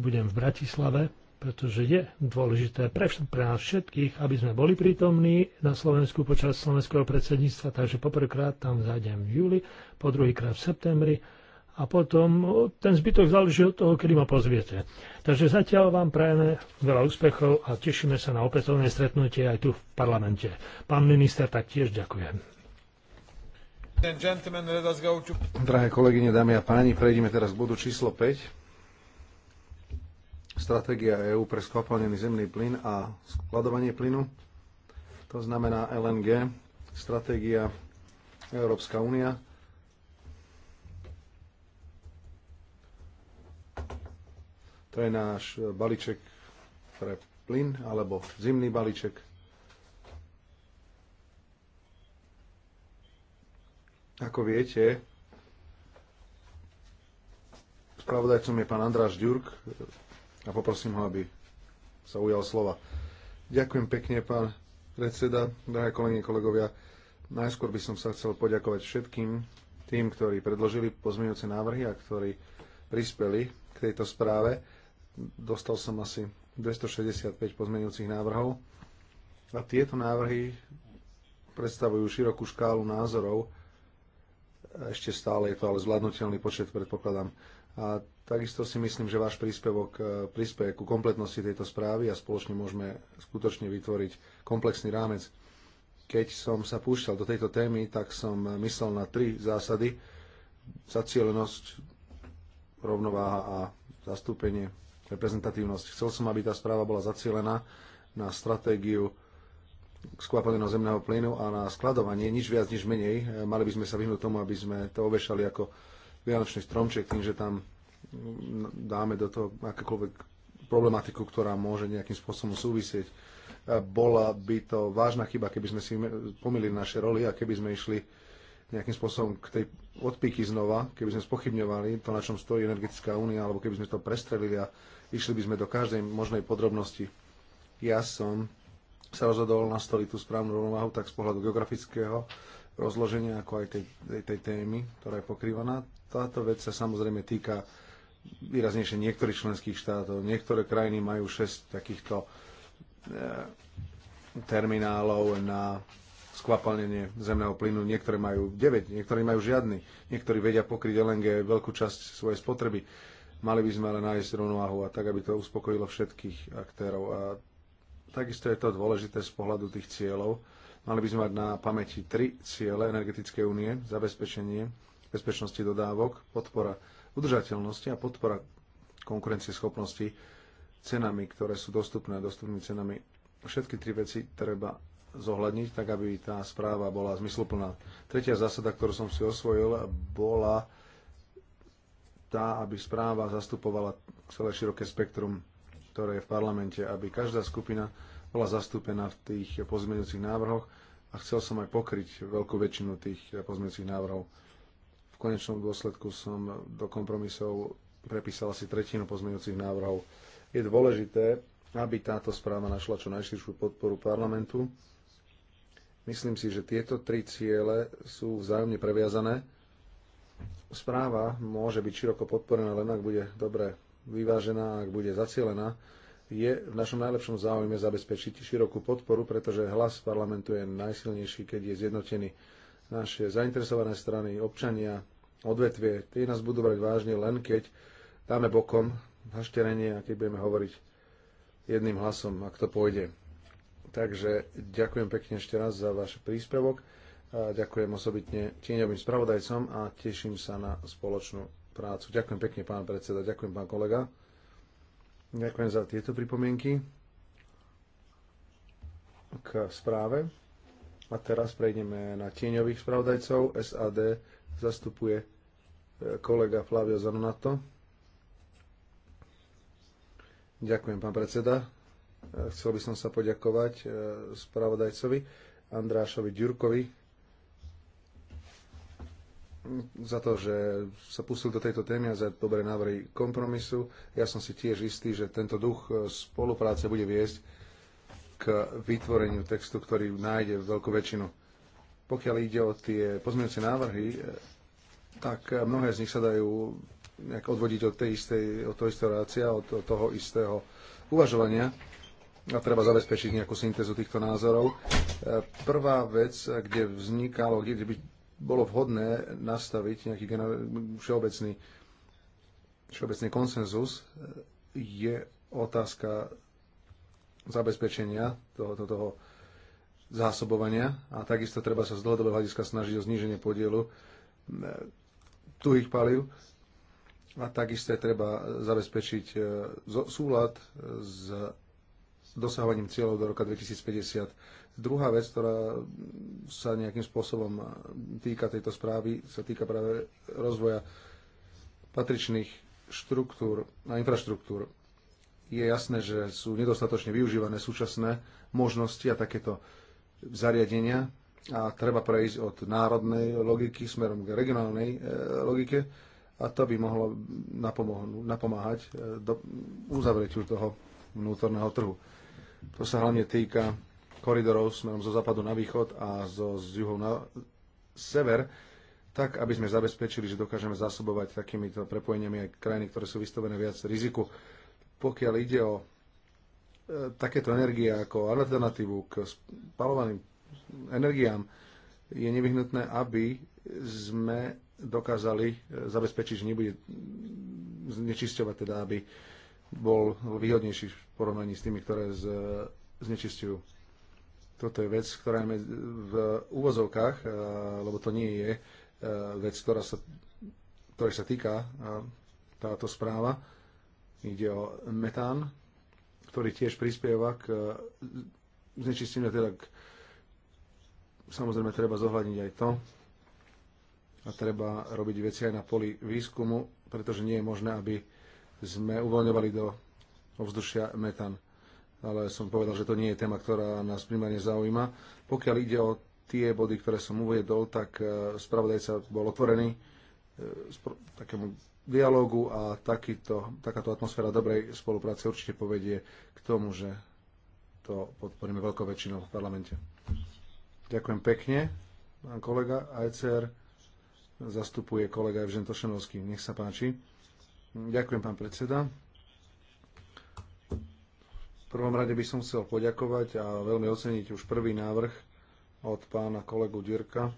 budem v Bratislave, pretože je dôležité pre, pre nás všetkých, aby sme boli prítomní na Slovensku počas slovenského predsedníctva, takže poprvýkrát tam zájdem v júli, po druhýkrát v septembri a potom ten zbytok záleží od toho, kedy ma pozviete. Takže zatiaľ vám prajeme veľa úspechov a tešíme sa na opätovné stretnutie aj tu v parlamente. Pán minister, taktiež ďakujem. Drahé kolegyne, dámy a páni, prejdeme teraz k bodu číslo 5. Stratégia EÚ pre skvapalnený zemný plyn a skladovanie plynu. To znamená LNG, stratégia Európska únia To je náš balíček pre plyn alebo zimný balíček. Ako viete, spravodajcom je pán Andráš Ďurk a poprosím ho, aby sa ujal slova. Ďakujem pekne, pán predseda, drahé kolegyne, kolegovia. Najskôr by som sa chcel poďakovať všetkým tým, ktorí predložili pozmeňujúce návrhy a ktorí prispeli k tejto správe. Dostal som asi 265 pozmeňujúcich návrhov a tieto návrhy predstavujú širokú škálu názorov. Ešte stále je to ale zvládnutelný počet, predpokladám. A takisto si myslím, že váš príspevok e, prispieje ku kompletnosti tejto správy a spoločne môžeme skutočne vytvoriť komplexný rámec keď som sa púšťal do tejto témy, tak som myslel na tri zásady. Zacielenosť, rovnováha a zastúpenie reprezentatívnosť. Chcel som, aby tá správa bola zacielená na stratégiu skvapeného zemného plynu a na skladovanie, nič viac, nič menej. Mali by sme sa vyhnúť tomu, aby sme to obešali ako vianočný stromček, tým, že tam dáme do toho akékoľvek problematiku, ktorá môže nejakým spôsobom súvisieť. Bola by to vážna chyba, keby sme si pomýlili naše roli a keby sme išli nejakým spôsobom k tej odpíky znova, keby sme spochybňovali to, na čom stojí energetická únia, alebo keby sme to prestrelili a išli by sme do každej možnej podrobnosti. Ja som sa rozhodol nastoliť tú správnu rovnováhu tak z pohľadu geografického rozloženia, ako aj tej, tej, tej témy, ktorá je pokrývaná. Táto vec sa samozrejme týka výraznejšie niektorých členských štátov. Niektoré krajiny majú 6 takýchto e, terminálov na skvapalnenie zemného plynu, niektoré majú 9, niektorí majú žiadny, niektorí vedia pokryť LNG veľkú časť svojej spotreby. Mali by sme ale nájsť rovnováhu a tak, aby to uspokojilo všetkých aktérov. A takisto je to dôležité z pohľadu tých cieľov. Mali by sme mať na pamäti tri ciele energetickej únie. Zabezpečenie bezpečnosti dodávok, podpora udržateľnosti a podpora konkurencieschopnosti cenami, ktoré sú dostupné, dostupnými cenami. Všetky tri veci treba zohľadniť, tak aby tá správa bola zmysluplná. Tretia zásada, ktorú som si osvojil, bola tá, aby správa zastupovala celé široké spektrum, ktoré je v parlamente, aby každá skupina bola zastúpená v tých pozmeňujúcich návrhoch a chcel som aj pokryť veľkú väčšinu tých pozmeňujúcich návrhov. V konečnom dôsledku som do kompromisov prepísal asi tretinu pozmeňujúcich návrhov. Je dôležité, aby táto správa našla čo najširšiu podporu parlamentu. Myslím si, že tieto tri ciele sú vzájomne previazané správa môže byť široko podporená len ak bude dobre vyvážená, ak bude zacielená, je v našom najlepšom záujme zabezpečiť širokú podporu, pretože hlas parlamentu je najsilnejší, keď je zjednotený. Naše zainteresované strany, občania, odvetvie, tie nás budú brať vážne len keď dáme bokom hašterenie a keď budeme hovoriť jedným hlasom, ak to pôjde. Takže ďakujem pekne ešte raz za váš príspevok ďakujem osobitne tieňovým spravodajcom a teším sa na spoločnú prácu. Ďakujem pekne, pán predseda, ďakujem, pán kolega. Ďakujem za tieto pripomienky k správe. A teraz prejdeme na tieňových spravodajcov. SAD zastupuje e, kolega Flavio Zanonato. Ďakujem, pán predseda. E, chcel by som sa poďakovať e, spravodajcovi Andrášovi Ďurkovi za to, že sa pustil do tejto témy a za dobré návrhy kompromisu. Ja som si tiež istý, že tento duch e, spolupráce bude viesť k vytvoreniu textu, ktorý nájde veľkú väčšinu. Pokiaľ ide o tie pozmeňujúce návrhy, e, tak mnohé z nich sa dajú nejak odvodiť od tej istej, od toho istého rácia, od toho istého uvažovania a treba zabezpečiť nejakú syntézu týchto názorov. E, prvá vec, kde vznikalo, kde by bolo vhodné nastaviť nejaký všeobecný, všeobecný konsenzus, je otázka zabezpečenia tohoto toho zásobovania a takisto treba sa z dlhodobého hľadiska snažiť o zníženie podielu e, tuhých palív a takisto je treba zabezpečiť e, súlad s dosahovaním cieľov do roka 2050. Druhá vec, ktorá sa nejakým spôsobom týka tejto správy, sa týka práve rozvoja patričných štruktúr a infraštruktúr. Je jasné, že sú nedostatočne využívané súčasné možnosti a takéto zariadenia a treba prejsť od národnej logiky smerom k regionálnej e, logike a to by mohlo napomáhať e, do uzavretiu toho vnútorného trhu. To sa hlavne týka koridorov smerom zo západu na východ a zo z juhu na sever, tak aby sme zabezpečili, že dokážeme zásobovať takýmito prepojeniami aj krajiny, ktoré sú vystavené viac riziku. Pokiaľ ide o e, takéto energie ako alternatívu k spalovaným energiám, je nevyhnutné, aby sme dokázali e, zabezpečiť, že nebude znečisťovať, teda aby bol výhodnejší v porovnaní s tými, ktoré z, e, toto je vec, ktorá je v úvozovkách, eh, lebo to nie je eh, vec, ktorá sa, ktorej sa týka eh, táto správa. Ide o metán, ktorý tiež prispieva k znečisteniu, teda k, samozrejme treba zohľadniť aj to a treba robiť veci aj na poli výskumu, pretože nie je možné, aby sme uvoľňovali do ovzdušia metán ale som povedal, že to nie je téma, ktorá nás primárne zaujíma. Pokiaľ ide o tie body, ktoré som uvedol, tak e, spravodajca bol otvorený e, takému dialogu a takýto, takáto atmosféra dobrej spolupráce určite povedie k tomu, že to podporíme veľkou väčšinou v parlamente. Ďakujem pekne, pán kolega. ECR zastupuje kolega Evžen Tošenovský. Nech sa páči. Ďakujem, pán predseda prvom rade by som chcel poďakovať a veľmi oceniť už prvý návrh od pána kolegu Dirka,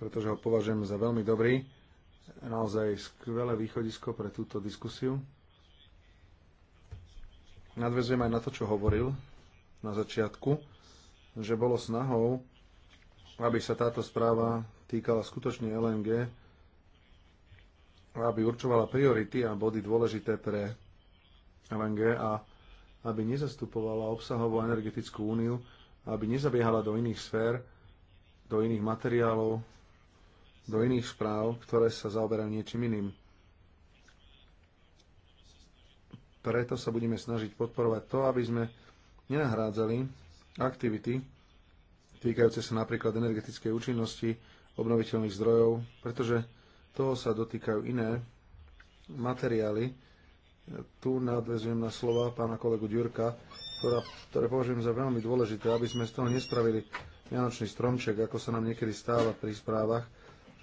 pretože ho považujem za veľmi dobrý. Naozaj skvelé východisko pre túto diskusiu. Nadvezujem aj na to, čo hovoril na začiatku, že bolo snahou, aby sa táto správa týkala skutočne LNG, aby určovala priority a body dôležité pre LNG a aby nezastupovala obsahovú energetickú úniu, aby nezabiehala do iných sfér, do iných materiálov, do iných správ, ktoré sa zaoberajú niečím iným. Preto sa budeme snažiť podporovať to, aby sme nenahrádzali aktivity týkajúce sa napríklad energetickej účinnosti, obnoviteľných zdrojov, pretože toho sa dotýkajú iné materiály, tu nadvezujem na slova pána kolegu Ďurka, ktorá, ktoré považujem za veľmi dôležité, aby sme z toho nespravili vianočný stromček, ako sa nám niekedy stáva pri správach,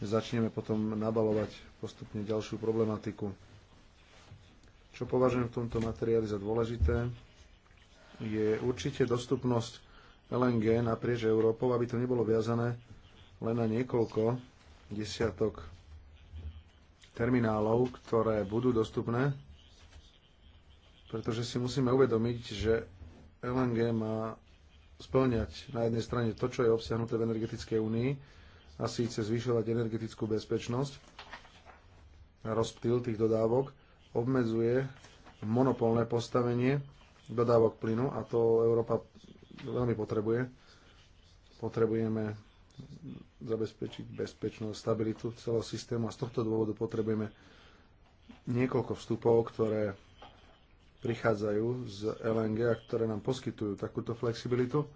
že začneme potom nabalovať postupne ďalšiu problematiku. Čo považujem v tomto materiáli za dôležité, je určite dostupnosť LNG naprieč Európou, aby to nebolo viazané len na niekoľko desiatok terminálov, ktoré budú dostupné pretože si musíme uvedomiť, že LNG má splňať na jednej strane to, čo je obsiahnuté v energetickej únii, a síce zvyšovať energetickú bezpečnosť a rozptýl tých dodávok, obmedzuje monopolné postavenie dodávok plynu a to Európa veľmi potrebuje. Potrebujeme zabezpečiť bezpečnosť, stabilitu celého systému a z tohto dôvodu potrebujeme niekoľko vstupov, ktoré prichádzajú z LNG a ktoré nám poskytujú takúto flexibilitu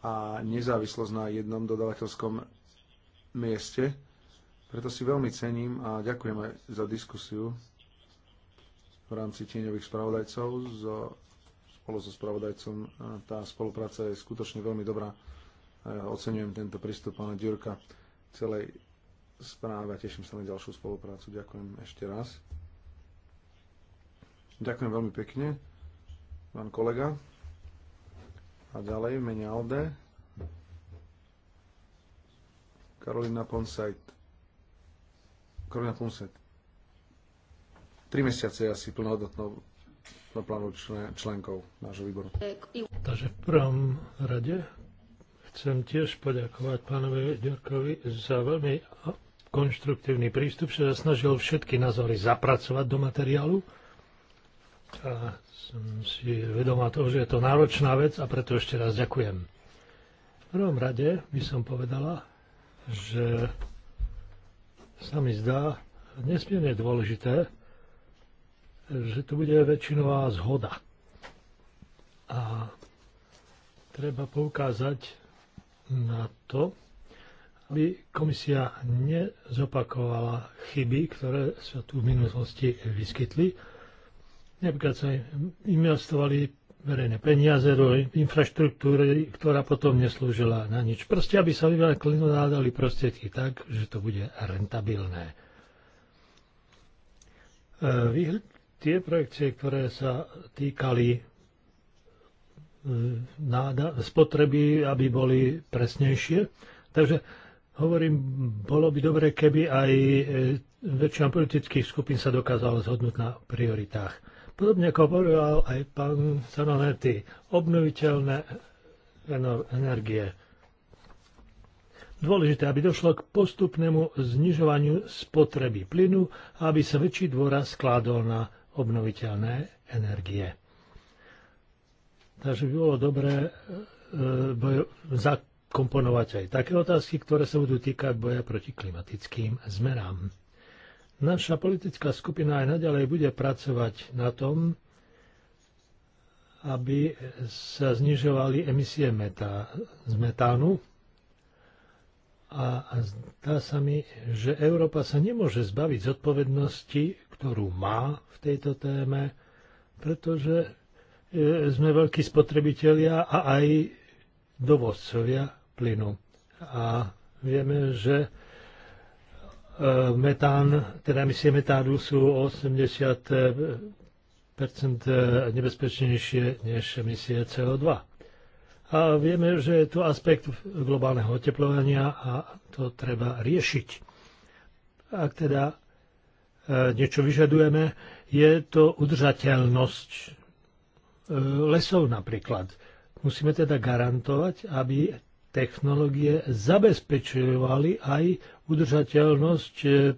a nezávislosť na jednom dodavateľskom mieste. Preto si veľmi cením a ďakujem aj za diskusiu v rámci tieňových spravodajcov. So, spolu so spravodajcom e, tá spolupráca je skutočne veľmi dobrá. E, oceňujem tento prístup pána Ďurka celej správe a teším sa na ďalšiu spoluprácu. Ďakujem ešte raz. Ďakujem veľmi pekne, pán kolega. A ďalej menej Alde. Karolina Ponsajt. Karolina Ponsajt. Tri mesiace asi plnohodnotnou na plánu členkov nášho výboru. Takže v prvom rade chcem tiež poďakovať pánovi Ďorkovi za veľmi konštruktívny prístup, že sa snažil všetky názory zapracovať do materiálu. A som si vedomá toho, že je to náročná vec a preto ešte raz ďakujem. V prvom rade by som povedala, že sa mi zdá nesmierne dôležité, že tu bude väčšinová zhoda. A treba poukázať na to, aby komisia nezopakovala chyby, ktoré sa tu v minulosti vyskytli, Napríklad sa investovali verejné peniaze do infraštruktúry, ktorá potom neslúžila na nič. Proste, aby sa dali prostriedky tak, že to bude rentabilné. E, tie projekcie, ktoré sa týkali e, spotreby, aby boli presnejšie. Takže hovorím, bolo by dobre, keby aj e, väčšina politických skupín sa dokázala zhodnúť na prioritách. Podobne ako povedal aj pán Sanonetti, obnoviteľné energie. Dôležité, aby došlo k postupnému znižovaniu spotreby plynu a aby sa väčší dvora skládol na obnoviteľné energie. Takže by bolo dobré e, zakomponovať aj také otázky, ktoré sa budú týkať boja proti klimatickým zmenám. Naša politická skupina aj naďalej bude pracovať na tom, aby sa znižovali emisie metá, z metánu. A zdá sa mi, že Európa sa nemôže zbaviť zodpovednosti, ktorú má v tejto téme, pretože e, sme veľkí spotrebitelia a aj dovozcovia plynu. A vieme, že E, metán, teda emisie metánu sú 80 e, e, nebezpečnejšie než emisie CO2. A vieme, že je tu aspekt globálneho oteplovania a to treba riešiť. Ak teda niečo vyžadujeme, je to udržateľnosť lesov napríklad. Musíme teda garantovať, aby technológie zabezpečovali aj udržateľnosť eh,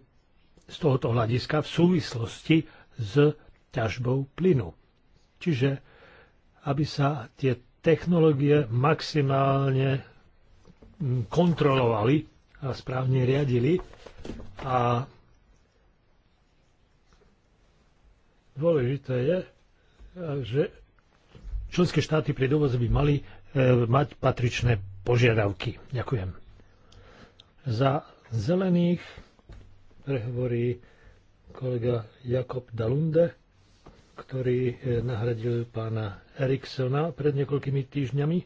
z tohoto hľadiska v súvislosti s ťažbou plynu. Čiže aby sa tie technológie maximálne hm, kontrolovali a správne riadili a dôležité je, eh, že členské štáty pri dovoze by mali eh, mať patričné požiadavky. Ďakujem. Za zelených prehovorí kolega Jakob Dalunde, ktorý e, nahradil pána Eriksona pred niekoľkými týždňami,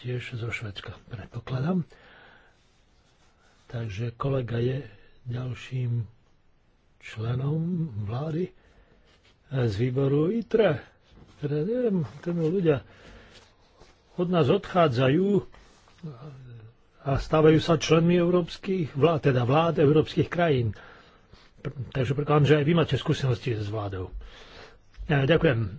tiež zo Švedska, predpokladám. Takže kolega je ďalším členom vlády e, z výboru ITRE. Teda neviem, tomu ľudia od nás odchádzajú a stávajú sa členmi európskych vlád, teda vlád európskych krajín. Takže prekladám, že aj vy máte skúsenosti s vládou. E, ďakujem.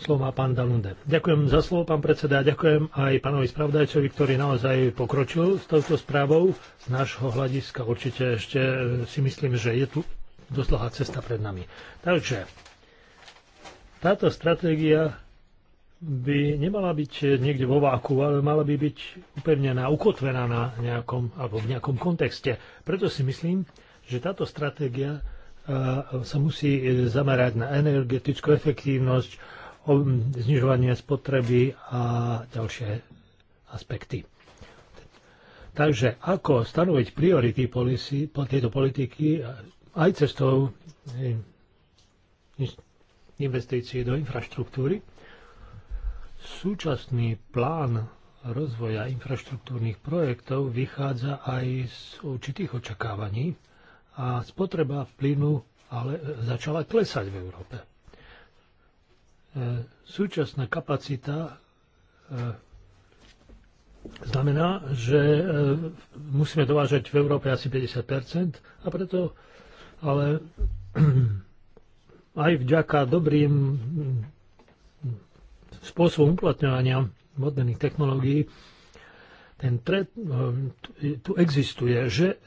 Slovo má pán Dalunde. Ďakujem za slovo, pán predseda, a ďakujem aj pánovi spravdajcovi, ktorý naozaj pokročil s touto správou. Z nášho hľadiska určite ešte si myslím, že je tu dosť dlhá cesta pred nami. Takže táto stratégia by nemala byť niekde vo váku, ale mala by byť upevnená, ukotvená na nejakom, alebo v nejakom kontexte. Preto si myslím, že táto stratégia e, sa musí e, zamerať na energetickú efektívnosť, znižovanie spotreby a ďalšie aspekty. Takže ako stanoviť priority policy, tejto politiky aj cestou e, investícií do infraštruktúry, Súčasný plán rozvoja infraštruktúrnych projektov vychádza aj z určitých očakávaní a spotreba plynu ale začala klesať v Európe. E, súčasná kapacita e, znamená, že e, musíme dovážať v Európe asi 50 a preto ale [CLEARS THROAT] aj vďaka dobrým spôsobom uplatňovania moderných technológií ten trend eh, tu existuje, že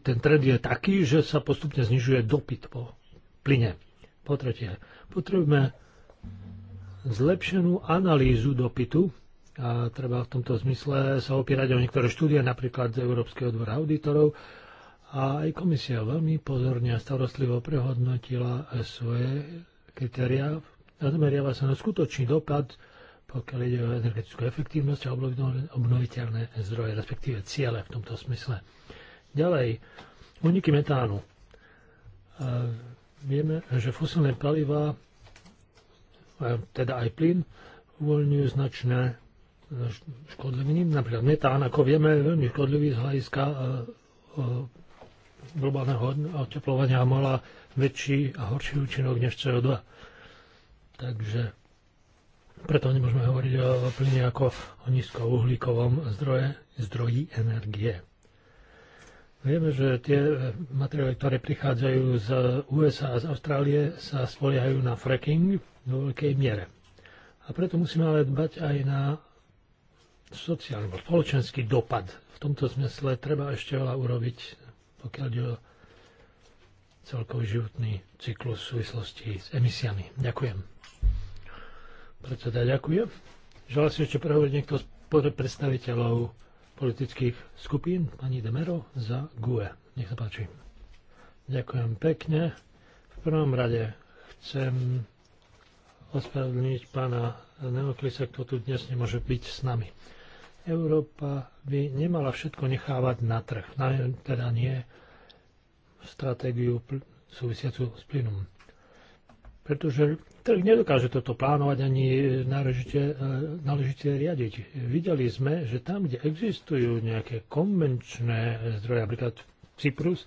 ten trend je taký, že sa postupne znižuje dopyt po plyne. Po tretie, potrebujeme zlepšenú analýzu dopytu a treba v tomto zmysle sa opierať o niektoré štúdie, napríklad z Európskeho dvora auditorov, a aj komisia veľmi pozorne a starostlivo prehodnotila svoje kritéria v zameriava sa na skutočný dopad, pokiaľ ide o energetickú efektívnosť a obnoviteľné zdroje, respektíve ciele v tomto smysle. Ďalej, uniky metánu. E, vieme, že fosilné paliva, e, teda aj plyn, uvoľňujú značné škodliviny. Napríklad metán, ako vieme, je veľmi škodlivý z hľadiska e, globálneho oteplovania a mala väčší a horší účinok než CO2. Takže preto nemôžeme hovoriť o plyne ako o nízkouhlíkovom zdroje, zdroji energie. Vieme, že tie e, materiály, ktoré prichádzajú z USA a z Austrálie, sa spoliehajú na fracking vo veľkej miere. A preto musíme ale dbať aj na sociálny, spoločenský dopad. V tomto zmysle treba ešte veľa urobiť, pokiaľ ide o celkový životný cyklus v súvislosti s emisiami. Ďakujem. Predseda, ďakujem. Želal si ešte prehovoriť niekto z predstaviteľov politických skupín, pani Demero za GUE. Nech sa páči. Ďakujem pekne. V prvom rade chcem ospravedlniť pána Neoklisa, kto tu dnes nemôže byť s nami. Európa by nemala všetko nechávať na trh, na, teda nie stratégiu súvisiacu s plynom. Pretože trh nedokáže toto plánovať ani e, náležite, e, náležite riadiť. Videli sme, že tam, kde existujú nejaké konvenčné zdroje, napríklad Cyprus, e,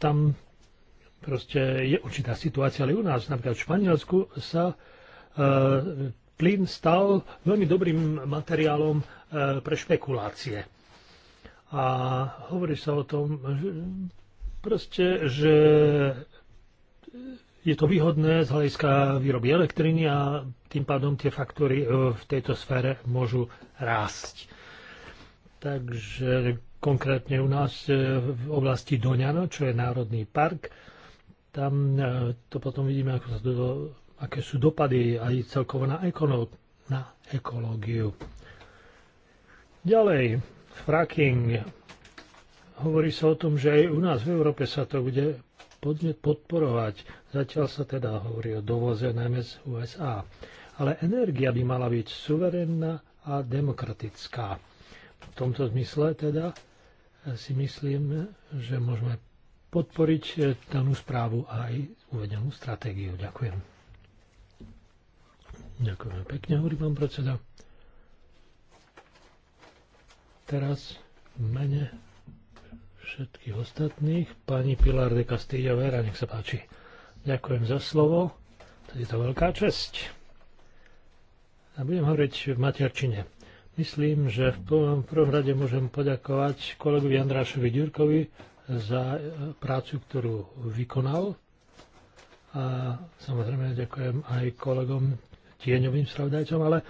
tam proste je určitá situácia, ale u nás, napríklad v Španielsku, sa plyn stal veľmi dobrým materiálom pre špekulácie. A hovorí sa o tom, že proste, že je to výhodné z hľadiska výroby elektriny a tým pádom tie faktory e, v tejto sfére môžu rásť. Takže konkrétne u nás e, v oblasti Doňano, čo je národný park, tam e, to potom vidíme, ako sa do, aké sú dopady aj celkovo na, ekono, na ekológiu. Ďalej, fracking. Hovorí sa o tom, že aj u nás v Európe sa to bude podporovať. Zatiaľ sa teda hovorí o dovoze najmä z USA. Ale energia by mala byť suverénna a demokratická. V tomto zmysle teda eh, si myslím, že môžeme podporiť eh, danú správu a aj uvedenú stratégiu. Ďakujem. Ďakujem pekne, hovorí pán predseda. Teraz v mene všetkých ostatných. Pani Pilar de Castillo Vera, nech sa páči. Ďakujem za slovo. To je to veľká česť. A budem hovoriť v materčine. Myslím, že v prvom, prvom rade môžem poďakovať kolegovi Andrášovi Ďurkovi za e, prácu, ktorú vykonal. A samozrejme ďakujem aj kolegom tieňovým spravodajcom, ale e,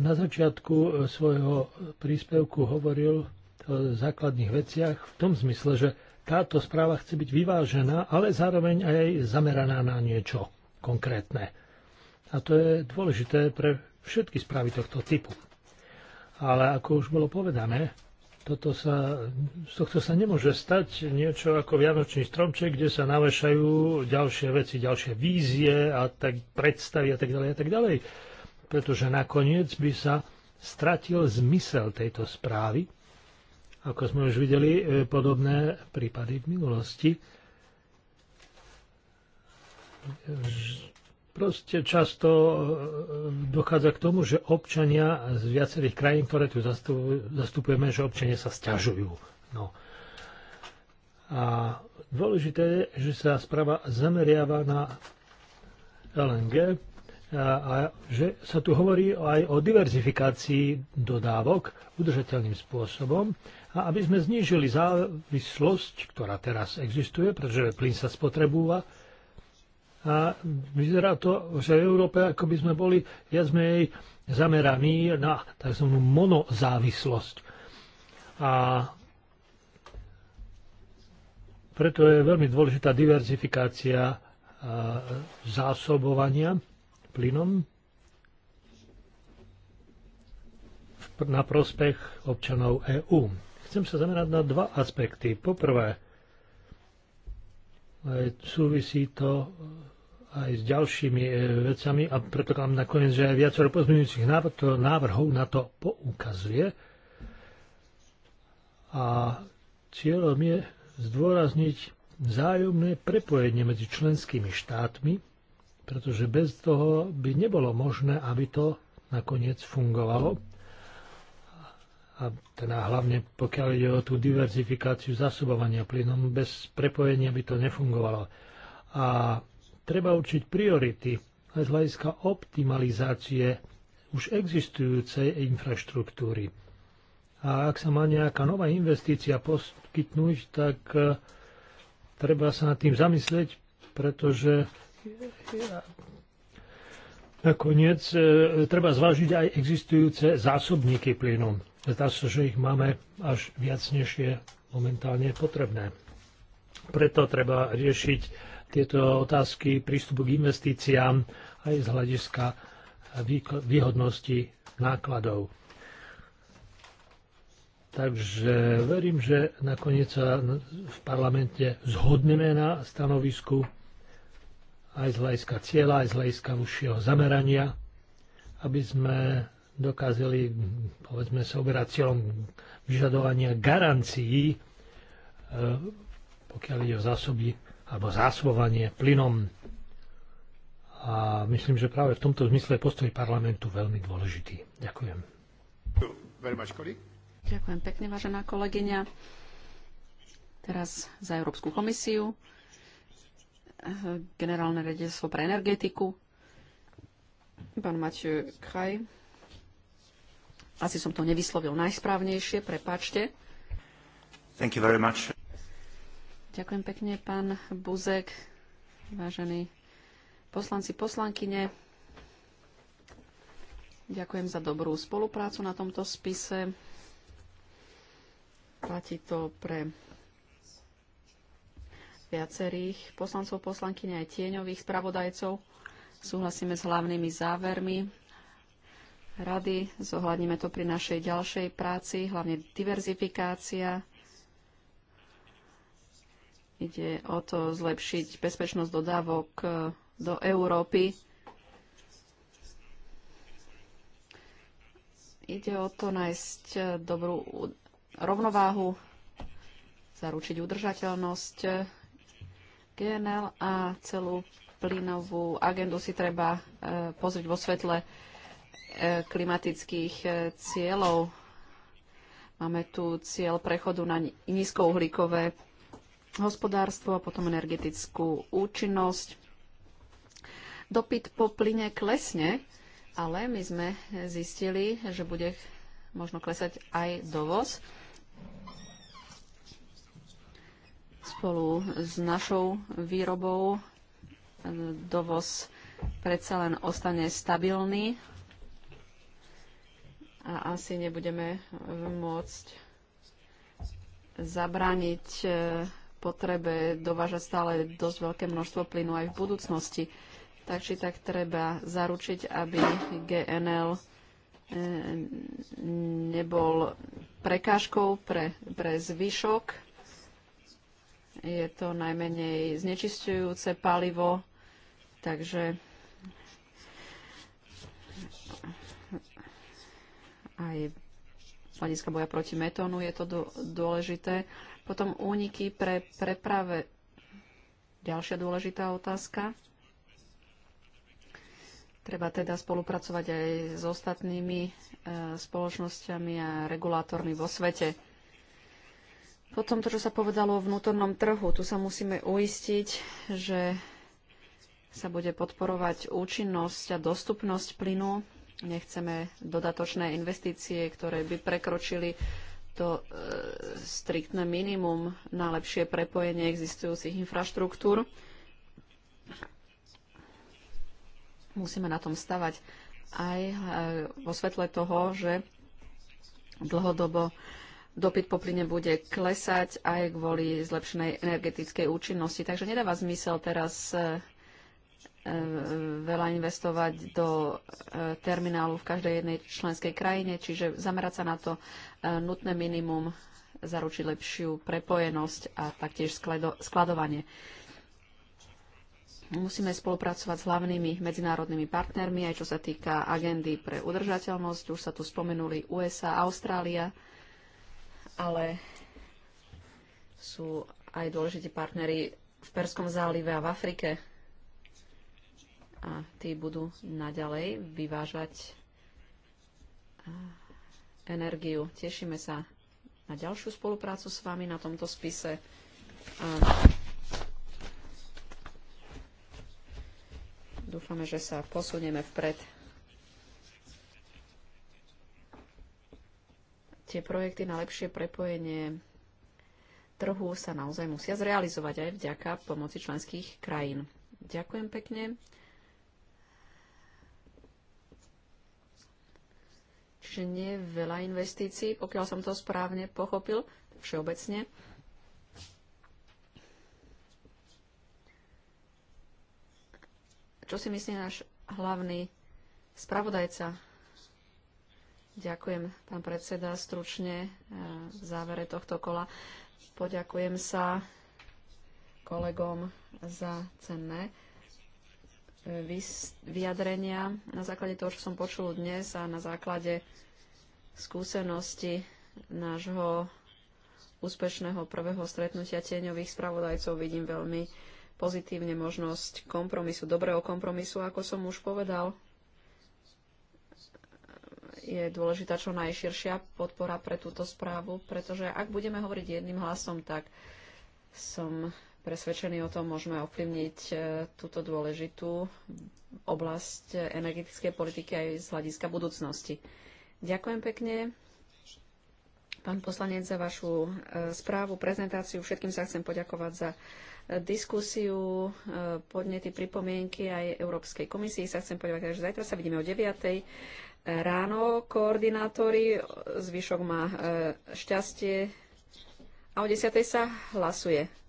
na začiatku svojho príspevku hovoril základných veciach v tom zmysle, že táto správa chce byť vyvážená, ale zároveň aj zameraná na niečo konkrétne. A to je dôležité pre všetky správy tohto typu. Ale ako už bolo povedané, toto sa, z tohto sa nemôže stať niečo ako vianočný stromček, kde sa navešajú ďalšie veci, ďalšie vízie a tak predstavy a tak ďalej a tak ďalej. Pretože nakoniec by sa stratil zmysel tejto správy ako sme už videli, e, podobné prípady v minulosti. Proste často e, dochádza k tomu, že občania z viacerých krajín, ktoré tu zastupujeme, že občania sa stiažujú. No. A dôležité je, že sa správa zameriava na LNG, a že sa tu hovorí aj o diverzifikácii dodávok udržateľným spôsobom a aby sme znížili závislosť, ktorá teraz existuje, pretože plyn sa spotrebúva. A vyzerá to, že v Európe ako by sme boli viac menej zameraní na tzv. monozávislosť. A preto je veľmi dôležitá diverzifikácia zásobovania plynom na prospech občanov EÚ chcem sa zamerať na dva aspekty. Poprvé, súvisí to e, aj s ďalšími e, vecami a predpokladám nakoniec, že aj viacero pozmeňujúcich návrhov na to poukazuje. A cieľom je zdôrazniť vzájomné prepojenie medzi členskými štátmi, pretože bez toho by nebolo možné, aby to nakoniec fungovalo a teda hlavne pokiaľ ide o tú diverzifikáciu zasobovania plynom, bez prepojenia by to nefungovalo. A treba určiť priority aj z hľadiska optimalizácie už existujúcej infraštruktúry. A ak sa má nejaká nová investícia poskytnúť, tak eh, treba sa nad tým zamyslieť, pretože eh, nakoniec eh, treba zvážiť aj existujúce zásobníky plynu Zdá sa, že ich máme až viac, než je momentálne potrebné. Preto treba riešiť tieto otázky prístupu k investíciám aj z hľadiska výhodnosti nákladov. Takže verím, že nakoniec sa v parlamente zhodneme na stanovisku aj z hľadiska cieľa, aj z hľadiska užšieho zamerania, aby sme dokázali povedzme sa oberať cieľom vyžadovania garancií, e, pokiaľ ide o zásoby alebo zásobovanie plynom. A myslím, že práve v tomto zmysle postoj parlamentu veľmi dôležitý. Ďakujem. Ďakujem pekne, vážená kolegyňa. Teraz za Európsku komisiu, generálne rediestvo pre energetiku, pán Matiu Kraj. Asi som to nevyslovil najsprávnejšie, prepačte. Thank you very much. Ďakujem pekne, pán Buzek, vážení poslanci, poslankyne. Ďakujem za dobrú spoluprácu na tomto spise. Platí to pre viacerých poslancov, poslankyne aj tieňových spravodajcov. Súhlasíme s hlavnými závermi rady. Zohľadníme to pri našej ďalšej práci, hlavne diverzifikácia. Ide o to zlepšiť bezpečnosť dodávok e, do Európy. Ide o to nájsť e, dobrú rovnováhu, zaručiť udržateľnosť GNL a celú plynovú agendu si treba e, pozrieť vo svetle E, klimatických e, cieľov. Máme tu cieľ prechodu na nízkouhlíkové hospodárstvo a potom energetickú účinnosť. Dopyt po plyne klesne, ale my sme zistili, že bude možno klesať aj dovoz spolu s našou výrobou e, dovoz predsa len ostane stabilný a asi nebudeme eh, môcť zabrániť eh, potrebe dovážať stále dosť veľké množstvo plynu aj v budúcnosti. Tak či tak treba zaručiť, aby GNL eh, nebol prekážkou pre, pre zvyšok. Je to najmenej znečistujúce palivo, takže aj z hľadiska boja proti metónu je to dôležité. Potom úniky pre preprave. Ďalšia dôležitá otázka. Treba teda spolupracovať aj s ostatnými e, spoločnosťami a regulátormi vo svete. Potom to, čo sa povedalo o vnútornom trhu, tu sa musíme uistiť, že sa bude podporovať účinnosť a dostupnosť plynu Nechceme dodatočné investície, ktoré by prekročili to e, striktné minimum na lepšie prepojenie existujúcich infraštruktúr. Musíme na tom stavať aj e, vo svetle toho, že dlhodobo dopyt po plyne bude klesať aj kvôli zlepšenej energetickej účinnosti. Takže nedáva zmysel teraz e, E, veľa investovať do e, terminálu v každej jednej členskej krajine, čiže zamerať sa na to e, nutné minimum, zaručiť lepšiu prepojenosť a taktiež sklado skladovanie. Musíme spolupracovať s hlavnými medzinárodnými partnermi, aj čo sa týka agendy pre udržateľnosť. Už sa tu spomenuli USA, Austrália, ale sú aj dôležití partnery v Perskom zálive a v Afrike a tí budú naďalej vyvážať energiu. Tešíme sa na ďalšiu spoluprácu s vami na tomto spise. A dúfame, že sa posunieme vpred. Tie projekty na lepšie prepojenie trhu sa naozaj musia zrealizovať aj vďaka pomoci členských krajín. Ďakujem pekne. nie veľa investícií, pokiaľ som to správne pochopil všeobecne. Čo si myslí náš hlavný spravodajca? Ďakujem, pán predseda, stručne e, v závere tohto kola. Poďakujem sa kolegom za cenné vyjadrenia. Na základe toho, čo som počul dnes a na základe skúsenosti nášho úspešného prvého stretnutia tieňových spravodajcov vidím veľmi pozitívne možnosť kompromisu, dobrého kompromisu, ako som už povedal. Je dôležitá čo najširšia podpora pre túto správu, pretože ak budeme hovoriť jedným hlasom, tak som presvedčení o tom, môžeme ovplyvniť e, túto dôležitú oblasť energetickej politiky aj z hľadiska budúcnosti. Ďakujem pekne, pán poslanec, za vašu e, správu, prezentáciu. Všetkým sa chcem poďakovať za e, diskusiu, podnety, pripomienky aj Európskej komisii. Sa chcem poďakovať, že zajtra sa vidíme o 9. ráno. Koordinátori, zvyšok má šťastie a o 10. sa hlasuje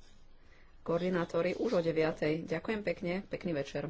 koordinátori už o 9. Ďakujem pekne, pekný večer.